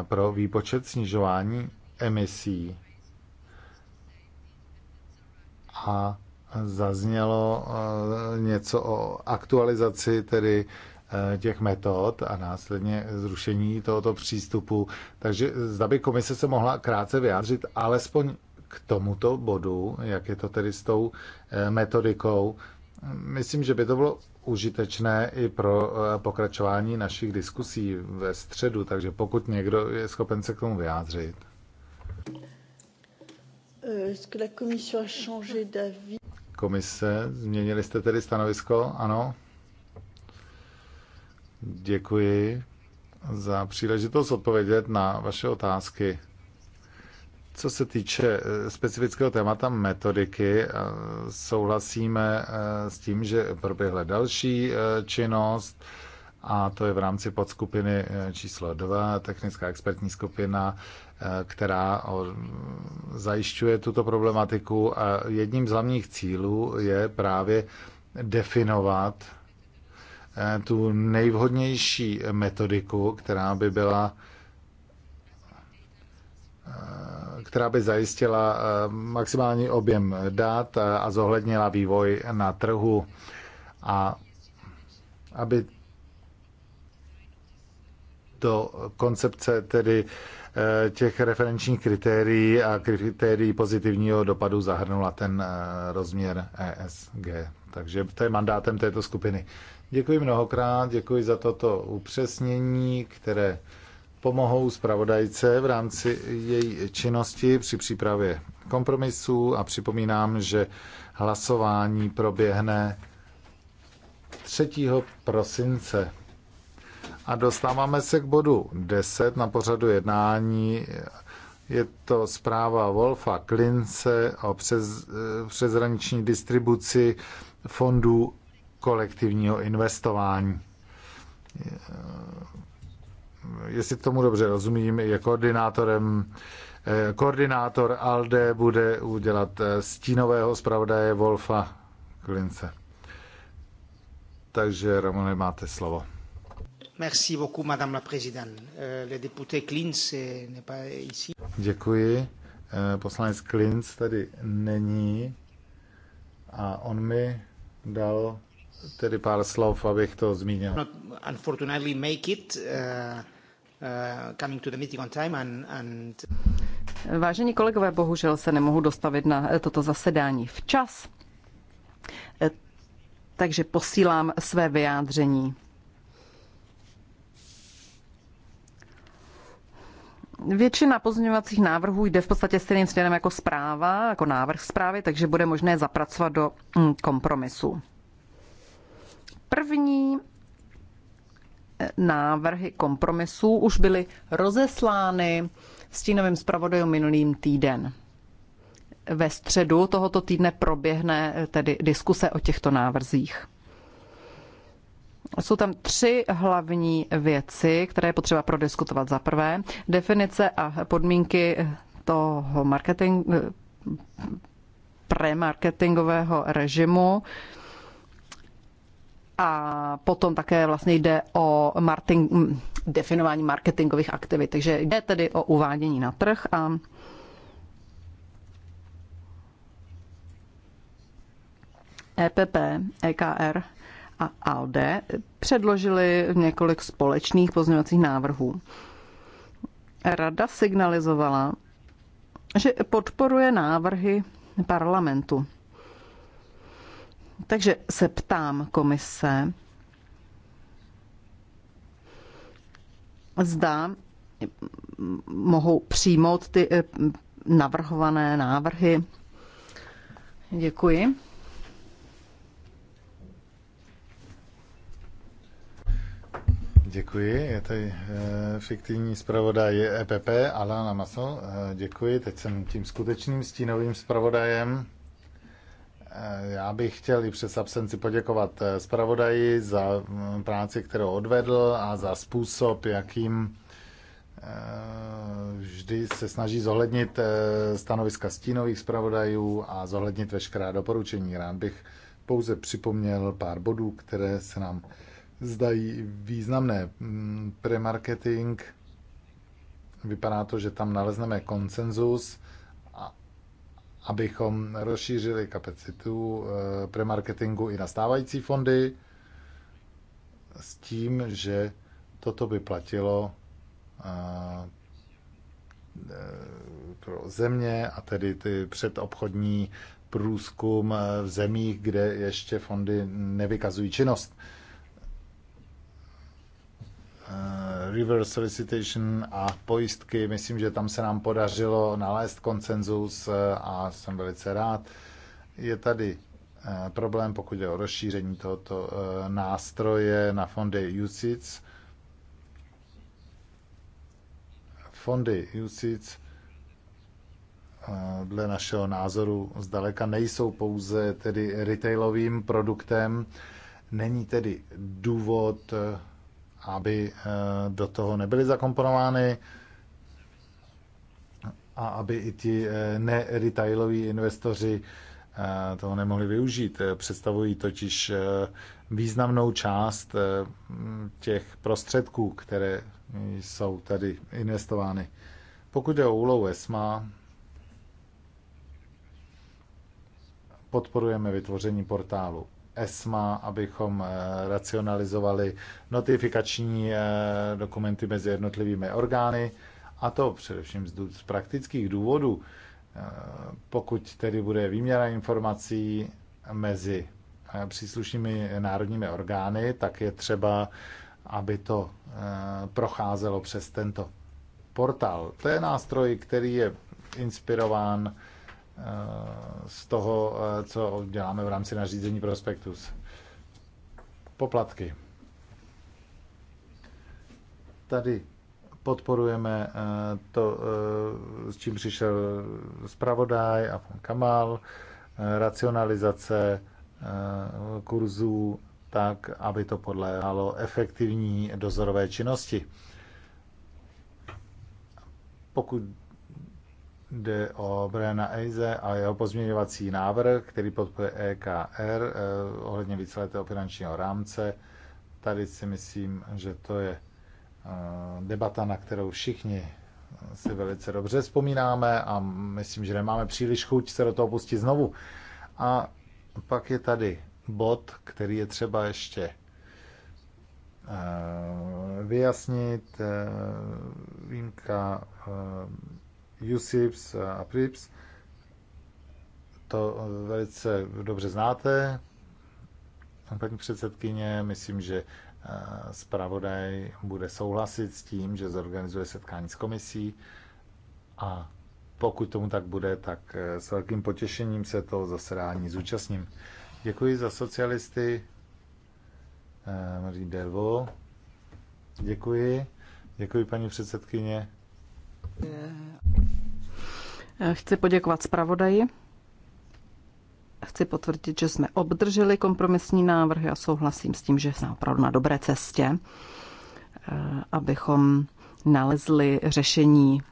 pro výpočet snižování emisí. A zaznělo něco o aktualizaci, tedy Eh, těch metod a následně zrušení tohoto přístupu. Takže zda by komise se mohla krátce vyjádřit alespoň k tomuto bodu, jak je to tedy s tou eh, metodikou. Myslím, že by to bylo užitečné i pro eh, pokračování našich diskusí ve středu, takže pokud někdo je schopen se k tomu vyjádřit. Euh, komise, změnili jste tedy stanovisko, ano? Děkuji za příležitost odpovědět na vaše otázky. Co se týče eh, specifického témata metodiky, eh, souhlasíme eh, s tím, že proběhla další činnost a to je v rámci podskupiny číslo 2, technická expertní skupina, která zajišťuje tuto problematiku a jedním z hlavních cílů je právě definovat Eh, tu nejvhodnější metodiku, která by byla eh, která by zajistila eh, maximální objem dat a zohlednila vývoj na trhu a aby do koncepce tedy těch referenčních kritérií a kritérií pozitivního dopadu zahrnula ten rozměr ESG. Takže to je mandátem této skupiny. Děkuji mnohokrát, děkuji za toto upřesnění, které pomohou zpravodajce v rámci její činnosti při přípravě kompromisů a připomínám, že hlasování proběhne 3. prosince. A dostáváme se k bodu 10 na pořadu jednání. Je to zpráva Wolfa Klince o přes, přezraniční distribuci fondů kolektivního investování. Jestli tomu dobře rozumím, je koordinátorem eh, koordinátor ALDE bude udělat eh, stínového zpravodaje Wolfa Klince. Takže, Ramone, máte slovo. Merci beaucoup, madame la présidente. Euh, le député Klins eh, n'est pas ici. Děkuji. Poslanec Klinc tady není a on mi dal tedy pár slov, abych to zmínil. Unfortunately make it, uh, uh, coming to the meeting on time and, Vážení kolegové, bohužel se nemohu dostavit na eh, toto zasedání včas, eh, takže posílám své vyjádření. Většina pozměňovacích návrhů jde v podstatě stejným směrem jako zpráva, jako návrh zprávy, takže bude možné zapracovat do mm, kompromisu. První eh, návrhy kompromisů už byly rozeslány stínovým zpravodajům minulým týden. Ve středu tohoto týdne proběhne eh, tedy diskuse o těchto návrzích. Jsou tam tři hlavní věci, které je potřeba prodiskutovat. Za prvé, definice a podmínky toho marketing, eh, premarketingového režimu, a potom také vlastně jde o marting, definování marketingových aktivit. Takže jde tedy o uvádění na trh a EPP, EKR a ALDE předložili několik společných pozměňovacích návrhů. Rada signalizovala, že podporuje návrhy parlamentu. Takže se ptám komise, zda mohou přijmout ty eh, navrhované návrhy. Děkuji. Děkuji. Je tady eh, fiktivní zpravodaj EPP e Alana Maso. Eh, děkuji. Teď jsem tím skutečným stínovým zpravodajem. Eh, já bych chtěl i přes absenci poděkovat eh, zpravodaji za mm, práci, kterou odvedl a za způsob, jakým eh, vždy se snaží zohlednit stanoviska stínových zpravodajů a zohlednit veškerá doporučení. Rád bych pouze připomněl pár bodů, které se nám zdají významné. Mm, premarketing, vypadá to, že tam nalezneme konsenzus abychom rozšířili kapacitu eh, premarketingu i na stávající fondy s tím, že toto by platilo eh, eh, pro země a tedy ty předobchodní průzkum v zemích, kde ještě fondy nevykazují činnost. Eh, reverse solicitation a pojistky. Myslím, že tam se nám podařilo nalézt konsenzus eh, a jsem velice rád. Je tady eh, problém, pokud je o rozšíření tohoto nástroje na fondy UCITS. Fondy UCITS dle našeho názoru zdaleka nejsou pouze tedy retailovým produktem. Není tedy důvod aby eh, do toho nebyly zakomponovány a aby i ti eh, ne-retailoví investoři eh, toho nemohli využít. Představují totiž významnou část těch prostředků, které jsou tady investovány. Pokud je o úlohu ESMA, podporujeme vytvoření portálu ESMA, abychom eh, racionalizovali notifikační eh, dokumenty mezi jednotlivými orgány, a to především z praktických důvodů. Eh, pokud tedy bude výměna informací mezi příslušnými národními orgány, tak je třeba, aby to procházelo přes tento portál. To je nástroj, který je inspirován z toho, eh, co děláme v rámci nařízení prospektus. Poplatky. Tady podporujeme eh, to, eh, s čím přišel zpravodaj a pan Kamal, racionalizace kurzů tak, aby to podléhalo efektivní dozorové činnosti. Pokud Jde o Brena Eize a jeho pozměňovací návrh, který podporuje EKR eh, ohledně víceletého finančního rámce. Tady si myslím, že to je eh, debata, na kterou všichni si velice dobře vzpomínáme a myslím, že nemáme příliš chuť se do toho pustit znovu. A pak je tady bod, který je třeba ještě eh, vyjasnit. Výjimka USIPS a PRIPS. To velice dobře znáte. Paní předsedkyně, myslím, že eh, zpravodaj bude souhlasit s tím, že zorganizuje setkání s komisí a pokud tomu tak bude, tak eh, s velkým potěšením se toho zasedání zúčastním. Děkuji za socialisty. Eh, Marie Delvo. Děkuji. Děkuji, paní předsedkyně. Chci poděkovat zpravodaji. Chci potvrdit, že jsme obdrželi kompromisní návrhy a souhlasím s tím, že jsme opravdu na dobré cestě, eh, abychom nalezli řešení.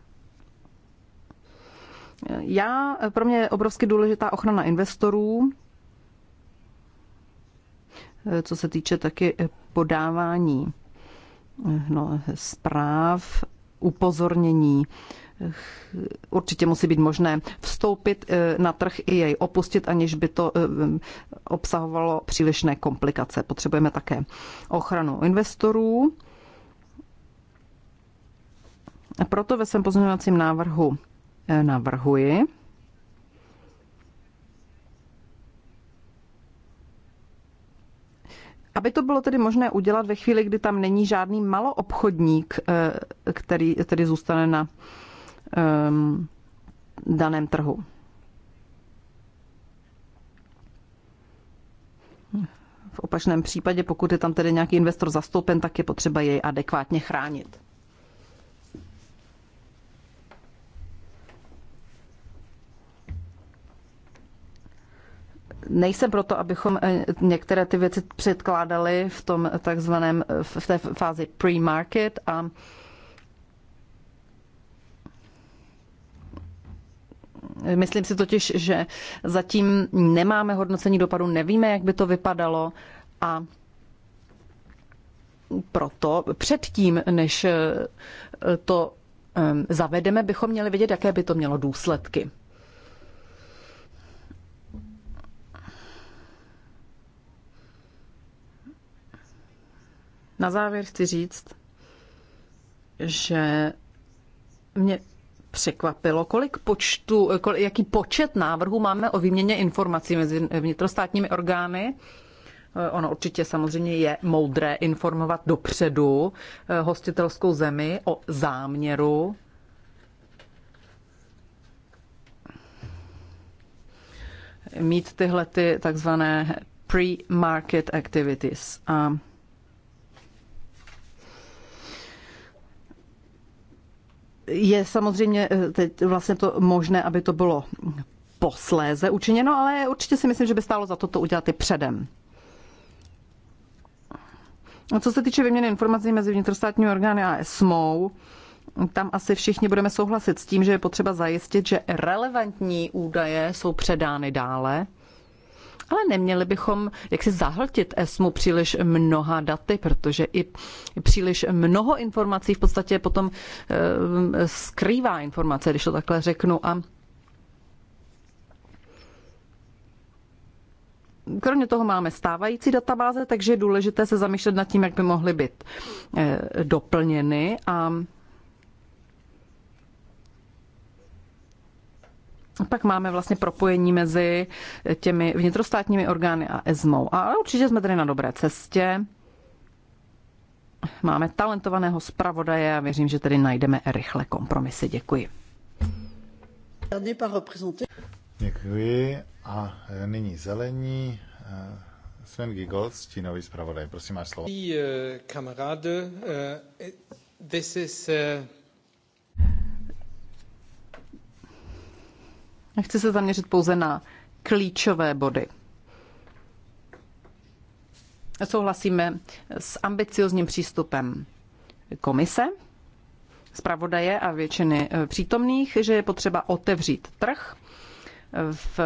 Já, pro mě je obrovsky důležitá ochrana investorů, eh, co se týče taky eh, podávání no, zpráv, upozornění určitě musí být možné vstoupit eh, na trh i jej opustit, aniž by to eh, obsahovalo přílišné komplikace. Potřebujeme také ochranu investorů. A proto ve svém pozměňovacím návrhu eh, navrhuji, Aby to bylo tedy možné udělat ve chvíli, kdy tam není žádný maloobchodník, který tedy zůstane na um, daném trhu. V opačném případě, pokud je tam tedy nějaký investor zastoupen, tak je potřeba jej adekvátně chránit. nejsem proto, abychom eh, některé ty věci předkládali v, tom takzvaném, v té fázi pre-market a Myslím si totiž, že zatím nemáme hodnocení dopadu, nevíme, jak by to vypadalo a proto předtím, než eh, to zavedeme, bychom měli vědět, jaké by to mělo důsledky. Na závěr chci říct, že mě překvapilo, kolik počtu, kolik, jaký počet návrhů máme o výměně informací mezi vnitrostátními orgány. Eh, ono určitě samozřejmě je moudré informovat dopředu eh, hostitelskou zemi o záměru. Mít tyhle ty takzvané pre-market activities. A je samozřejmě eh, teď vlastně to možné, aby to bylo posléze učiněno, ale určitě si myslím, že by stálo za to to udělat i předem. A co se týče vyměny informací mezi vnitrostátními orgány a ESMou, tam asi všichni budeme souhlasit s tím, že je potřeba zajistit, že relevantní údaje jsou předány dále ale neměli bychom jak si zahltit ESMu příliš mnoha daty, protože i příliš mnoho informací v podstatě potom eh, skrývá informace, když to takhle řeknu. A kromě toho máme stávající databáze, takže je důležité se zamýšlet nad tím, jak by mohly být eh, doplněny a Pak máme vlastně propojení mezi těmi vnitrostátními orgány a ESMO. Ale určitě jsme tady na dobré cestě. Máme talentovaného zpravodaje a věřím, že tady najdeme rychle kompromisy. Děkuji. Děkuji. A nyní zelení. Eh, Sven Gigol, stínový zpravodaj. Prosím, máš slovo. Eh, kamaráde, eh, this is Chci se zaměřit pouze na klíčové body. Souhlasíme s ambiciozním přístupem komise, zpravodaje a většiny eh, přítomných, že je potřeba otevřít trh eh, v eh,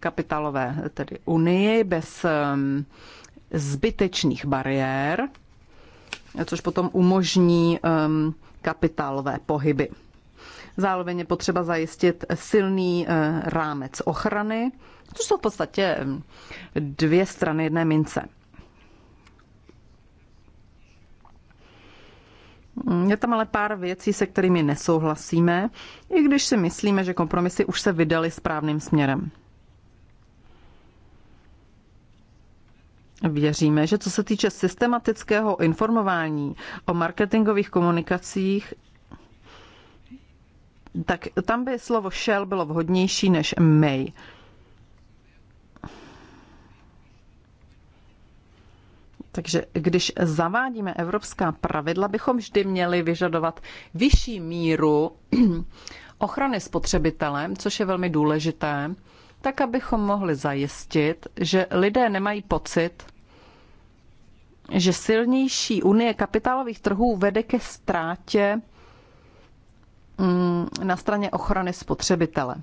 kapitálové tedy unii bez zbytečných bariér, což potom umožní kapitálové pohyby. Zároveň je potřeba zajistit silný eh, rámec ochrany, což jsou v podstatě eh, dvě strany jedné mince. Mm, je tam ale pár věcí, se kterými nesouhlasíme, i když si myslíme, že kompromisy už se vydaly správným směrem. Věříme, že co se týče systematického informování o marketingových komunikacích, tak tam by slovo shall bylo vhodnější než may. Takže když zavádíme evropská pravidla, bychom vždy měli vyžadovat vyšší míru ochrany spotřebitelem, což je velmi důležité, tak abychom mohli zajistit, že lidé nemají pocit, že silnější unie kapitálových trhů vede ke ztrátě Mm, na straně ochrany spotřebitele.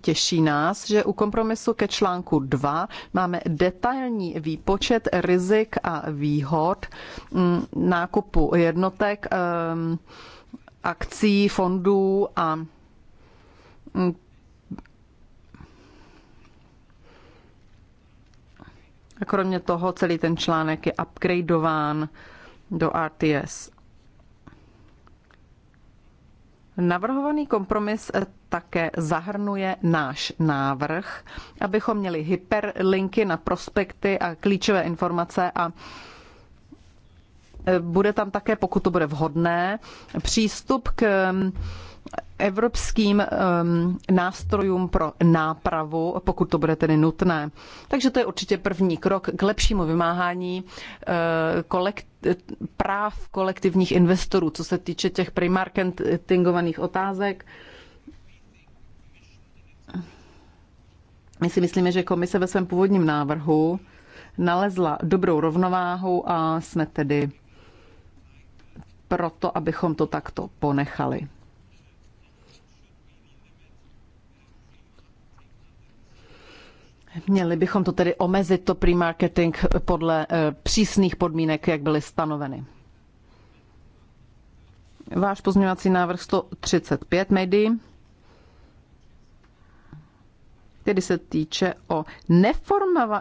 Těší nás, že u kompromisu ke článku 2 máme detailní výpočet rizik a výhod mm, nákupu jednotek, mm, akcí, fondů a kromě toho celý ten článek je upgradeován do RTS. Navrhovaný kompromis také zahrnuje náš návrh, abychom měli hyperlinky na prospekty a klíčové informace a e, bude tam také, pokud to bude vhodné, přístup k evropským um, nástrojům pro nápravu, pokud to bude tedy nutné. Takže to je určitě první krok k lepšímu vymáhání uh, kolekt, práv kolektivních investorů, co se týče těch primarketingovaných otázek. My si myslíme, že komise ve svém původním návrhu nalezla dobrou rovnováhu a jsme tedy proto, abychom to takto ponechali. Měli bychom to tedy omezit, to pre-marketing, podle eh, přísných podmínek, jak byly stanoveny. Váš pozměňovací návrh 135, médií, který se týče o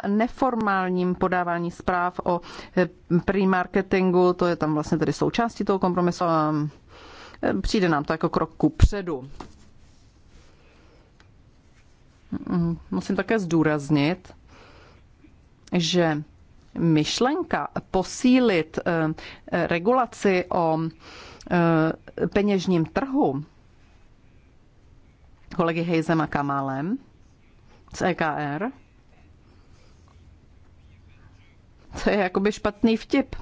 neformálním podávání zpráv o eh, pre-marketingu, to je tam vlastně tedy součástí toho kompromisu eh, přijde nám to jako krok ku předu. Mm, musím také zdůraznit, že myšlenka posílit eh, eh, regulaci o eh, peněžním trhu kolegy Hejzema Kamalem z EKR, to je jakoby špatný vtip.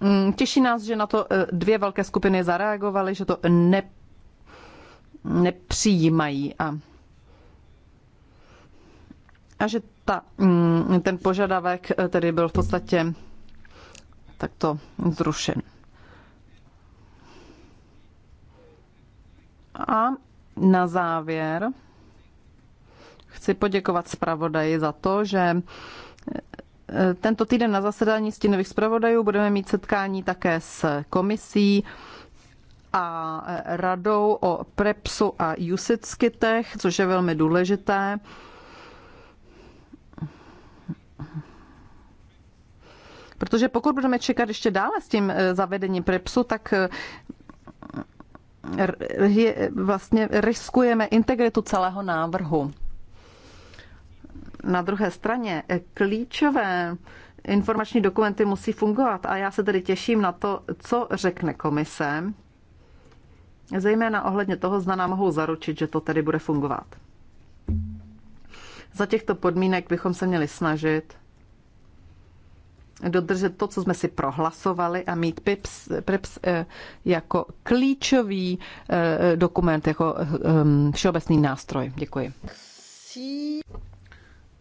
Mm, těší nás, že na to eh, dvě velké skupiny zareagovaly, že to ne, nepřijímají a, a že ta, mm, ten požadavek eh, tedy byl v podstatě takto zrušen. A na závěr chci poděkovat zpravodaji za to, že tento týden na zasedání stínových zpravodajů budeme mít setkání také s komisí a radou o PREPSu a USITSKITech, což je velmi důležité. Protože pokud budeme čekat ještě dále s tím eh, zavedením PREPSu, tak eh, vlastně riskujeme integritu celého návrhu na druhé straně eh, klíčové informační dokumenty musí fungovat a já se tedy těším na to, co řekne komise, zejména ohledně toho, zda nám mohou zaručit, že to tedy bude fungovat. Za těchto podmínek bychom se měli snažit dodržet to, co jsme si prohlasovali a mít PIPS, PIPS eh, jako klíčový eh, dokument, jako ehm, všeobecný nástroj. Děkuji.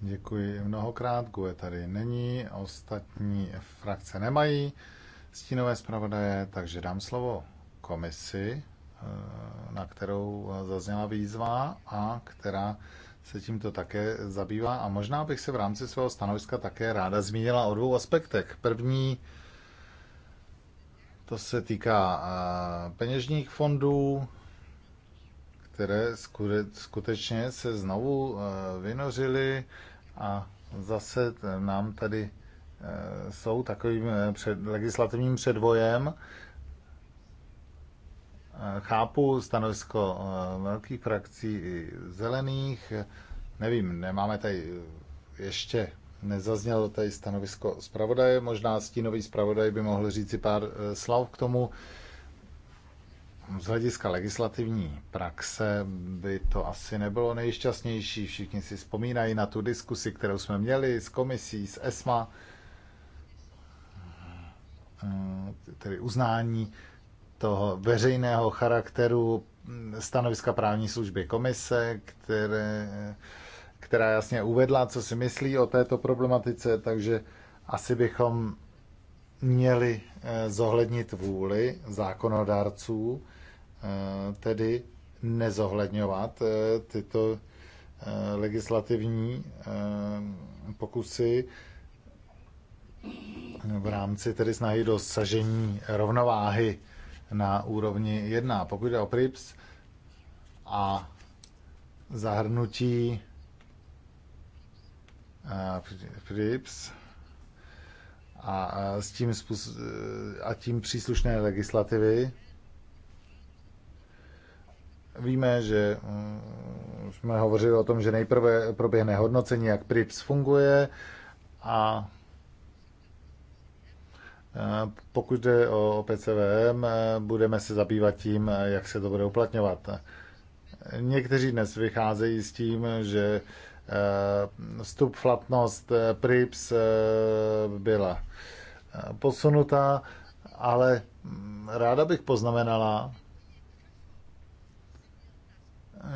Děkuji mnohokrát. GUE tady není, ostatní frakce nemají stínové zpravodaje, takže dám slovo komisi, eh, na kterou zazněla výzva a která se tímto také zabývá. A možná bych se v rámci svého stanoviska také ráda zmínila o dvou aspektech. První, to se týká eh, peněžních fondů, které skutečně se znovu eh, vynořily a zase nám tady eh, jsou takovým eh, před, legislativním předvojem. Eh, chápu stanovisko velkých frakcí i zelených. Nevím, nemáme tady ještě nezaznělo tady stanovisko zpravodaje. Možná stínový zpravodaj by mohl říci pár slov k tomu z hlediska legislativní praxe by to asi nebylo nejšťastnější. Všichni si vzpomínají na tu diskusi, kterou jsme měli s komisí, s ESMA, eh, tedy uznání toho veřejného charakteru stanoviska právní služby komise, které, která jasně uvedla, co si myslí o této problematice, takže asi bychom měli eh, zohlednit vůli zákonodárců Eh, tedy nezohledňovat eh, tyto eh, legislativní pokusy v rámci tedy snahy dosažení rovnováhy na úrovni 1. Pokud jde o PRIPS a zahrnutí PRIPS a, s tím, a tím příslušné legislativy, Víme, že mm, jsme hovořili o tom, že nejprve proběhne hodnocení, jak PRIPS funguje a eh, pokud jde o PCVM, eh, budeme se zabývat tím, eh, jak se to bude uplatňovat. Někteří dnes vycházejí s tím, že vstup flatnost PRIPS byla posunutá, ale mm, ráda bych poznamenala,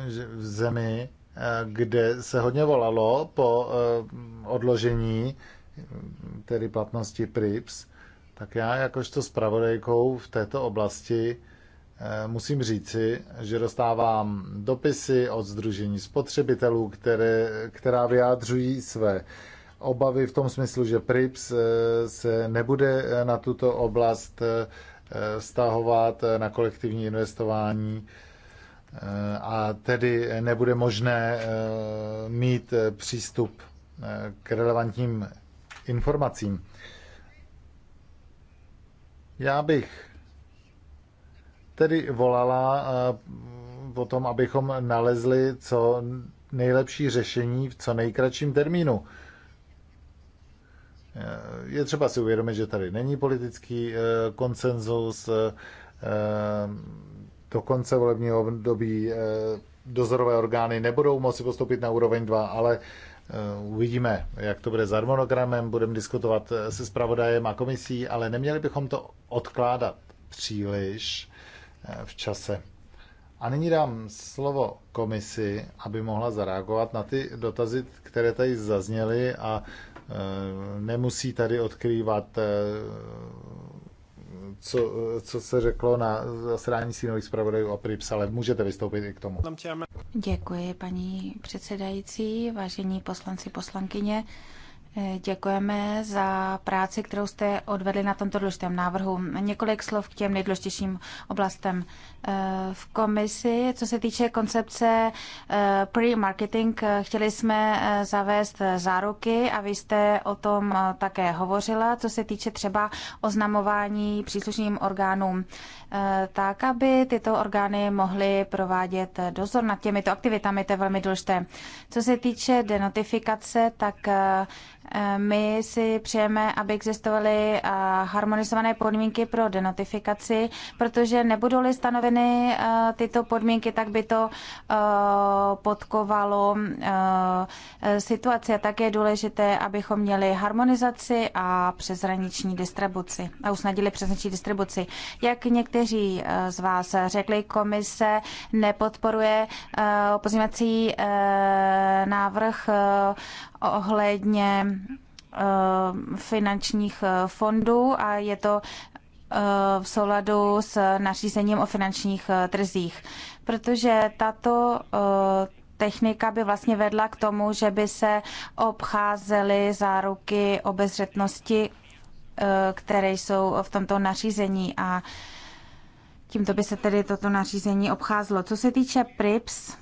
že v zemi, eh, kde se hodně volalo po eh, odložení eh, tedy platnosti PRIPS, tak já jakožto spravodajkou v této oblasti musím říci, že dostávám dopisy od Združení spotřebitelů, které, která vyjádřují své obavy v tom smyslu, že PRIPS se nebude na tuto oblast vztahovat na kolektivní investování Eh, a tedy nebude možné eh, mít eh, přístup k relevantním informacím. Já bych tedy volala o tom, abychom nalezli co nejlepší řešení v co nejkratším termínu. Je třeba si uvědomit, že tady není politický konsenzus, do konce volebního období eh, dozorové orgány nebudou moci postoupit na úroveň 2, ale eh, uvidíme, jak to bude s harmonogramem, budeme diskutovat eh, se zpravodajem a komisí, ale neměli bychom to odkládat příliš v čase. A nyní dám slovo komisi, aby mohla zareagovat na ty dotazy, které tady zazněly a nemusí tady odkrývat co, co se řeklo na zasedání sínových zpravodajů a PRIPS, ale můžete vystoupit i k tomu. Děkuji, paní předsedající, vážení poslanci, poslankyně. Eh, děkujeme za práci, kterou jste odvedli na tomto důležitém návrhu. Několik slov k těm nejdůležitějším oblastem. Eh, v komisi, co se týče koncepce eh, pre-marketing, chtěli jsme zavést záruky a vy jste o tom také hovořila, co se týče třeba oznamování příslušným orgánům Eh, tak, aby tyto orgány mohly provádět eh, dozor nad těmito aktivitami. To je velmi důležité. Co se týče denotifikace, tak eh, my si přejeme, aby existovaly harmonizované podmínky pro denotifikaci, protože nebudou-li stanoveny tyto podmínky, tak by to podkovalo situaci. A tak je důležité, abychom měli harmonizaci a přeshraniční distribuci a usnadili přeshraniční distribuci. Jak některé někteří eh, z vás řekli, komise nepodporuje eh, pozměňovací eh, návrh ohledně finančních fondů a je to v souladu s nařízením o finančních trzích, protože tato technika by vlastně vedla k tomu, že by se obcházely záruky obezřetnosti, které jsou v tomto nařízení a Tímto by se tedy toto nařízení obcházelo. Co se týče PRIPS,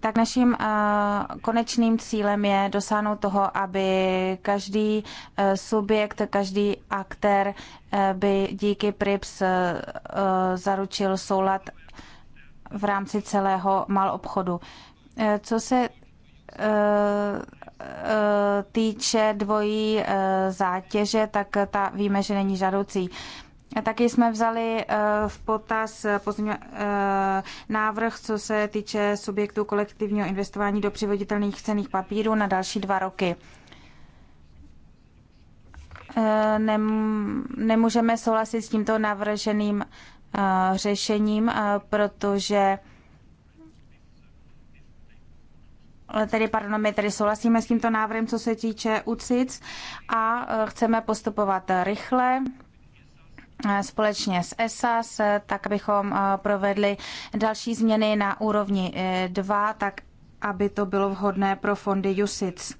tak naším eh, konečným cílem je dosáhnout toho, aby každý eh, subjekt, každý aktér eh, by díky PRIPS zaručil soulad v rámci celého malobchodu. Co se týče dvojí zátěže, tak ta víme, že není žadoucí. Taky jsme vzali eh, v potaz eh, eh, návrh, co se týče subjektů kolektivního investování do přivoditelných cených papírů na další dva roky. Nemůžeme souhlasit s tímto navrženým řešením, protože tedy, pardon, my tedy souhlasíme s tímto návrhem, co se týče UCIC a chceme postupovat rychle Eh, společně s ESAS, eh, tak abychom eh, provedli další změny na úrovni 2, tak aby to bylo vhodné pro fondy USIC.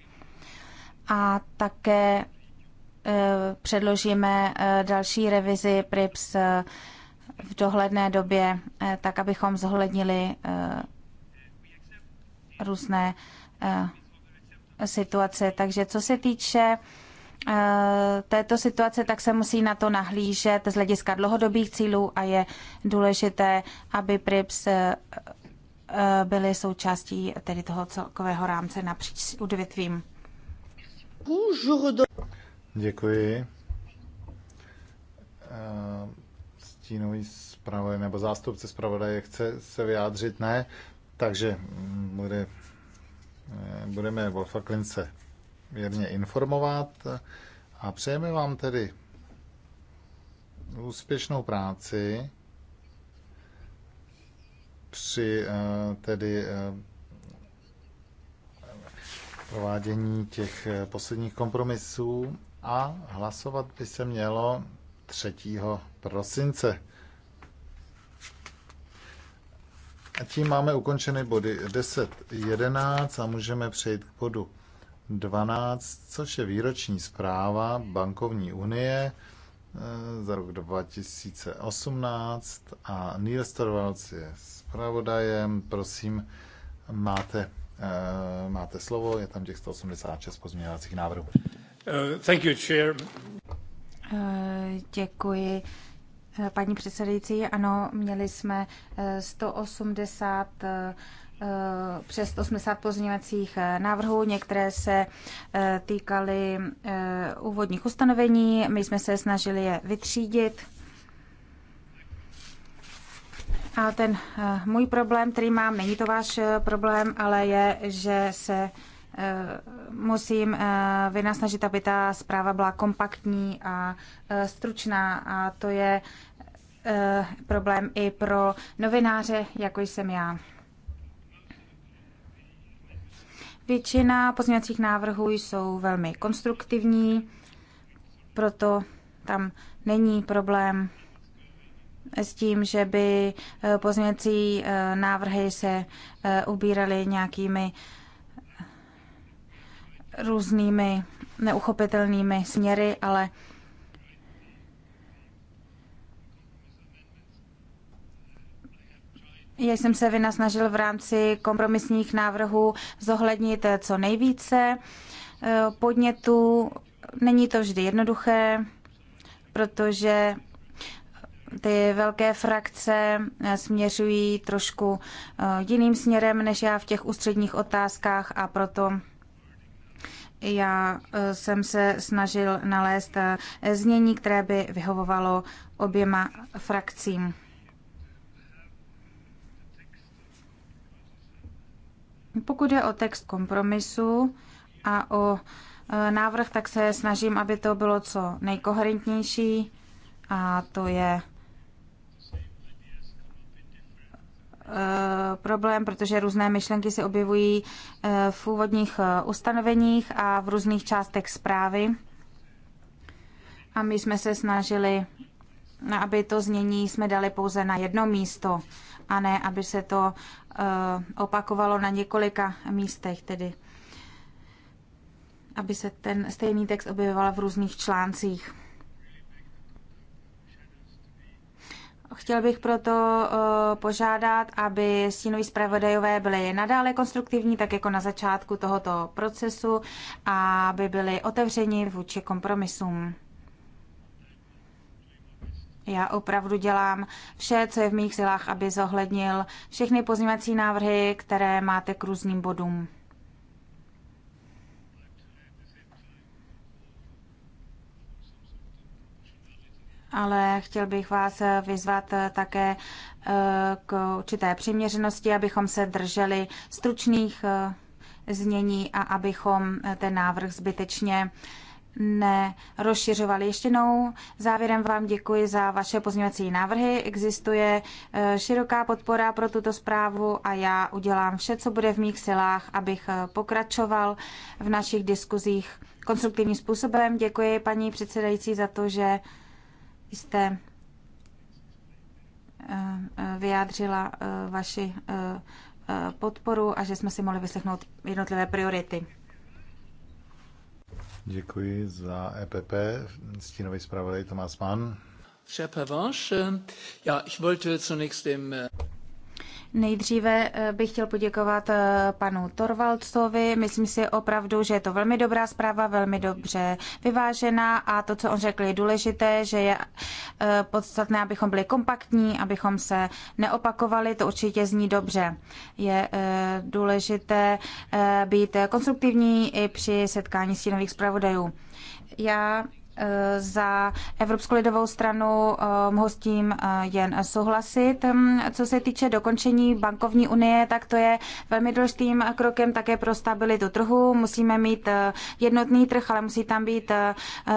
A také předložíme další revizi PRIPS v dohledné době, tak abychom zohlednili různé situace. Takže co se týče Eh, této situace, tak se musí na to nahlížet z hlediska dlouhodobých cílů a je důležité, aby PRIPS eh, eh, byly součástí tedy toho celkového rámce napříč udvětvím. Děkuji. Stínový zpravodaj nebo zástupce zpravodaje chce se vyjádřit, ne? Takže mm, bude, budeme Wolfa Klince mírně informovat a přejeme vám tedy úspěšnou práci při eh, tedy eh, provádění těch eh, posledních kompromisů a hlasovat by se mělo 3. prosince. A tím máme ukončeny body 10, 11 a můžeme přejít k bodu 12, což je výroční zpráva bankovní unie eh, za rok 2018 a Neil Storvalc je zpravodajem. Prosím, máte, eh, máte slovo, je tam těch 186 pozměňovacích návrhů. Uh, thank you, chair. Uh, děkuji. Paní předsedající, ano, měli jsme 180 Eh, přes 80 pozměňovacích eh, návrhů. Některé se eh, týkaly úvodních ustanovení. My jsme se snažili je vytřídit. A ten můj problém, který mám, není to váš problém, ale je, že se musím vynasnažit, aby ta zpráva byla kompaktní a stručná. A to je problém i pro novináře, jako jsem já. Většina pozměňovacích návrhů jsou velmi konstruktivní, proto tam není problém s tím, že by eh, pozměňovací eh, návrhy se eh, ubíraly nějakými různými neuchopitelnými směry, ale Já jsem se vynasnažil v rámci kompromisních návrhů zohlednit co nejvíce eh, podnětů. Není to vždy jednoduché, protože ty velké frakce eh, směřují trošku eh, jiným směrem než já v těch ústředních otázkách a proto já jsem se snažil nalézt znění, které by vyhovovalo oběma frakcím. Pokud je o text kompromisu a o e, návrh, tak se snažím, aby to bylo co nejkoherentnější a to je e, problém, protože různé myšlenky se objevují e, v úvodních ustanoveních a v různých částech zprávy. A my jsme se snažili, aby to znění jsme dali pouze na jedno místo a ne, aby se to eh, opakovalo na několika místech, tedy aby se ten stejný text objevoval v různých článcích. Chtěl bych proto eh, požádat, aby stínoví zpravodajové byli nadále konstruktivní, tak jako na začátku tohoto procesu, a aby byli otevřeni vůči kompromisům. Já opravdu dělám vše, co je v mých silách, aby zohlednil všechny pozměňovací návrhy, které máte k různým bodům. ale chtěl bych vás vyzvat také eh, k určité přiměřenosti, abychom se drželi stručných eh, znění a abychom eh, ten návrh zbytečně nerozšiřovali. Ještě jednou závěrem vám děkuji za vaše pozměňovací návrhy. Existuje eh, široká podpora pro tuto zprávu a já udělám vše, co bude v mých silách, abych eh, pokračoval v našich diskuzích konstruktivním způsobem. Děkuji paní předsedající za to, že jste eh, vyjádřila vaši podporu a že jsme si mohli vyslechnout jednotlivé priority. Děkuji za EPP. Stínový zpravodaj Tomáš Mann. Herr Pavanche, ja, ich wollte zunächst dem... Nejdříve eh, bych chtěl poděkovat eh, panu Torvaldcovi. Myslím si opravdu, že je to velmi dobrá zpráva, velmi dobře vyvážená a to, co on řekl, je důležité, že je eh, podstatné, abychom byli kompaktní, abychom se neopakovali, to určitě zní dobře. Je důležité být konstruktivní i při setkání stínových zpravodajů. Já za Evropskou lidovou stranu eh, mohu s tím eh, jen souhlasit. Mm, co se týče dokončení bankovní unie, tak to je velmi důležitým krokem také pro stabilitu trhu. Musíme mít eh, jednotný trh, ale musí tam být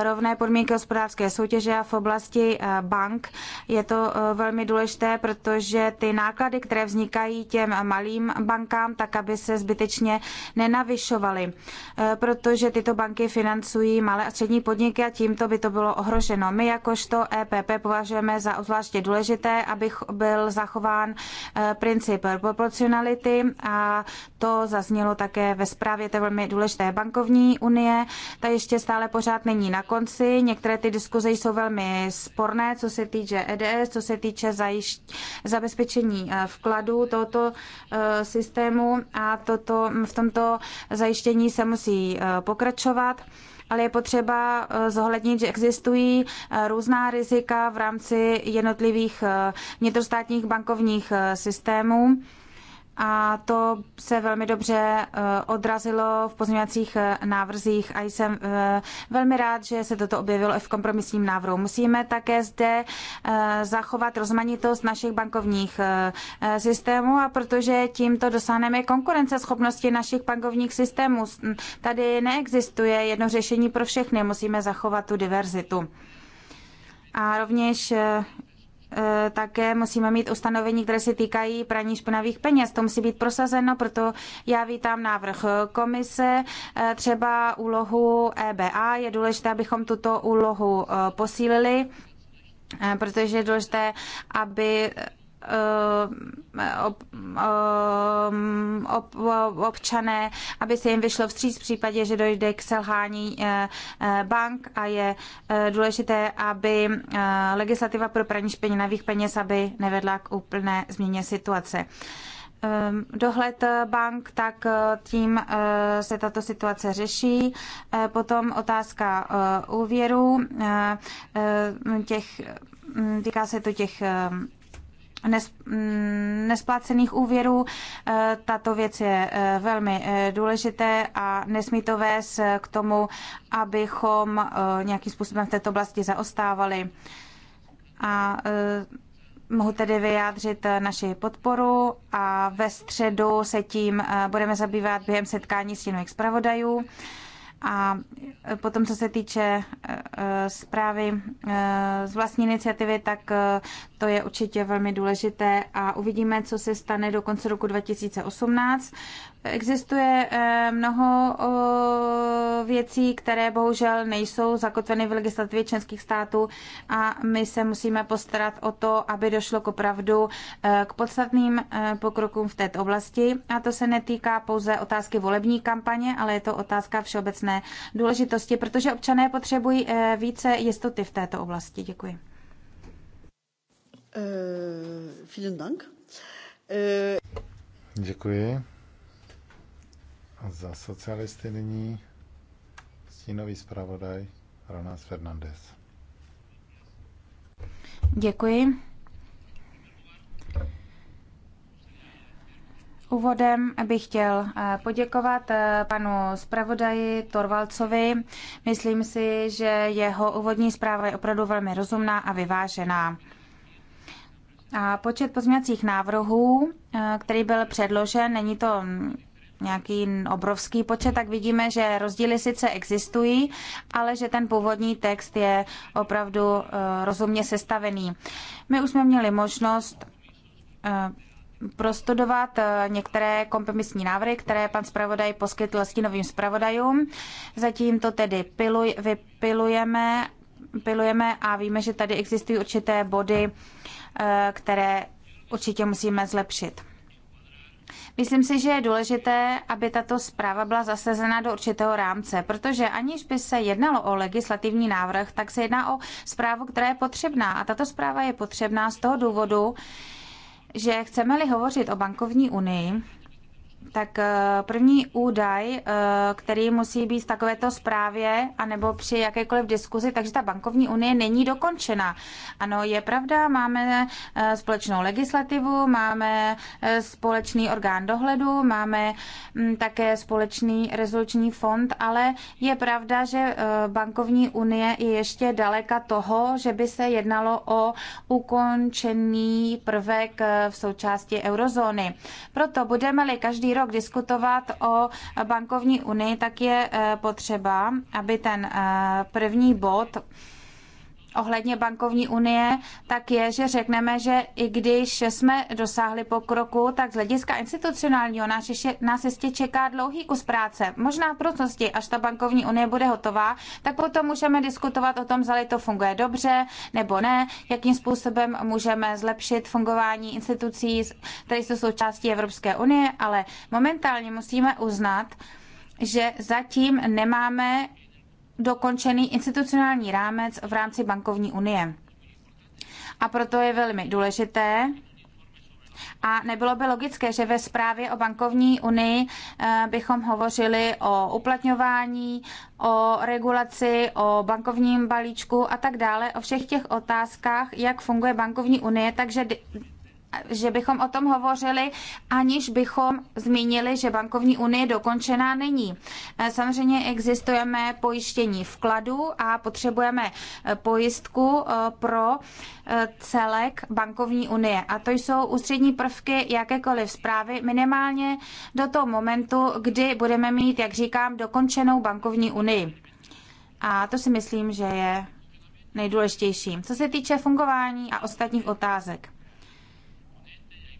rovné podmínky hospodářské soutěže a v oblasti bank je to velmi důležité, protože ty náklady, které vznikají těm malým bankám, tak aby se zbytečně nenavyšovaly, protože tyto banky financují malé a střední podniky a tím tímto by to bylo ohroženo. My jakožto EPP považujeme za zvláště důležité, aby byl zachován eh, princip proporcionality a to zaznělo také ve zprávě té velmi důležité bankovní unie. Ta ještě stále pořád není na konci. Některé ty diskuze jsou velmi sporné, co se týče EDS, co se týče zajišť, zabezpečení eh, vkladů tohoto eh, systému a toto, v tomto zajištění se musí pokračovat ale je potřeba eh, zohlednit, že existují eh, různá rizika v rámci jednotlivých eh, vnitrostátních bankovních systémů a to se velmi dobře eh, odrazilo v pozměňovacích eh, návrzích a jsem eh, velmi rád, že se toto objevilo i v kompromisním návrhu. Musíme také zde zachovat rozmanitost našich bankovních systémů a protože tímto dosáhneme konkurenceschopnosti našich bankovních systémů. Tady neexistuje jedno řešení pro všechny, musíme zachovat tu diverzitu. A rovněž Eh, také musíme mít ustanovení, které se týkají praní špinavých peněz. To musí být prosazeno, proto já vítám návrh komise, eh, třeba úlohu EBA. Je důležité, abychom tuto úlohu eh, posílili, protože je důležité, aby Eh, eh, občané, aby se jim vyšlo vstříc v případě, že dojde k selhání eh, bank a je důležité, aby legislativa pro praní špinavých peněz, aby nevedla k úplné změně situace ehm, dohled bank, tak tím se tato situace řeší. Potom otázka úvěru, těch, mm, týká se to těch ehm, Mm, nesplacených úvěrů. E, tato věc je e, velmi e, důležité a nesmí to vést k tomu, abychom nějakým způsobem v této oblasti zaostávali. A mohu tedy vyjádřit naši podporu a ve středu se tím budeme zabývat během setkání s jinou zpravodajů. A e, potom, co se týče e, e, zprávy z vlastní iniciativy, tak to je určitě velmi důležité a uvidíme, co se stane do konce roku 2018. Existuje eh, mnoho věcí, které bohužel nejsou zakotveny v legislativě členských států a my se musíme postarat o to, aby došlo k opravdu eh, k podstatným eh, pokrokům v této oblasti. A to se netýká pouze otázky volební kampaně, ale je to otázka všeobecné důležitosti, protože občané potřebují více jistoty v této oblasti. Děkuji. Uh, vielen Dank. Uh... Děkuji. Za socialisty nyní stínový zpravodaj Ronas Fernandez. Děkuji. Úvodem bych chtěl eh, poděkovat eh, panu zpravodaji Torvalcovi. Myslím si, že jeho úvodní zpráva je opravdu velmi rozumná a vyvážená. A počet pozměňovacích návrhů, eh, který byl předložen, není to mm, nějaký obrovský počet, tak vidíme, že rozdíly sice existují, ale že ten původní text je opravdu eh, rozumně sestavený. My už jsme měli možnost eh, prostudovat eh, některé kompromisní návrhy, které pan zpravodaj poskytl stínovým zpravodajům. Zatím to tedy piluj, vypilujeme pilujeme a víme, že tady existují určité body, které určitě musíme zlepšit. Myslím si, že je důležité, aby tato zpráva byla zasazena do určitého rámce, protože aniž by se jednalo o legislativní návrh, tak se jedná o zprávu, která je potřebná. A tato zpráva je potřebná z toho důvodu, že chceme-li hovořit o bankovní unii, tak eh, první údaj, eh, který musí být v takovéto zprávě anebo při jakékoliv diskuzi, takže ta bankovní unie není dokončena. Ano, je pravda, máme eh, společnou legislativu, máme společný orgán dohledu, máme mm, také společný rezoluční fond, ale je pravda, že bankovní unie je ještě daleka toho, že by se jednalo o ukončený prvek v součásti eurozóny. Proto budeme-li každý rok rok diskutovat o bankovní unii, tak je eh, potřeba, aby ten eh, první bod ohledně bankovní unie, tak je, že řekneme, že i když jsme dosáhli pokroku, tak z hlediska institucionálního nás, ještě, nás ještě čeká dlouhý kus práce. Možná v budoucnosti, až ta bankovní unie bude hotová, tak potom můžeme diskutovat o tom, zda to funguje dobře nebo ne, jakým způsobem můžeme zlepšit fungování institucí, které jsou součástí Evropské unie, ale momentálně musíme uznat, že zatím nemáme dokončený institucionální rámec v rámci bankovní unie. A proto je velmi důležité, a nebylo by logické, že ve zprávě o bankovní unii eh, bychom hovořili o uplatňování, o regulaci, o bankovním balíčku a tak dále, o všech těch otázkách, jak funguje bankovní unie, takže že bychom o tom hovořili, aniž bychom zmínili, že bankovní unie dokončená není. Eh, samozřejmě existujeme pojištění vkladu a potřebujeme eh, pojistku eh, pro celek bankovní unie. A to jsou ústřední prvky jakékoliv zprávy, minimálně do toho momentu, kdy budeme mít, jak říkám, dokončenou bankovní unii. A to si myslím, že je nejdůležitější. Co se týče fungování a ostatních otázek.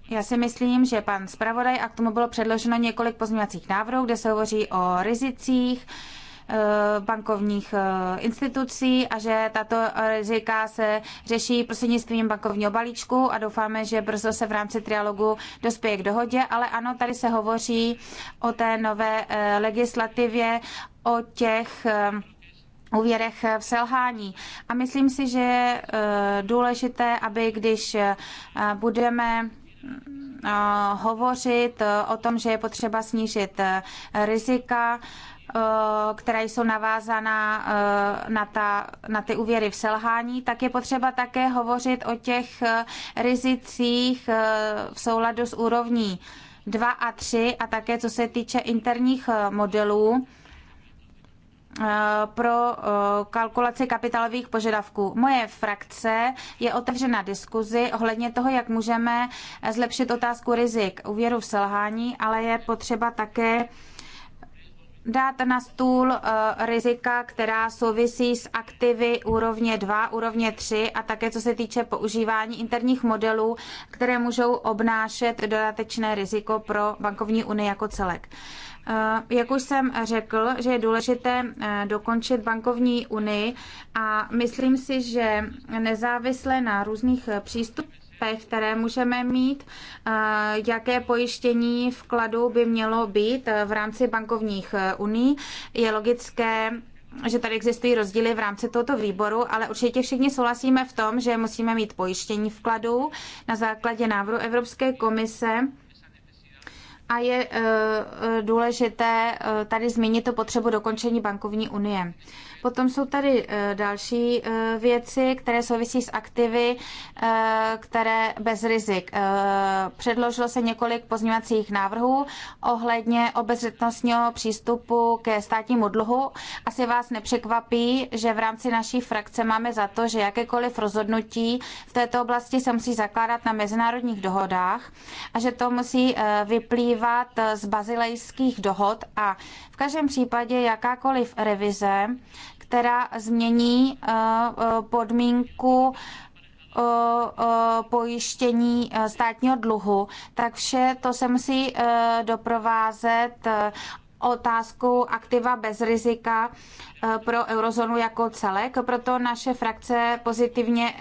Já si myslím, že pan zpravodaj, a k tomu bylo předloženo několik pozměňovacích návrhů, kde se hovoří o rizicích eh, bankovních eh, institucí a že tato rizika se řeší prostřednictvím bankovního balíčku a doufáme, že brzo se v rámci trialogu dospěje k dohodě, ale ano, tady se hovoří o té nové eh, legislativě, o těch úvěrech v selhání. A myslím si, že je důležité, aby když budeme hovořit o tom, že je potřeba snížit e, rizika, e, která jsou navázaná e, na, ta, na ty úvěry v selhání, tak je potřeba také hovořit o těch rizicích v souladu s úrovní 2 a 3 a také co se týče interních modelů Eh, pro eh, kalkulaci kapitálových požadavků. Moje frakce je otevřena diskuzi ohledně toho, jak můžeme zlepšit otázku rizik úvěru v selhání, ale je potřeba také dát na stůl eh, rizika, která souvisí s aktivy úrovně 2, úrovně 3 a také co se týče používání interních modelů, které můžou obnášet dodatečné riziko pro bankovní unii jako celek. Eh, jak už jsem řekl, že je důležité eh, dokončit bankovní unii a myslím si, že nezávisle na různých eh, přístupech, které můžeme mít, jaké pojištění vkladu by mělo být v rámci bankovních unii, je logické že tady existují rozdíly v rámci tohoto výboru, ale určitě všichni souhlasíme v tom, že musíme mít pojištění vkladů na základě návrhu Evropské komise a je eh, eh, důležité eh, tady zmínit to potřebu dokončení bankovní unie. Potom jsou tady eh, další eh, věci, které souvisí s aktivy, eh, které bez rizik. Předložilo se několik pozměňovacích návrhů ohledně obezřetnostního přístupu ke státnímu dluhu. Asi vás nepřekvapí, že v rámci naší frakce máme za to, že jakékoliv rozhodnutí v této oblasti se musí zakládat na mezinárodních dohodách a že to musí vyplývat z bazilejských dohod a v každém případě jakákoliv revize která změní eh, eh, podmínku eh, pojištění státního dluhu, tak vše to se musí doprovázet otázkou aktiva bez rizika pro eurozónu jako celek. Proto naše frakce pozitivně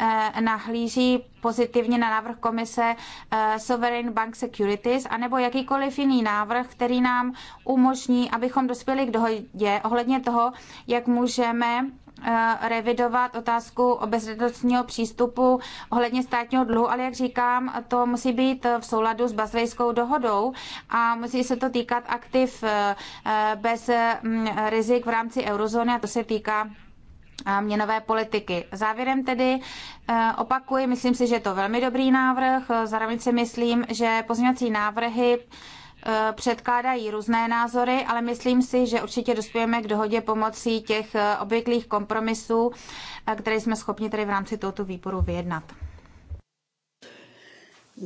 Eh, nahlíží pozitivně na návrh komise eh, Sovereign Bank Securities, anebo jakýkoliv jiný návrh, který nám umožní, abychom dospěli k dohodě ohledně toho, jak můžeme eh, revidovat otázku obezřetnostního přístupu ohledně státního dluhu, ale jak říkám, to musí být v souladu s bazilejskou dohodou a musí se to týkat aktiv bez mm, rizik v rámci eurozóny a to se týká měnové politiky. Závěrem tedy eh, opakuji, myslím si, že je to velmi dobrý návrh. Zároveň si myslím, že pozměňovací návrhy eh, předkládají různé názory, ale myslím si, že určitě dospějeme k dohodě pomocí těch eh, obvyklých kompromisů, které jsme schopni tedy v rámci tohoto výboru vyjednat.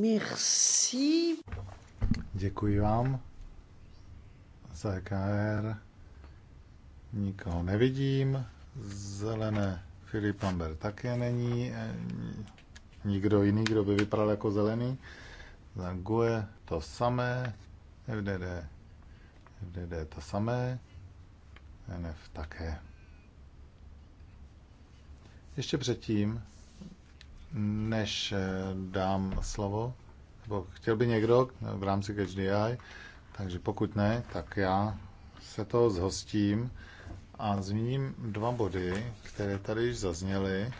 Merci. Děkuji vám za e KR. Nikoho nevidím. Zelené Filip Amber také není. E, nikdo jiný, kdo by vypadal jako zelený. Za GUE to samé. FDD. FDD to samé. NF také. Ještě předtím, než e, dám slovo, nebo chtěl by někdo v rámci HDI, takže pokud ne, tak já se toho zhostím a zmíním dva body, které tady již zazněly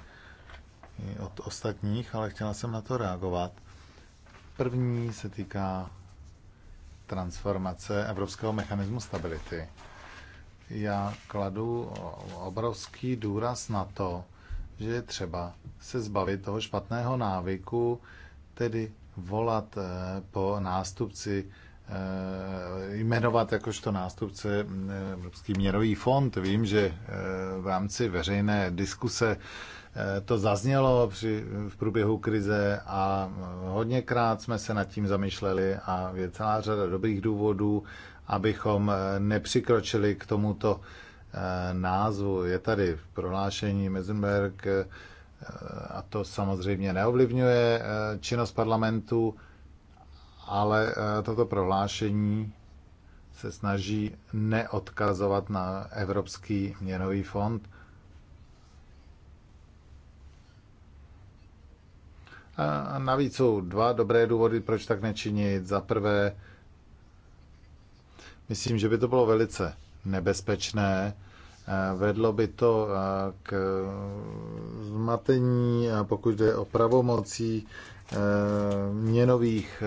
od ostatních, ale chtěla jsem na to reagovat. První se týká transformace Evropského mechanismu stability. Já kladu obrovský důraz na to, že je třeba se zbavit toho špatného návyku, tedy volat eh, po nástupci Eh, jmenovat jakožto nástupce eh, Evropský měrový fond. Vím, že eh, v rámci veřejné diskuse to zaznělo při, v průběhu krize a hodněkrát jsme se nad tím zamýšleli a je celá řada dobrých důvodů, abychom nepřikročili k tomuto názvu. Je tady v prohlášení Mezenberg a to samozřejmě neovlivňuje činnost parlamentu, ale eh, toto prohlášení se snaží neodkazovat na Evropský měnový fond. A navíc jsou dva dobré důvody, proč tak nečinit. Za prvé, myslím, že by to bylo velice nebezpečné. Eh, vedlo by to eh, k zmatení, pokud jde o pravomocí měnových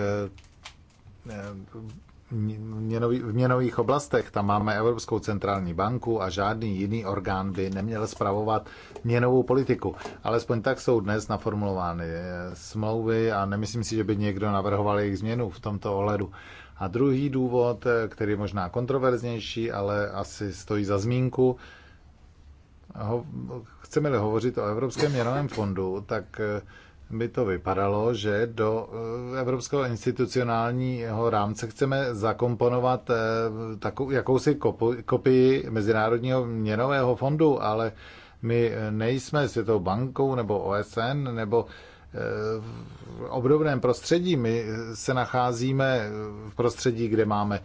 měnový, v měnových oblastech, tam máme Evropskou centrální banku a žádný jiný orgán by neměl spravovat měnovou politiku. Alespoň tak jsou dnes naformulovány smlouvy a nemyslím si, že by někdo navrhoval jejich změnu v tomto ohledu. A druhý důvod, který je možná kontroverznější, ale asi stojí za zmínku, ho, chceme-li hovořit o Evropském měnovém fondu, tak by to vypadalo, že do eh, evropského institucionálního rámce chceme zakomponovat eh, takovou, jakousi kopii Mezinárodního měnového fondu, ale my eh, nejsme Světovou bankou nebo OSN nebo v obdobném prostředí. My se nacházíme v prostředí, kde máme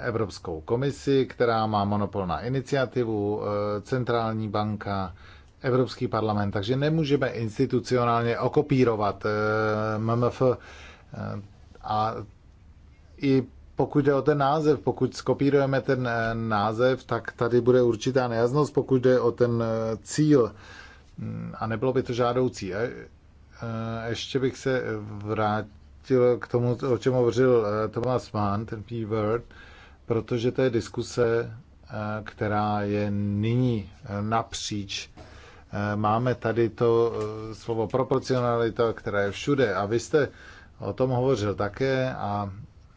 Evropskou komisi, která má monopol na iniciativu, centrální banka, Evropský parlament, takže nemůžeme institucionálně okopírovat eh, MMF eh, a i pokud jde o ten název, pokud skopírujeme ten eh, název, tak tady bude určitá nejasnost, pokud jde o ten cíl mm, a nebylo by to žádoucí. A e, ještě bych se vrátil k tomu, o čem hovořil Thomas Mann, ten P-word, protože to je diskuse, která je nyní napříč Eh, máme tady to eh, slovo proporcionalita, které je všude. A vy jste o tom hovořil také a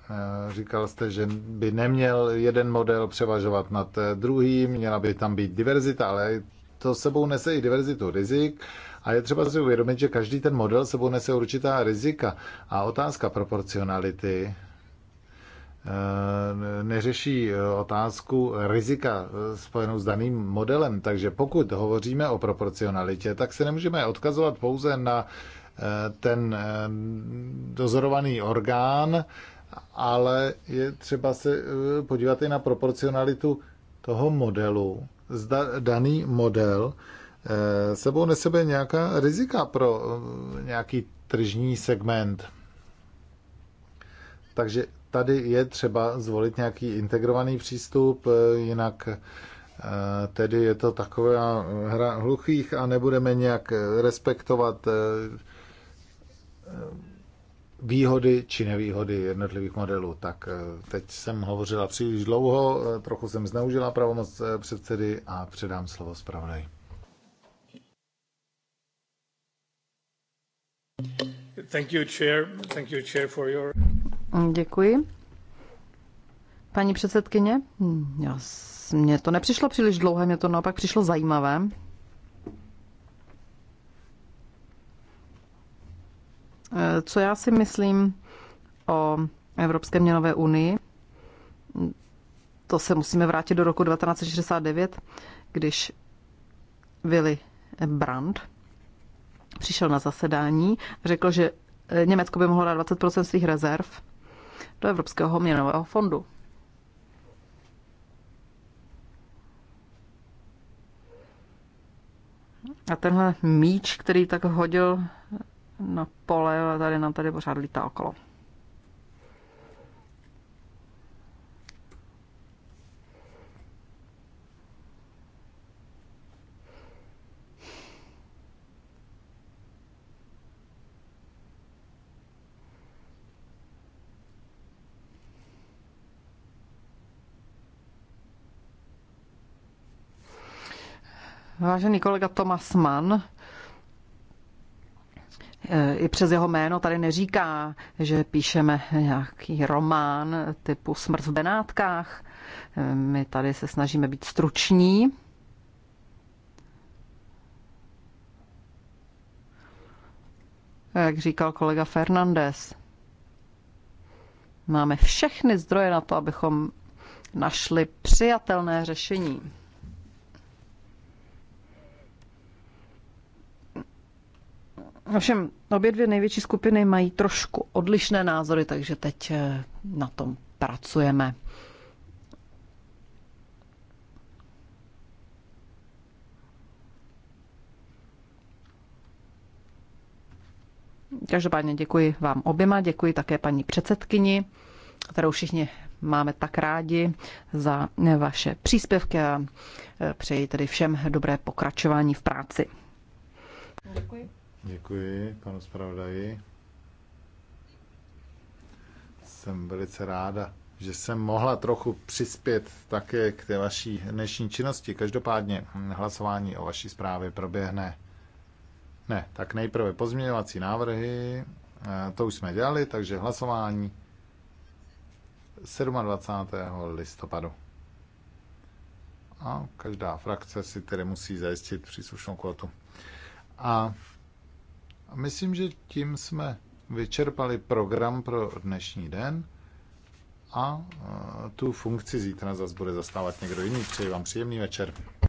eh, Říkal jste, že by neměl jeden model převažovat nad druhým, měla by tam být diverzita, ale to sebou nese i diverzitu rizik a je třeba si uvědomit, že každý ten model sebou nese určitá rizika. A otázka proporcionality Eh, neřeší eh, otázku rizika eh, spojenou s daným modelem. Takže pokud hovoříme o proporcionalitě, tak se nemůžeme odkazovat pouze na ten dozorovaný orgán, ale je třeba se podívat i na proporcionalitu toho modelu. Zda daný model sebou nesebe nějaká rizika pro nějaký tržní segment. Takže tady je třeba zvolit nějaký integrovaný přístup, eh, jinak eh, tedy je to taková hra hluchých a nebudeme nějak eh, respektovat výhody či nevýhody jednotlivých modelů. Tak teď jsem hovořila příliš dlouho, trochu jsem zneužila pravomoc předsedy a předám slovo zpravodaji. Thank you, chair. Thank you, chair, for your... Děkuji. Paní předsedkyně, mně to nepřišlo příliš dlouhé, mě to naopak přišlo zajímavé. Eh, co já si myslím o Evropské měnové unii, to se musíme vrátit do roku 1969, když Willy Brandt přišel na zasedání, řekl, že eh, Německo by mohlo dát 20% svých rezerv do Evropského měnového fondu. A tenhle míč, který tak hodil na pole, tady nám tady pořád lítá okolo. Vážený kolega Thomas Mann, eh, i přes jeho jméno tady neříká, že píšeme nějaký román typu Smrt v Benátkách. Eh, my tady se snažíme být struční. Jak říkal kolega Fernandez, máme všechny zdroje na to, abychom našli přijatelné řešení. Ovšem, obě dvě největší skupiny mají trošku odlišné názory, takže teď eh, na tom pracujeme. Každopádně děkuji vám oběma, děkuji také paní předsedkyni, kterou všichni máme tak rádi za vaše příspěvky a eh, přeji tedy všem dobré pokračování v práci. Děkuji. Děkuji panu zpravodaji. Jsem velice ráda, že jsem mohla trochu přispět také k té vaší dnešní činnosti. Každopádně hlasování o vaší zprávě proběhne. Ne, tak nejprve pozměňovací návrhy, eh, to už jsme dělali, takže hlasování 27. listopadu. A každá frakce si tedy musí zajistit příslušnou kvotu. A Myslím, že tím jsme vyčerpali program pro dnešní den a e, tu funkci zítra zase bude zastávat někdo jiný. Přeji vám příjemný večer.